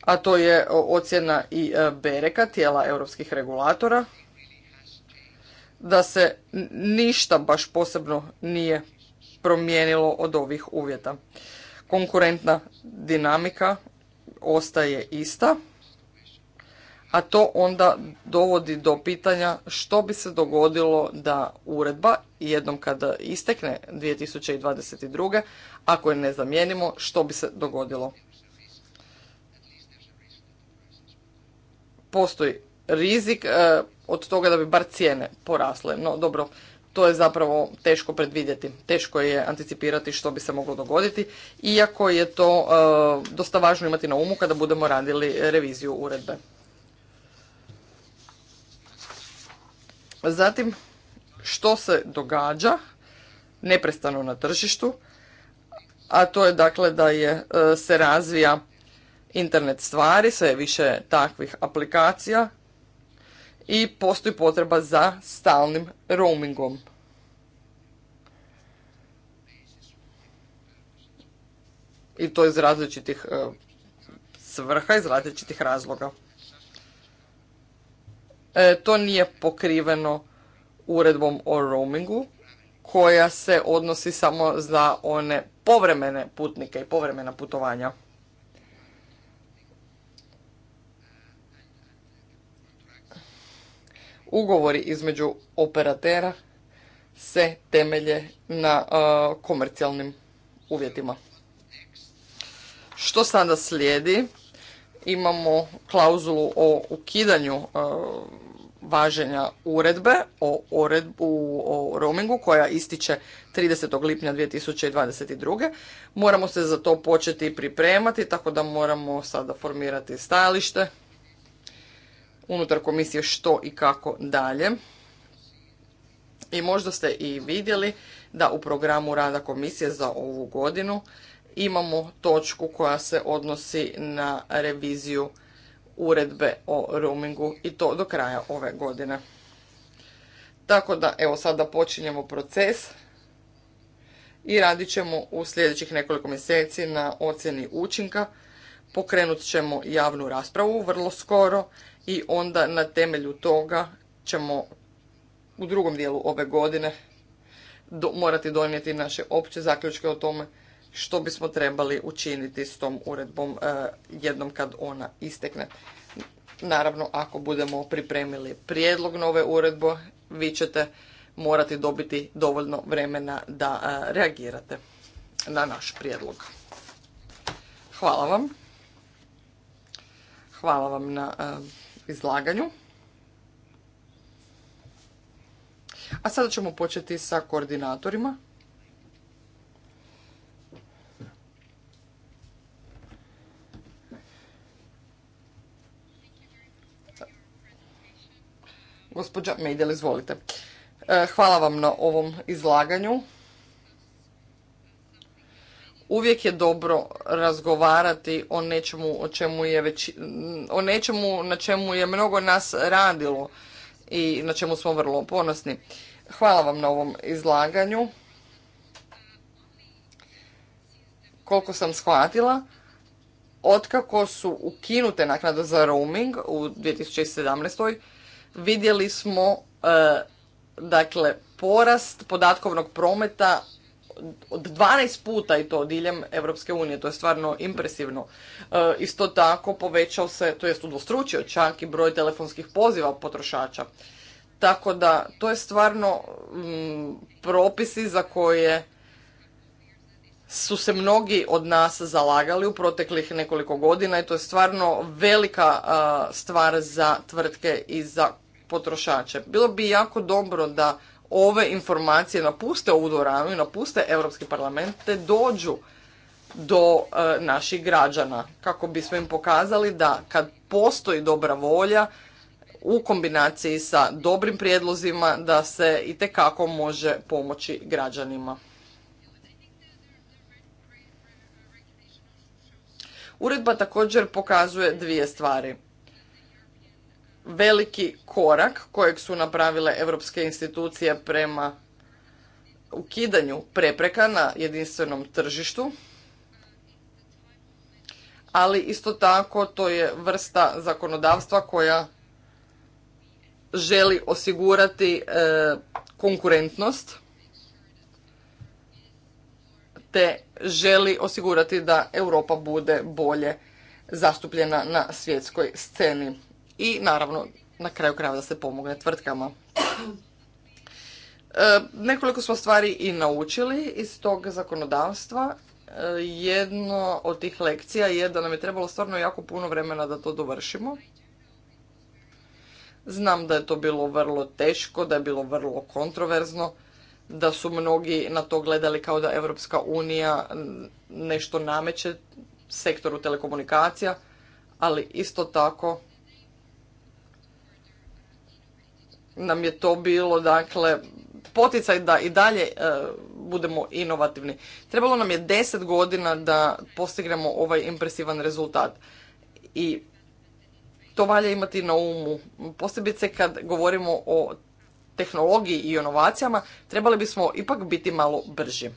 a to je ocjena i e, bereka tijela europskih regulatora, da se ništa baš posebno nije promijenilo od ovih uvjeta. Konkurentna dinamika ostaje ista, a to onda dovodi do pitanja što bi se dogodilo da uredba jednom kada istekne 2022. ako je ne zamijenimo, što bi se dogodilo. Postoji rizik eh, od toga da bi bar cijene porasle. No dobro, to je zapravo teško predvidjeti. Teško je anticipirati što bi se moglo dogoditi, iako je to e, dosta važno imati na umu kada budemo radili reviziju uredbe. Zatim, što se događa neprestano na tržištu, a to je dakle da je, e, se razvija internet stvari, sve više takvih aplikacija i postoji potreba za stalnim roamingom. I to iz različitih e, svrha, iz različitih razloga. E, to nije pokriveno uredbom o roamingu koja se odnosi samo za one povremene putnike i povremena putovanja. ugovori između operatera se temelje na komercijalnim uvjetima. Što sada slijedi? Imamo klauzulu o ukidanju važenja uredbe o, o roamingu koja ističe 30. lipnja 2022. Moramo se za to početi pripremati, tako da moramo sada formirati stajalište unutar komisije što i kako dalje. I možda ste i vidjeli da u programu rada komisije za ovu godinu imamo točku koja se odnosi na reviziju uredbe o roamingu i to do kraja ove godine. Tako da, evo, sada počinjemo proces i radit ćemo u sljedećih nekoliko mjeseci na ocjeni učinka. Pokrenut ćemo javnu raspravu vrlo skoro i onda na temelju toga ćemo u drugom dijelu ove godine morati donijeti naše opće zaključke o tome što bismo trebali učiniti s tom uredbom e, jednom kad ona istekne. Naravno, ako budemo pripremili prijedlog nove uredbe, vi ćete morati dobiti dovoljno vremena da e, reagirate na naš prijedlog. Hvala vam. Hvala vam na e, izlaganju. A sada ćemo početi sa koordinatorima. Gospođa Medjel, izvolite. E, hvala vam na ovom izlaganju uvijek je dobro razgovarati o nečemu o čemu je već, o nečemu na čemu je mnogo nas radilo i na čemu smo vrlo ponosni. Hvala vam na ovom izlaganju. Koliko sam shvatila, otkako su ukinute naknade za roaming u 2017. vidjeli smo e, dakle porast podatkovnog prometa od 12 puta i to diljem Europske unije, to je stvarno impresivno. E, isto tako povećao se, to jest udvostručio čak i broj telefonskih poziva potrošača. Tako da to je stvarno mm, propisi za koje su se mnogi od nas zalagali u proteklih nekoliko godina i to je stvarno velika e, stvar za tvrtke i za potrošače. Bilo bi jako dobro da ove informacije napuste ovu dvoranu i napuste Europski parlament te dođu do e, naših građana kako bismo im pokazali da kad postoji dobra volja u kombinaciji sa dobrim prijedlozima da se itekako može pomoći građanima. Uredba također pokazuje dvije stvari veliki korak kojeg su napravile europske institucije prema ukidanju prepreka na jedinstvenom tržištu ali isto tako to je vrsta zakonodavstva koja želi osigurati e, konkurentnost te želi osigurati da Europa bude bolje zastupljena na svjetskoj sceni i naravno na kraju krajeva da se pomogne tvrtkama. E, nekoliko smo stvari i naučili iz tog zakonodavstva. E, jedno od tih lekcija je da nam je trebalo stvarno jako puno vremena da to dovršimo. Znam da je to bilo vrlo teško, da je bilo vrlo kontroverzno, da su mnogi na to gledali kao da Europska unija nešto nameće sektoru telekomunikacija, ali isto tako nam je to bilo dakle poticaj da i dalje e, budemo inovativni. Trebalo nam je deset godina da postignemo ovaj impresivan rezultat. I to valja imati na umu. Posebice kad govorimo o tehnologiji i inovacijama, trebali bismo ipak biti malo brži.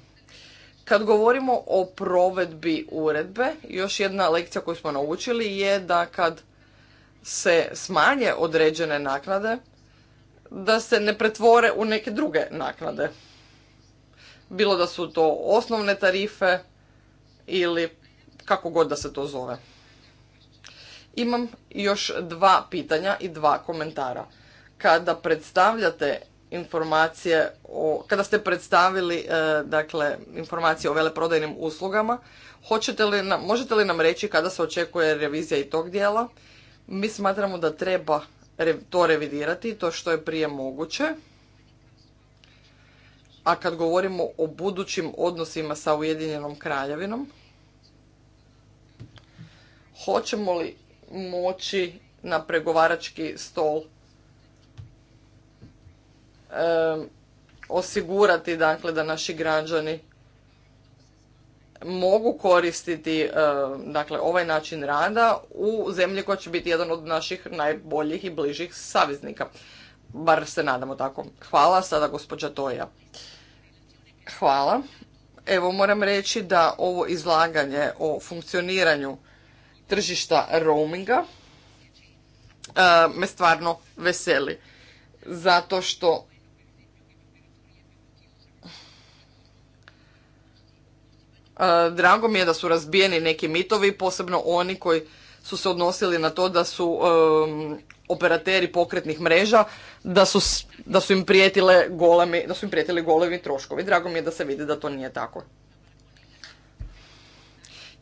Kad govorimo o provedbi uredbe, još jedna lekcija koju smo naučili je da kad se smanje određene naknade, da se ne pretvore u neke druge naknade. Bilo da su to osnovne tarife ili kako god da se to zove. Imam još dva pitanja i dva komentara. Kada predstavljate informacije o, kada ste predstavili e, dakle informacije o veleprodajnim uslugama, hoćete li nam, možete li nam reći kada se očekuje revizija i tog dijela? Mi smatramo da treba to revidirati, to što je prije moguće. A kad govorimo o budućim odnosima sa Ujedinjenom kraljevinom, hoćemo li moći na pregovarački stol osigurati dakle da naši građani mogu koristiti e, dakle, ovaj način rada u zemlji koja će biti jedan od naših najboljih i bližih saveznika. Bar se nadamo tako. Hvala sada gospođa Toja. Hvala. Evo moram reći da ovo izlaganje o funkcioniranju tržišta roaminga e, me stvarno veseli. Zato što E, drago mi je da su razbijeni neki mitovi, posebno oni koji su se odnosili na to da su um, operateri pokretnih mreža, da su, da su im prijetile golemi, da su im prijetili golemi troškovi. Drago mi je da se vidi da to nije tako.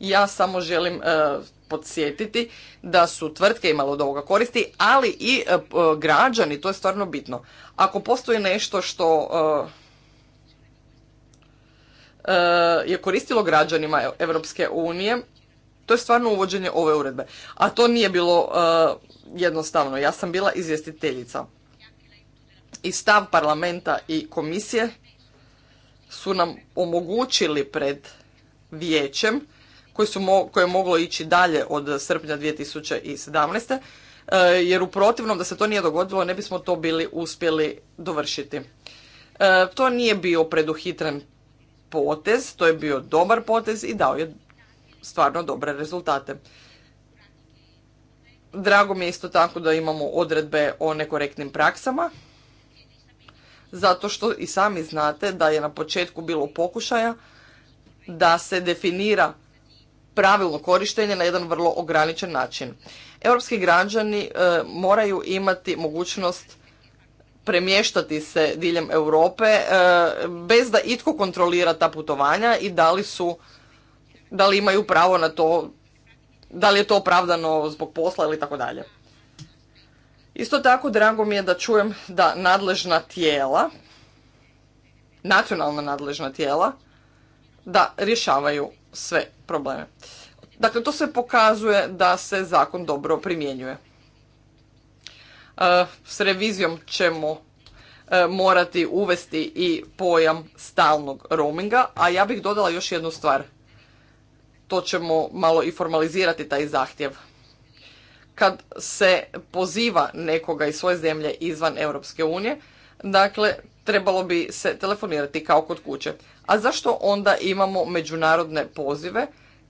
Ja samo želim e, podsjetiti da su tvrtke imale od ovoga koristi, ali i e, građani, to je stvarno bitno. Ako postoji nešto što E, je koristilo građanima Europske unije, to je stvarno uvođenje ove uredbe. A to nije bilo e, jednostavno. Ja sam bila izvjestiteljica. I stav parlamenta i komisije su nam omogućili pred vijećem koje, koje je moglo ići dalje od srpnja 2017. E, jer u protivnom da se to nije dogodilo ne bismo to bili uspjeli dovršiti. to nije bio preduhitren potez, to je bio dobar potez i dao je stvarno dobre rezultate. Drago mi je isto tako da imamo odredbe o nekorektnim praksama, zato što i sami znate da je na početku bilo pokušaja da se definira pravilno korištenje na jedan vrlo ograničen način. Europski građani e, moraju imati mogućnost premještati se diljem Europe e, bez da itko kontrolira ta putovanja i da li su, da li imaju pravo na to, da li je to opravdano zbog posla ili tako dalje. Isto tako drago mi je da čujem da nadležna tijela, nacionalna nadležna tijela, da rješavaju sve probleme. Dakle, to se pokazuje da se zakon dobro primjenjuje. E, s revizijom ćemo e, morati uvesti i pojam stalnog roaminga, a ja bih dodala još jednu stvar. To ćemo malo i formalizirati taj zahtjev. Kad se poziva nekoga iz svoje zemlje izvan Europske unije, dakle, trebalo bi se telefonirati kao kod kuće. A zašto onda imamo međunarodne pozive?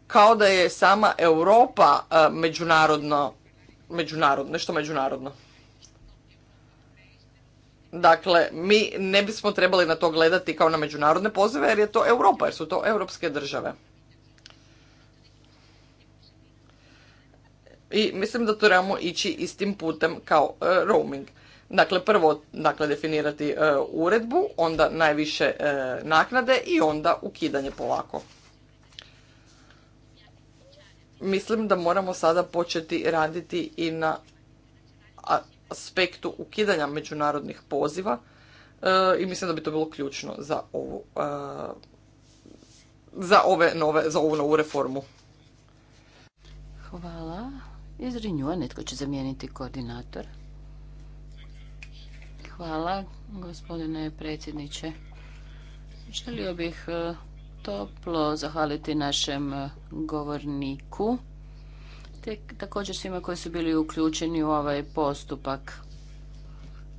Kao da je sama Europa e, međunarodno, međunarodno, nešto međunarodno. Dakle, mi ne bismo trebali na to gledati kao na međunarodne pozive jer je to Europa, jer su to europske države. I mislim da trebamo ići istim putem kao e, roaming. Dakle, prvo dakle, definirati e, uredbu, onda najviše e, naknade i onda ukidanje polako. Mislim da moramo sada početi raditi i na aspektu ukidanja međunarodnih poziva e, i mislim da bi to bilo ključno za ovu e, za ove nove, za ovu novu reformu. Hvala. Iz Rinjua netko će zamijeniti koordinator. Hvala, gospodine predsjedniče. Želio bih e, toplo zahvaliti našem govorniku te također svima koji su bili uključeni u ovaj postupak.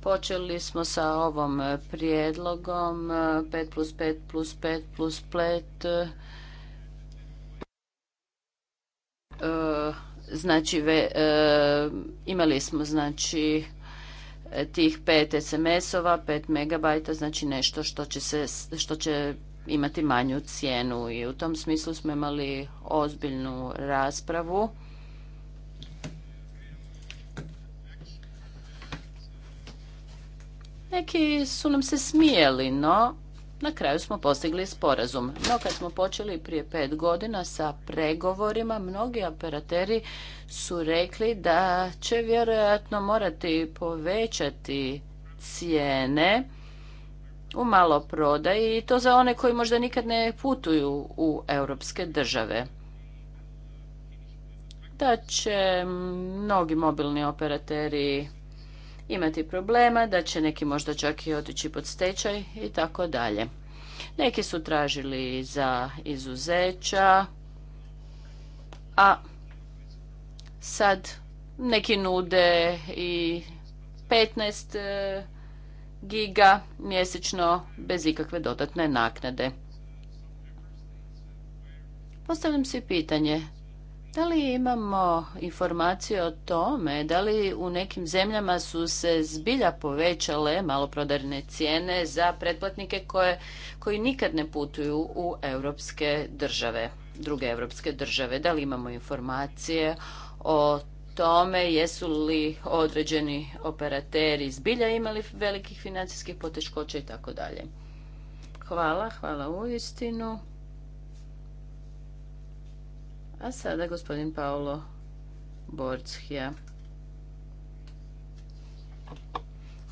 Počeli smo sa ovom e, prijedlogom 5 e, plus 5 plus 5 plus 5 e, znači ve, imali smo znači tih 5 SMS-ova, 5 megabajta, znači nešto što će, se, što će imati manju cijenu i u tom smislu smo imali ozbiljnu raspravu Neki su nam se smijeli, no na kraju smo postigli sporazum. No kad smo počeli prije pet godina sa pregovorima, mnogi operateri su rekli da će vjerojatno morati povećati cijene u maloprodaji i to za one koji možda nikad ne putuju u europske države. Da će mnogi mobilni operateri imati problema, da će neki možda čak i otići pod stečaj i tako dalje. Neki su tražili za izuzeća, a sad neki nude i 15 e, giga mjesečno bez ikakve dodatne naknade. Postavljam si pitanje, da li imamo informacije o tome? Da li u nekim zemljama su se zbilja povećale maloprodarne cijene za pretplatnike koji nikad ne putuju u europske države, druge europske države? Da li imamo informacije o tome jesu li određeni operateri zbilja imali velikih financijskih poteškoća i tako dalje? Hvala, hvala uistinu. A sada gospodin Paolo Borcija.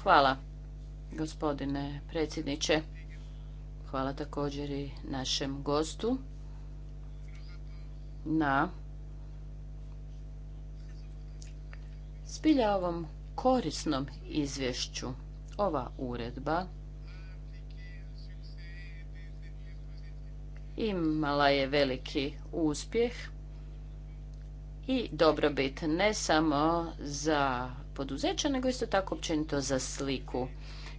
Hvala gospodine predsjedniče. Hvala također i našem gostu na zbilja ovom korisnom izvješću. Ova uredba imala je veliki uspjeh i dobrobit ne samo za poduzeća, nego isto tako općenito za sliku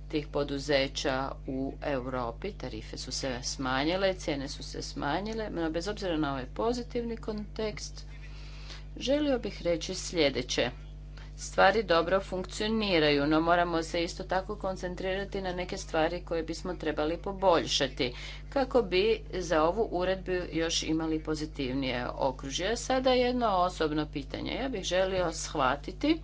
tih poduzeća u Europi. Tarife su se smanjile, cijene su se smanjile, no bez obzira na ovaj pozitivni kontekst, želio bih reći sljedeće stvari dobro funkcioniraju, no moramo se isto tako koncentrirati na neke stvari koje bismo trebali poboljšati kako bi za ovu uredbu još imali pozitivnije okružje. Sada jedno osobno pitanje. Ja bih želio shvatiti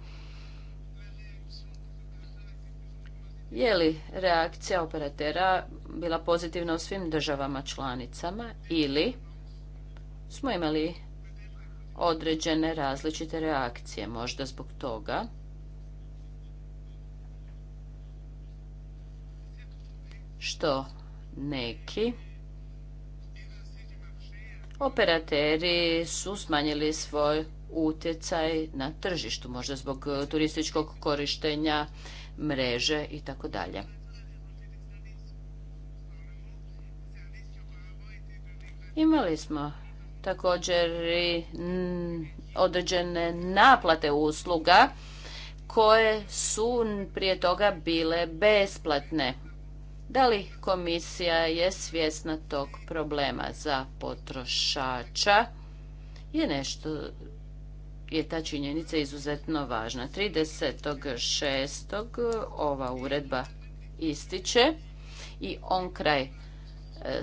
je li reakcija operatera bila pozitivna u svim državama članicama ili smo imali određene različite reakcije. Možda zbog toga što neki operateri su smanjili svoj utjecaj na tržištu, možda zbog turističkog korištenja mreže i tako dalje. Imali smo također i mm, određene naplate usluga koje su prije toga bile besplatne. Da li komisija je svjesna tog problema za potrošača? Je nešto je ta činjenica izuzetno važna. 30.6. ova uredba ističe i on kraj e,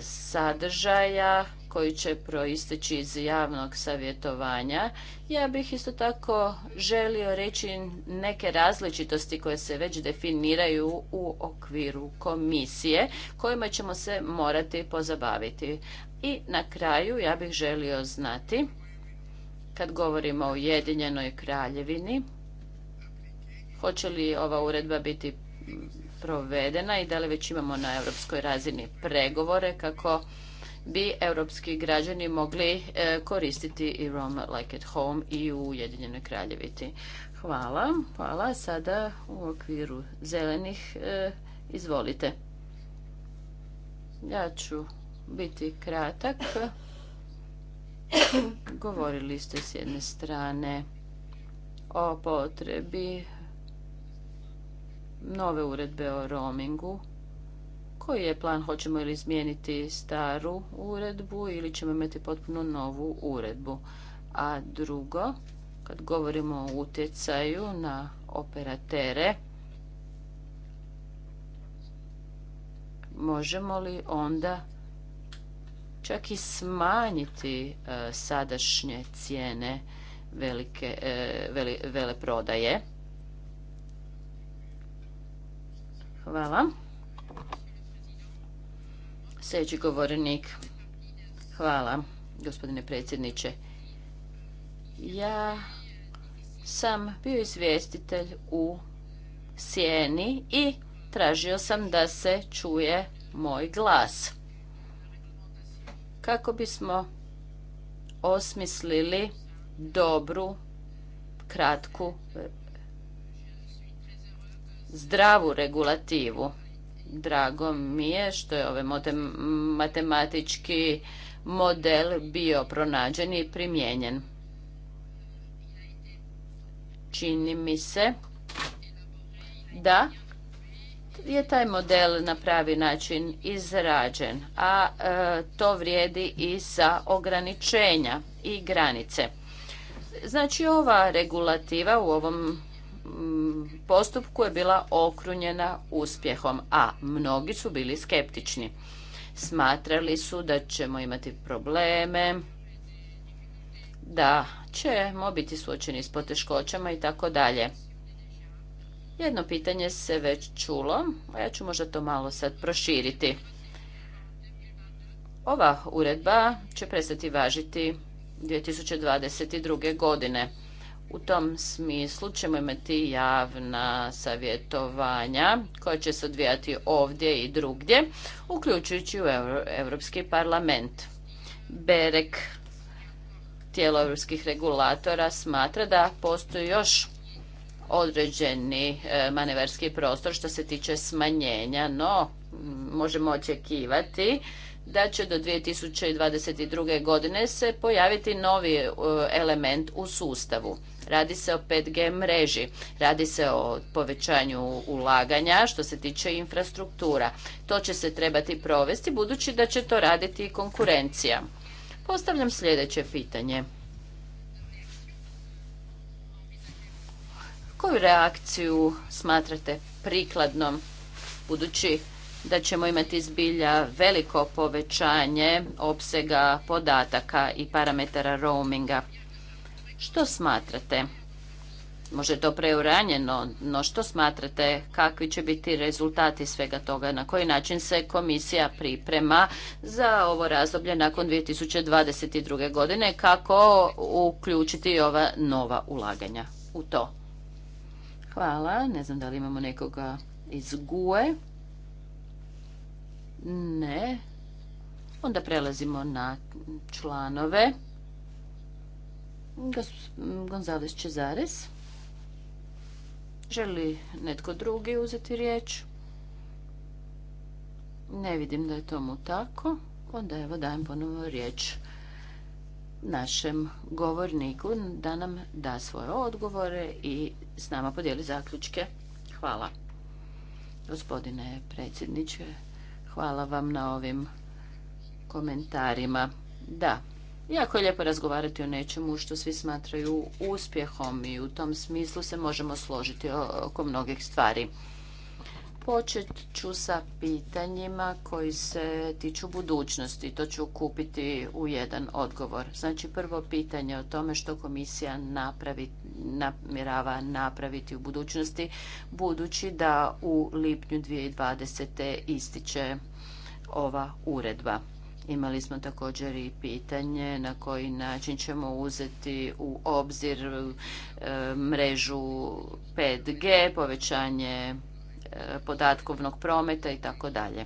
sadržaja koji će proisteći iz javnog savjetovanja. Ja bih isto tako želio reći neke različitosti koje se već definiraju u okviru komisije kojima ćemo se morati pozabaviti. I na kraju ja bih želio znati kad govorimo o Ujedinjenoj kraljevini hoće li ova uredba biti provedena i da li već imamo na europskoj razini pregovore kako bi europski građani mogli e, koristiti i Roam Like at Home i u Ujedinjenoj kraljeviti. Hvala. Hvala. Sada u okviru zelenih e, izvolite. Ja ću biti kratak. Govorili ste s jedne strane o potrebi nove uredbe o roamingu koji je plan? Hoćemo li izmijeniti staru uredbu ili ćemo imati potpuno novu uredbu? A drugo, kad govorimo o utjecaju na operatere, možemo li onda čak i smanjiti e, sadašnje cijene velike, e, vele prodaje? Hvala. Sljedeći govornik. Hvala, gospodine predsjedniče. Ja sam bio izvjestitelj u sjeni i tražio sam da se čuje moj glas. Kako bismo osmislili dobru, kratku, zdravu regulativu. Drago mi je što je ovaj matematički model bio pronađen i primijenjen. Čini mi se da je taj model na pravi način izrađen, a e, to vrijedi i za ograničenja i granice. Znači ova regulativa u ovom Mm, postupku je bila okrunjena uspjehom, a mnogi su bili skeptični. Smatrali su da ćemo imati probleme, da ćemo biti suočeni s poteškoćama i tako dalje. Jedno pitanje se već čulo, a ja ću možda to malo sad proširiti. Ova uredba će prestati važiti 2022. godine. U tom smislu ćemo imati javna savjetovanja koja će se odvijati ovdje i drugdje, uključujući u Europski parlament. Berek, tijelo europskih regulatora, smatra da postoji još određeni e, manevarski prostor što se tiče smanjenja, no možemo očekivati da će do 2022. godine se pojaviti novi e, element u sustavu. Radi se o 5G mreži, radi se o povećanju ulaganja što se tiče infrastruktura. To će se trebati provesti budući da će to raditi i konkurencija. Postavljam sljedeće pitanje. Koju reakciju smatrate prikladnom budući da ćemo imati zbilja veliko povećanje opsega podataka i parametara roaminga? Što smatrate? Možda je to preuranjeno, no što smatrate kakvi će biti rezultati svega toga? Na koji način se komisija priprema za ovo razdoblje nakon 2022. godine? Kako uključiti ova nova ulaganja u to? Hvala. Ne znam da li imamo nekoga iz GUE. Ne. Onda prelazimo na članove. Gonzales Čezares. Želi netko drugi uzeti riječ? Ne vidim da je tomu tako. Onda evo dajem ponovo riječ našem govorniku da nam da svoje odgovore i s nama podijeli zaključke. Hvala. Gospodine predsjedniče, hvala vam na ovim komentarima. Da, Jako je lijepo razgovarati o nečemu što svi smatraju uspjehom i u tom smislu se možemo složiti oko mnogih stvari. Počet ću sa pitanjima koji se tiču budućnosti. To ću kupiti u jedan odgovor. Znači prvo pitanje o tome što komisija namjerava napraviti u budućnosti, budući da u lipnju 2020. ističe ova uredba. Imali smo također i pitanje na koji način ćemo uzeti u obzir e, mrežu 5G, povećanje e, podatkovnog prometa i tako dalje.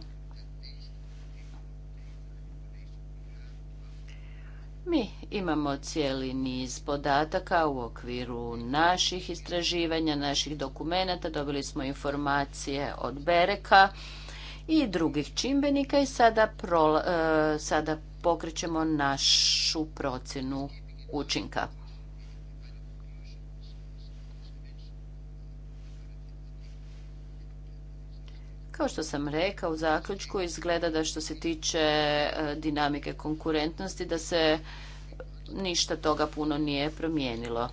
Mi imamo cijeli niz podataka u okviru naših istraživanja, naših dokumenata. Dobili smo informacije od Bereka i drugih čimbenika i sada, pro, e, sada pokrećemo našu procjenu učinka. Kao što sam rekao u zaključku, izgleda da što se tiče e, dinamike konkurentnosti, da se ništa toga puno nije promijenilo.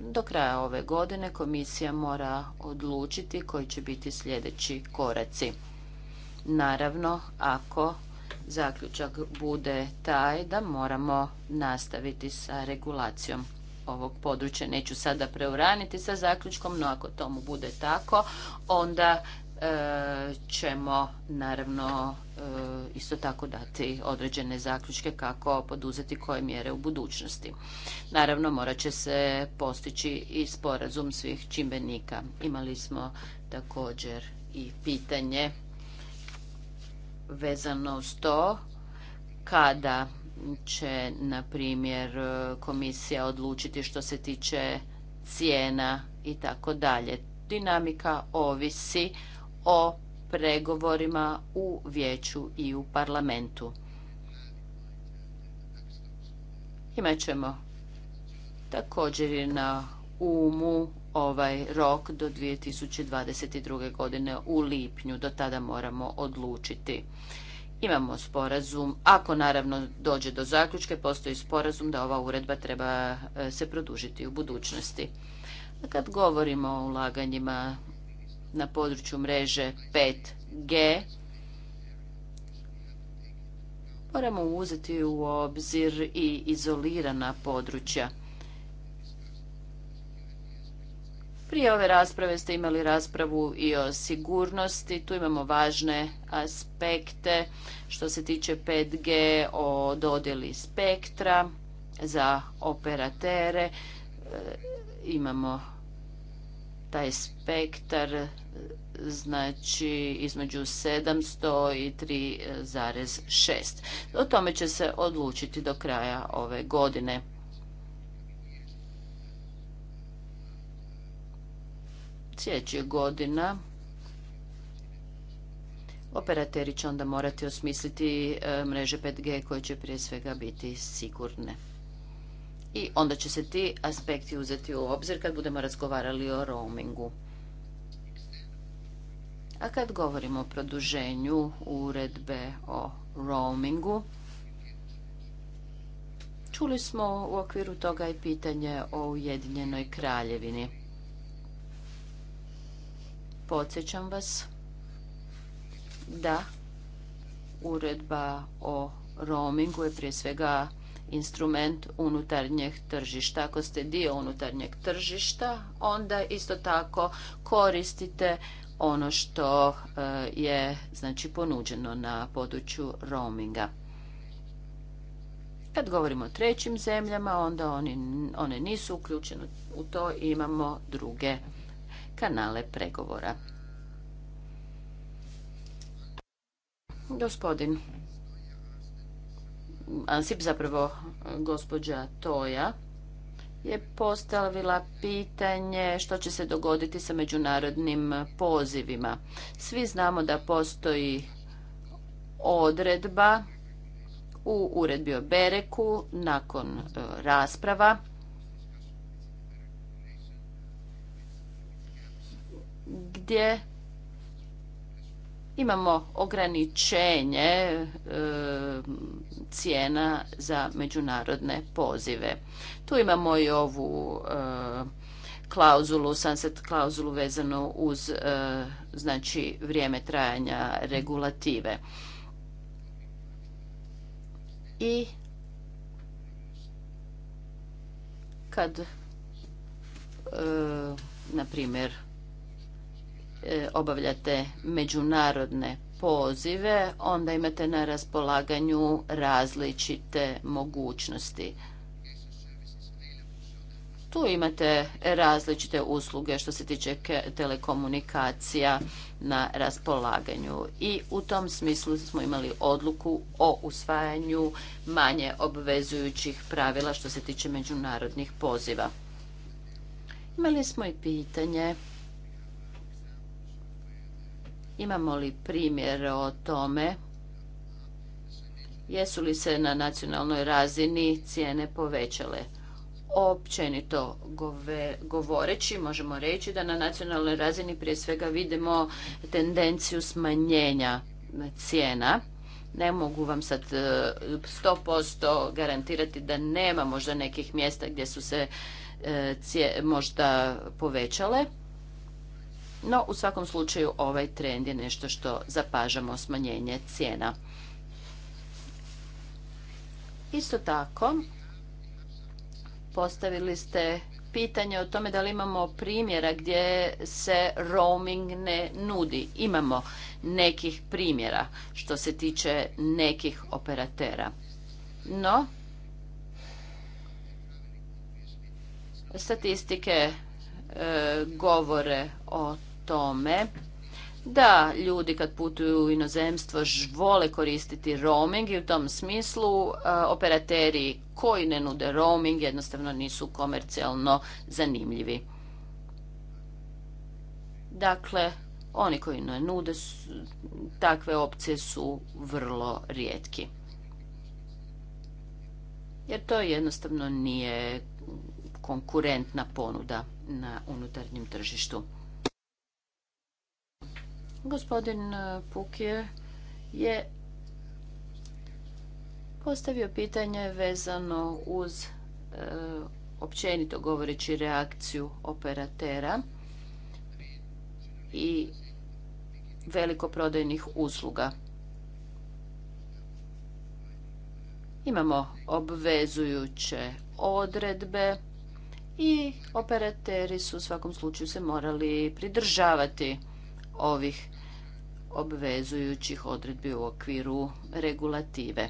Do kraja ove godine komisija mora odlučiti koji će biti sljedeći koraci. Naravno, ako zaključak bude taj da moramo nastaviti sa regulacijom ovog područja. Neću sada preuraniti sa zaključkom, no ako tomu bude tako, onda e, ćemo naravno e, isto tako dati određene zaključke kako poduzeti koje mjere u budućnosti. Naravno, morat će se postići i sporazum svih čimbenika. Imali smo također i pitanje vezano uz to kada će, na primjer, komisija odlučiti što se tiče cijena i tako dalje. Dinamika ovisi o pregovorima u vijeću i u parlamentu. Imaćemo ćemo također na umu ovaj rok do 2022. godine u lipnju. Do tada moramo odlučiti. Imamo sporazum, ako naravno dođe do zaključke, postoji sporazum da ova uredba treba e, se produžiti u budućnosti. kad govorimo o ulaganjima na području mreže 5G, moramo uzeti u obzir i izolirana područja Prije ove rasprave ste imali raspravu i o sigurnosti. Tu imamo važne aspekte što se tiče 5G, o dodjeli spektra za operatere. E, imamo taj spektar znači između 700 i 3,6. O tome će se odlučiti do kraja ove godine. sljedećih godina operateri će onda morati osmisliti e, mreže 5G koje će prije svega biti sigurne. I onda će se ti aspekti uzeti u obzir kad budemo razgovarali o roamingu. A kad govorimo o produženju uredbe o roamingu, čuli smo u okviru toga i pitanje o Ujedinjenoj kraljevini. Podsjećam vas da uredba o roamingu je prije svega instrument unutarnjeg tržišta. Ako ste dio unutarnjeg tržišta, onda isto tako koristite ono što eh, je znači ponuđeno na području roaminga. Kad govorimo o trećim zemljama, onda one nisu uključene u to i imamo druge kanale pregovora. Gospodin Ansip, zapravo gospođa Toja, je postavila pitanje što će se dogoditi sa međunarodnim pozivima. Svi znamo da postoji odredba u uredbi o Bereku nakon e, rasprava gdje imamo ograničenje e, cijena za međunarodne pozive. Tu imamo i ovu e, klauzulu, sunset klauzulu vezanu uz e, znači vrijeme trajanja regulative. I kad na primjer E, obavljate međunarodne pozive, onda imate na raspolaganju različite mogućnosti. Tu imate različite usluge što se tiče telekomunikacija na raspolaganju i u tom smislu smo imali odluku o usvajanju manje obvezujućih pravila što se tiče međunarodnih poziva. Imali smo i pitanje Imamo li primjer o tome? Jesu li se na nacionalnoj razini cijene povećale? Općenito govoreći možemo reći da na nacionalnoj razini prije svega vidimo tendenciju smanjenja cijena. Ne mogu vam sad 100% e, garantirati da nema možda nekih mjesta gdje su se e, cijene možda povećale no, u svakom slučaju ovaj trend je nešto što zapažamo smanjenje cijena. Isto tako, postavili ste pitanje o tome da li imamo primjera gdje se roaming ne nudi. Imamo nekih primjera što se tiče nekih operatera. No, statistike e, govore o tome da ljudi kad putuju u inozemstvo vole koristiti roaming i u tom smislu e, operateri koji ne nude roaming jednostavno nisu komercijalno zanimljivi. Dakle, oni koji ne nude takve opcije su vrlo rijetki. Jer to jednostavno nije konkurentna ponuda na unutarnjem tržištu. Gospodin e, Pukje je postavio pitanje vezano uz e, općenito govoreći reakciju operatera i velikoprodajnih usluga. Imamo obvezujuće odredbe i operateri su u svakom slučaju se morali pridržavati ovih obvezujućih odredbi u okviru regulative.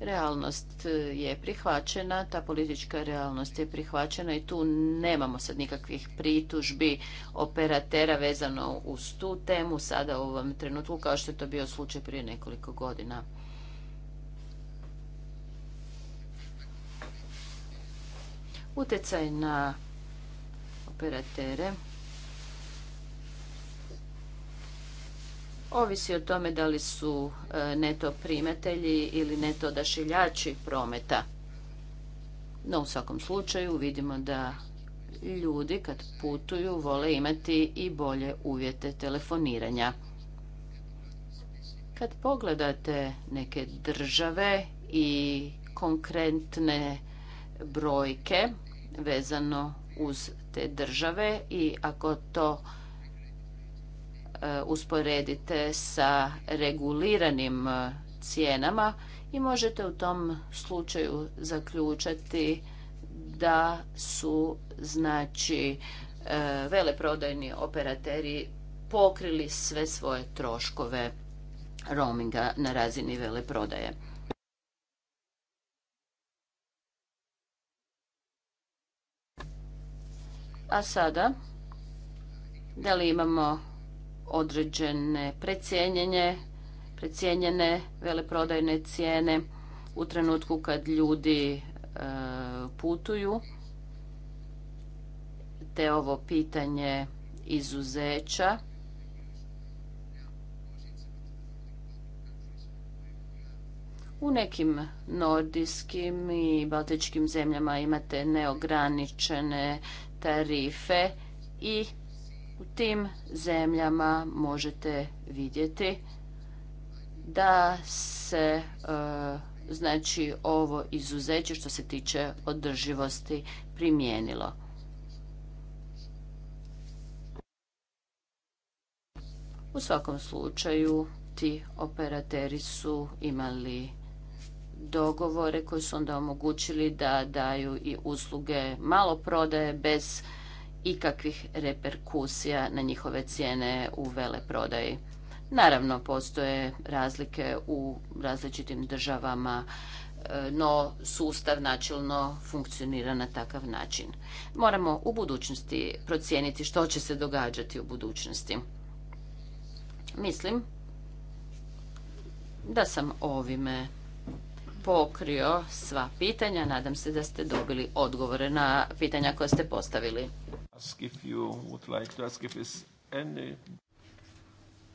Realnost je prihvaćena, ta politička realnost je prihvaćena i tu nemamo sad nikakvih pritužbi operatera vezano uz tu temu sada u ovom trenutku kao što je to bio slučaj prije nekoliko godina. Utecaj na operatere ovisi o tome da li su e, neto primatelji ili neto odašiljači prometa. No u svakom slučaju vidimo da ljudi kad putuju vole imati i bolje uvjete telefoniranja. Kad pogledate neke države i konkretne brojke vezano uz te države i ako to E, usporedite sa reguliranim e, cijenama i možete u tom slučaju zaključati da su znači e, veleprodajni operateri pokrili sve svoje troškove roaminga na razini veleprodaje. A sada, da li imamo određene precijenjene, precijenjene veleprodajne cijene u trenutku kad ljudi e, putuju te ovo pitanje izuzeća U nekim nordijskim i baltičkim zemljama imate neograničene tarife i u tim zemljama možete vidjeti da se e, znači ovo izuzeće što se tiče održivosti primijenilo. U svakom slučaju ti operateri su imali dogovore koji su onda omogućili da daju i usluge maloprodaje bez ikakvih reperkusija na njihove cijene u veleprodaji. Naravno, postoje razlike u različitim državama, e, no sustav načelno funkcionira na takav način. Moramo u budućnosti procijeniti što će se događati u budućnosti. Mislim da sam ovime pokrio sva pitanja. Nadam se da ste dobili odgovore na pitanja koje ste postavili.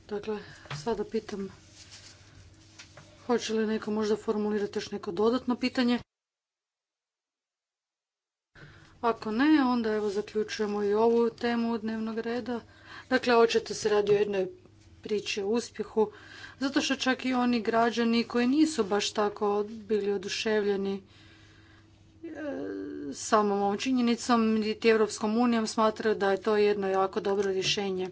Dakle, sada pitam hoće li neko možda formulirati još neko dodatno pitanje? Ako ne, onda evo zaključujemo i ovu temu dnevnog reda. Dakle, očito se radi o jednoj priči o uspjehu, zato što čak i oni građani koji nisu baš tako bili oduševljeni e, samom ovom činjenicom niti Europskom unijom smatraju da je to jedno jako dobro rješenje.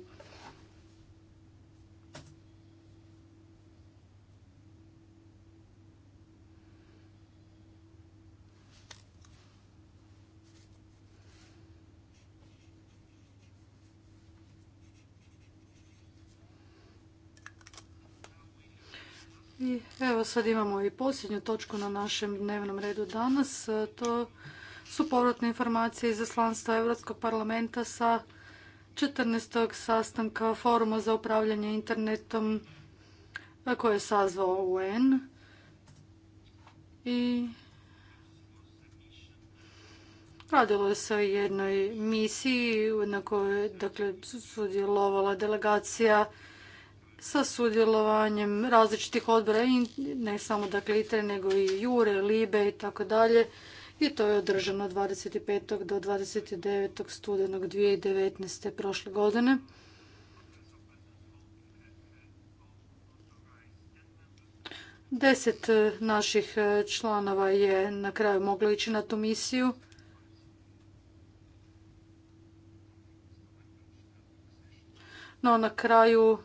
I evo sad imamo i posljednju točku na našem dnevnom redu danas. To su povratne informacije iz aslanstva Europskog parlamenta sa 14. sastanka Foruma za upravljanje internetom koje je sazvao UN. I radilo je se o jednoj misiji na kojoj je dakle, sudjelovala delegacija sa sudjelovanjem različitih odbora, ne samo dakle, ITRE, nego i Jure, Libe i tako dalje i to je održano 25. do 29. studenog 2019. prošle godine. Deset eh, naših eh, članova je na kraju moglo ići na tu misiju. No na kraju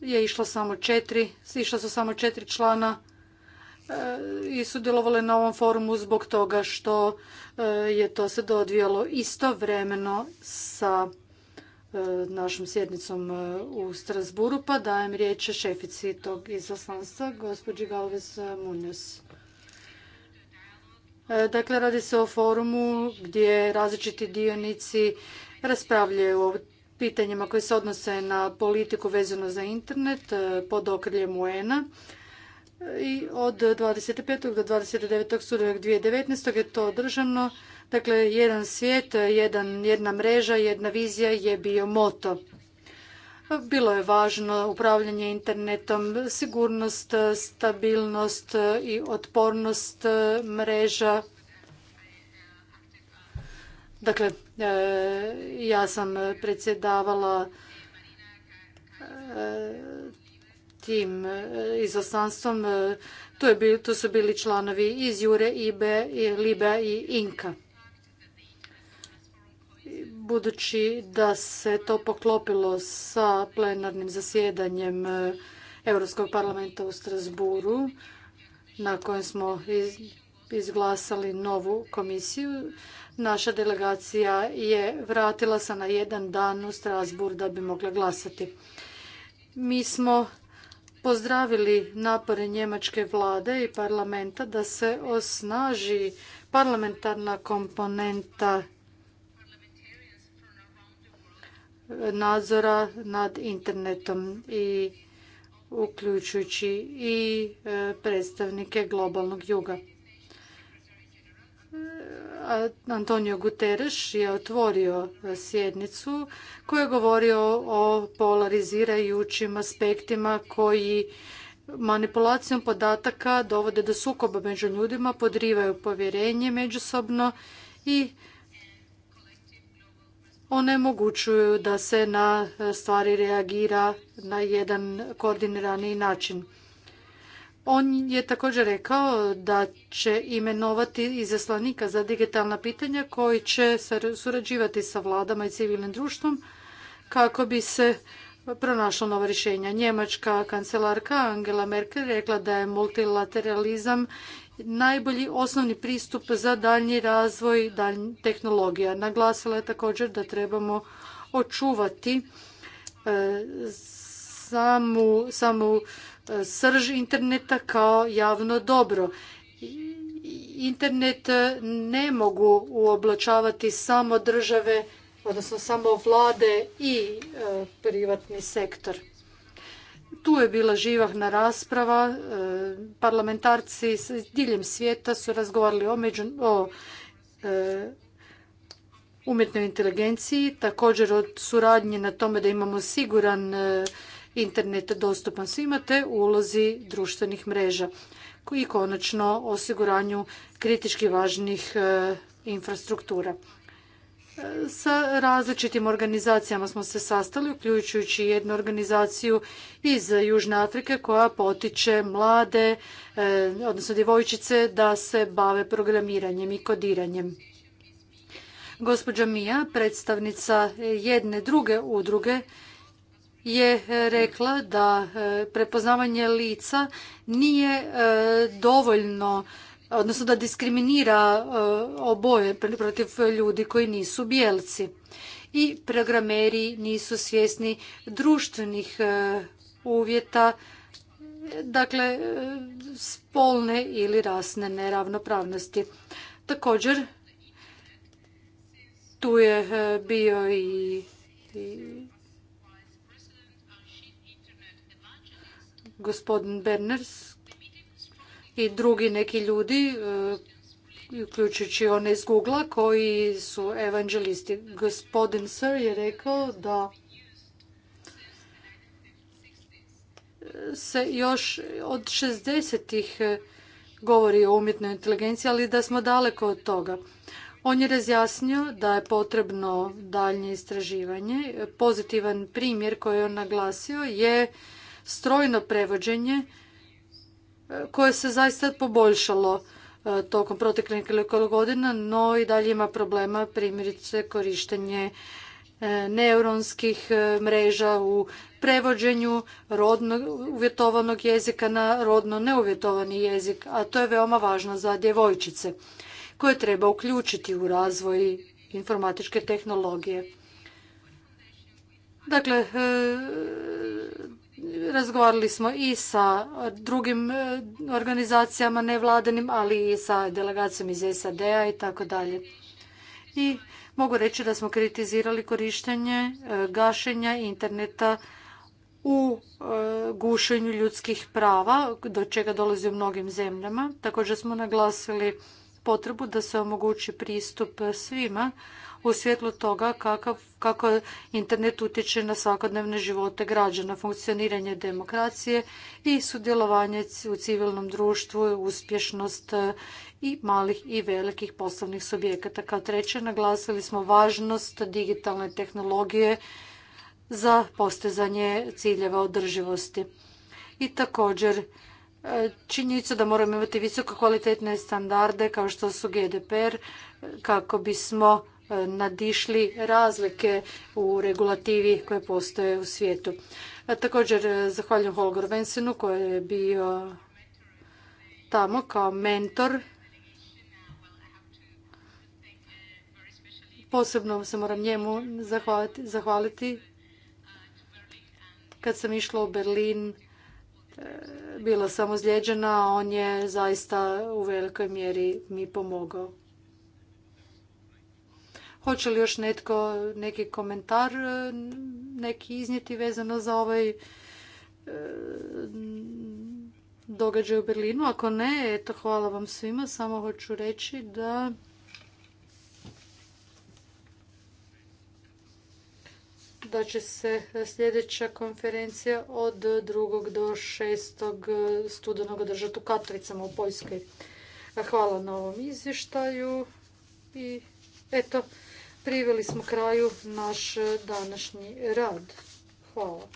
je išlo samo četiri, išla su samo četiri člana E, i sudjelovale na ovom forumu zbog toga što e, je to se isto istovremeno sa e, našom sjednicom u Strasburu, pa dajem riječ šefici tog izaslanstva, gospođi Galvez Munoz. Dakle, radi se o forumu gdje različiti dionici raspravljaju o pitanjima koje se odnose na politiku vezano za internet pod okriljem UN-a i od 25. do 29. studenog 2019. je to održano. Dakle, jedan svijet, jedan, jedna mreža, jedna vizija je bio moto. Bilo je važno upravljanje internetom, sigurnost, stabilnost i otpornost mreža. Dakle, e, ja sam predsjedavala e, tim e, izaslanstvom. E, tu, su bili članovi iz Jure, Ibe, Libe i Inka. Budući da se to poklopilo sa plenarnim zasjedanjem e, Europskog parlamenta u Strasburu, na kojem smo izglasali novu komisiju, naša delegacija je vratila se na jedan dan u Strasbur da bi mogla glasati. Mi smo pozdravili napore njemačke vlade i parlamenta da se osnaži parlamentarna komponenta nadzora nad internetom i uključujući i e, predstavnike globalnog juga. Antonio Guterres je otvorio sjednicu koja je govorio o polarizirajućim aspektima koji manipulacijom podataka dovode do sukoba među ljudima, podrivaju povjerenje međusobno i onemogućuju da se na stvari reagira na jedan koordinirani način. On je također rekao da će imenovati izaslanika za digitalna pitanja koji će surađivati sa vladama i civilnim društvom kako bi se pronašlo nova rješenja. Njemačka kancelarka Angela Merkel rekla da je multilateralizam najbolji osnovni pristup za daljnji razvoj daljnjih tehnologija. Naglasila je također da trebamo očuvati e, samu, samu srž interneta kao javno dobro. Internet ne mogu uoblačavati samo države, odnosno samo vlade i e, privatni sektor. Tu je bila živahna rasprava. E, parlamentarci s diljem svijeta su razgovarali o, među, o e, umjetnoj inteligenciji, također od suradnje na tome da imamo siguran internet dostupan svima te ulozi društvenih mreža i konačno osiguranju kritički važnih e, infrastruktura. E, sa različitim organizacijama smo se sastali, uključujući jednu organizaciju iz Južne Afrike koja potiče mlade, e, odnosno djevojčice, da se bave programiranjem i kodiranjem. Gospođa Mija, predstavnica jedne druge udruge je e, rekla da e, prepoznavanje lica nije e, dovoljno odnosno da diskriminira oboje protiv ljudi koji nisu bijelci. I programeri nisu svjesni društvenih uvjeta, dakle spolne ili rasne neravnopravnosti. Također tu je bio i, i gospodin Berners i drugi neki ljudi, e, uključujući one iz Google koji su evanđelisti. Gospodin Sir je rekao da se još od 60-ih govori o umjetnoj inteligenciji, ali da smo daleko od toga. On je razjasnio da je potrebno daljnje istraživanje. Pozitivan primjer koji je on naglasio je strojno prevođenje e, koje se zaista poboljšalo e, tokom proteklih nekoliko godina, no i dalje ima problema primjerice korištenje e, neuronskih mreža u prevođenju rodno uvjetovanog jezika na rodno neuvjetovani jezik, a to je veoma važno za djevojčice koje treba uključiti u razvoj informatičke tehnologije. Dakle, Razgovarali smo i sa drugim e, organizacijama nevladanim, ali i sa delegacijom iz SAD-a i tako dalje. I mogu reći da smo kritizirali korištenje e, gašenja interneta u e, gušenju ljudskih prava, do čega dolazi u mnogim zemljama. Također smo naglasili potrebu da se omogući pristup svima, u svjetlu toga kakav, kako internet utječe na svakodnevne živote građana, funkcioniranje demokracije i sudjelovanje u civilnom društvu, uspješnost e, i malih i velikih poslovnih subjekata. Kao treće, naglasili smo važnost digitalne tehnologije za postezanje ciljeva održivosti. I također, e, činjenica da moramo imati visoko kvalitetne standarde kao što su GDPR e, kako bismo E, nadišli razlike u regulativi koje postoje u svijetu. E, također e, zahvaljujem Holger Vensenu koji je bio tamo kao mentor. Posebno se moram njemu zahvaliti. Kad sam išla u Berlin, bila sam ozlijeđena, a on je zaista u velikoj mjeri mi pomogao. Hoće li još netko neki komentar e, neki iznijeti vezano za ovaj e, događaj u Berlinu? Ako ne, eto, hvala vam svima. Samo hoću reći da... da će se sljedeća konferencija od 2. do 6. studenog održati u Katovicama u Poljskoj. Hvala na ovom izvještaju i eto, priveli smo kraju naš eh, današnji rad. Hvala.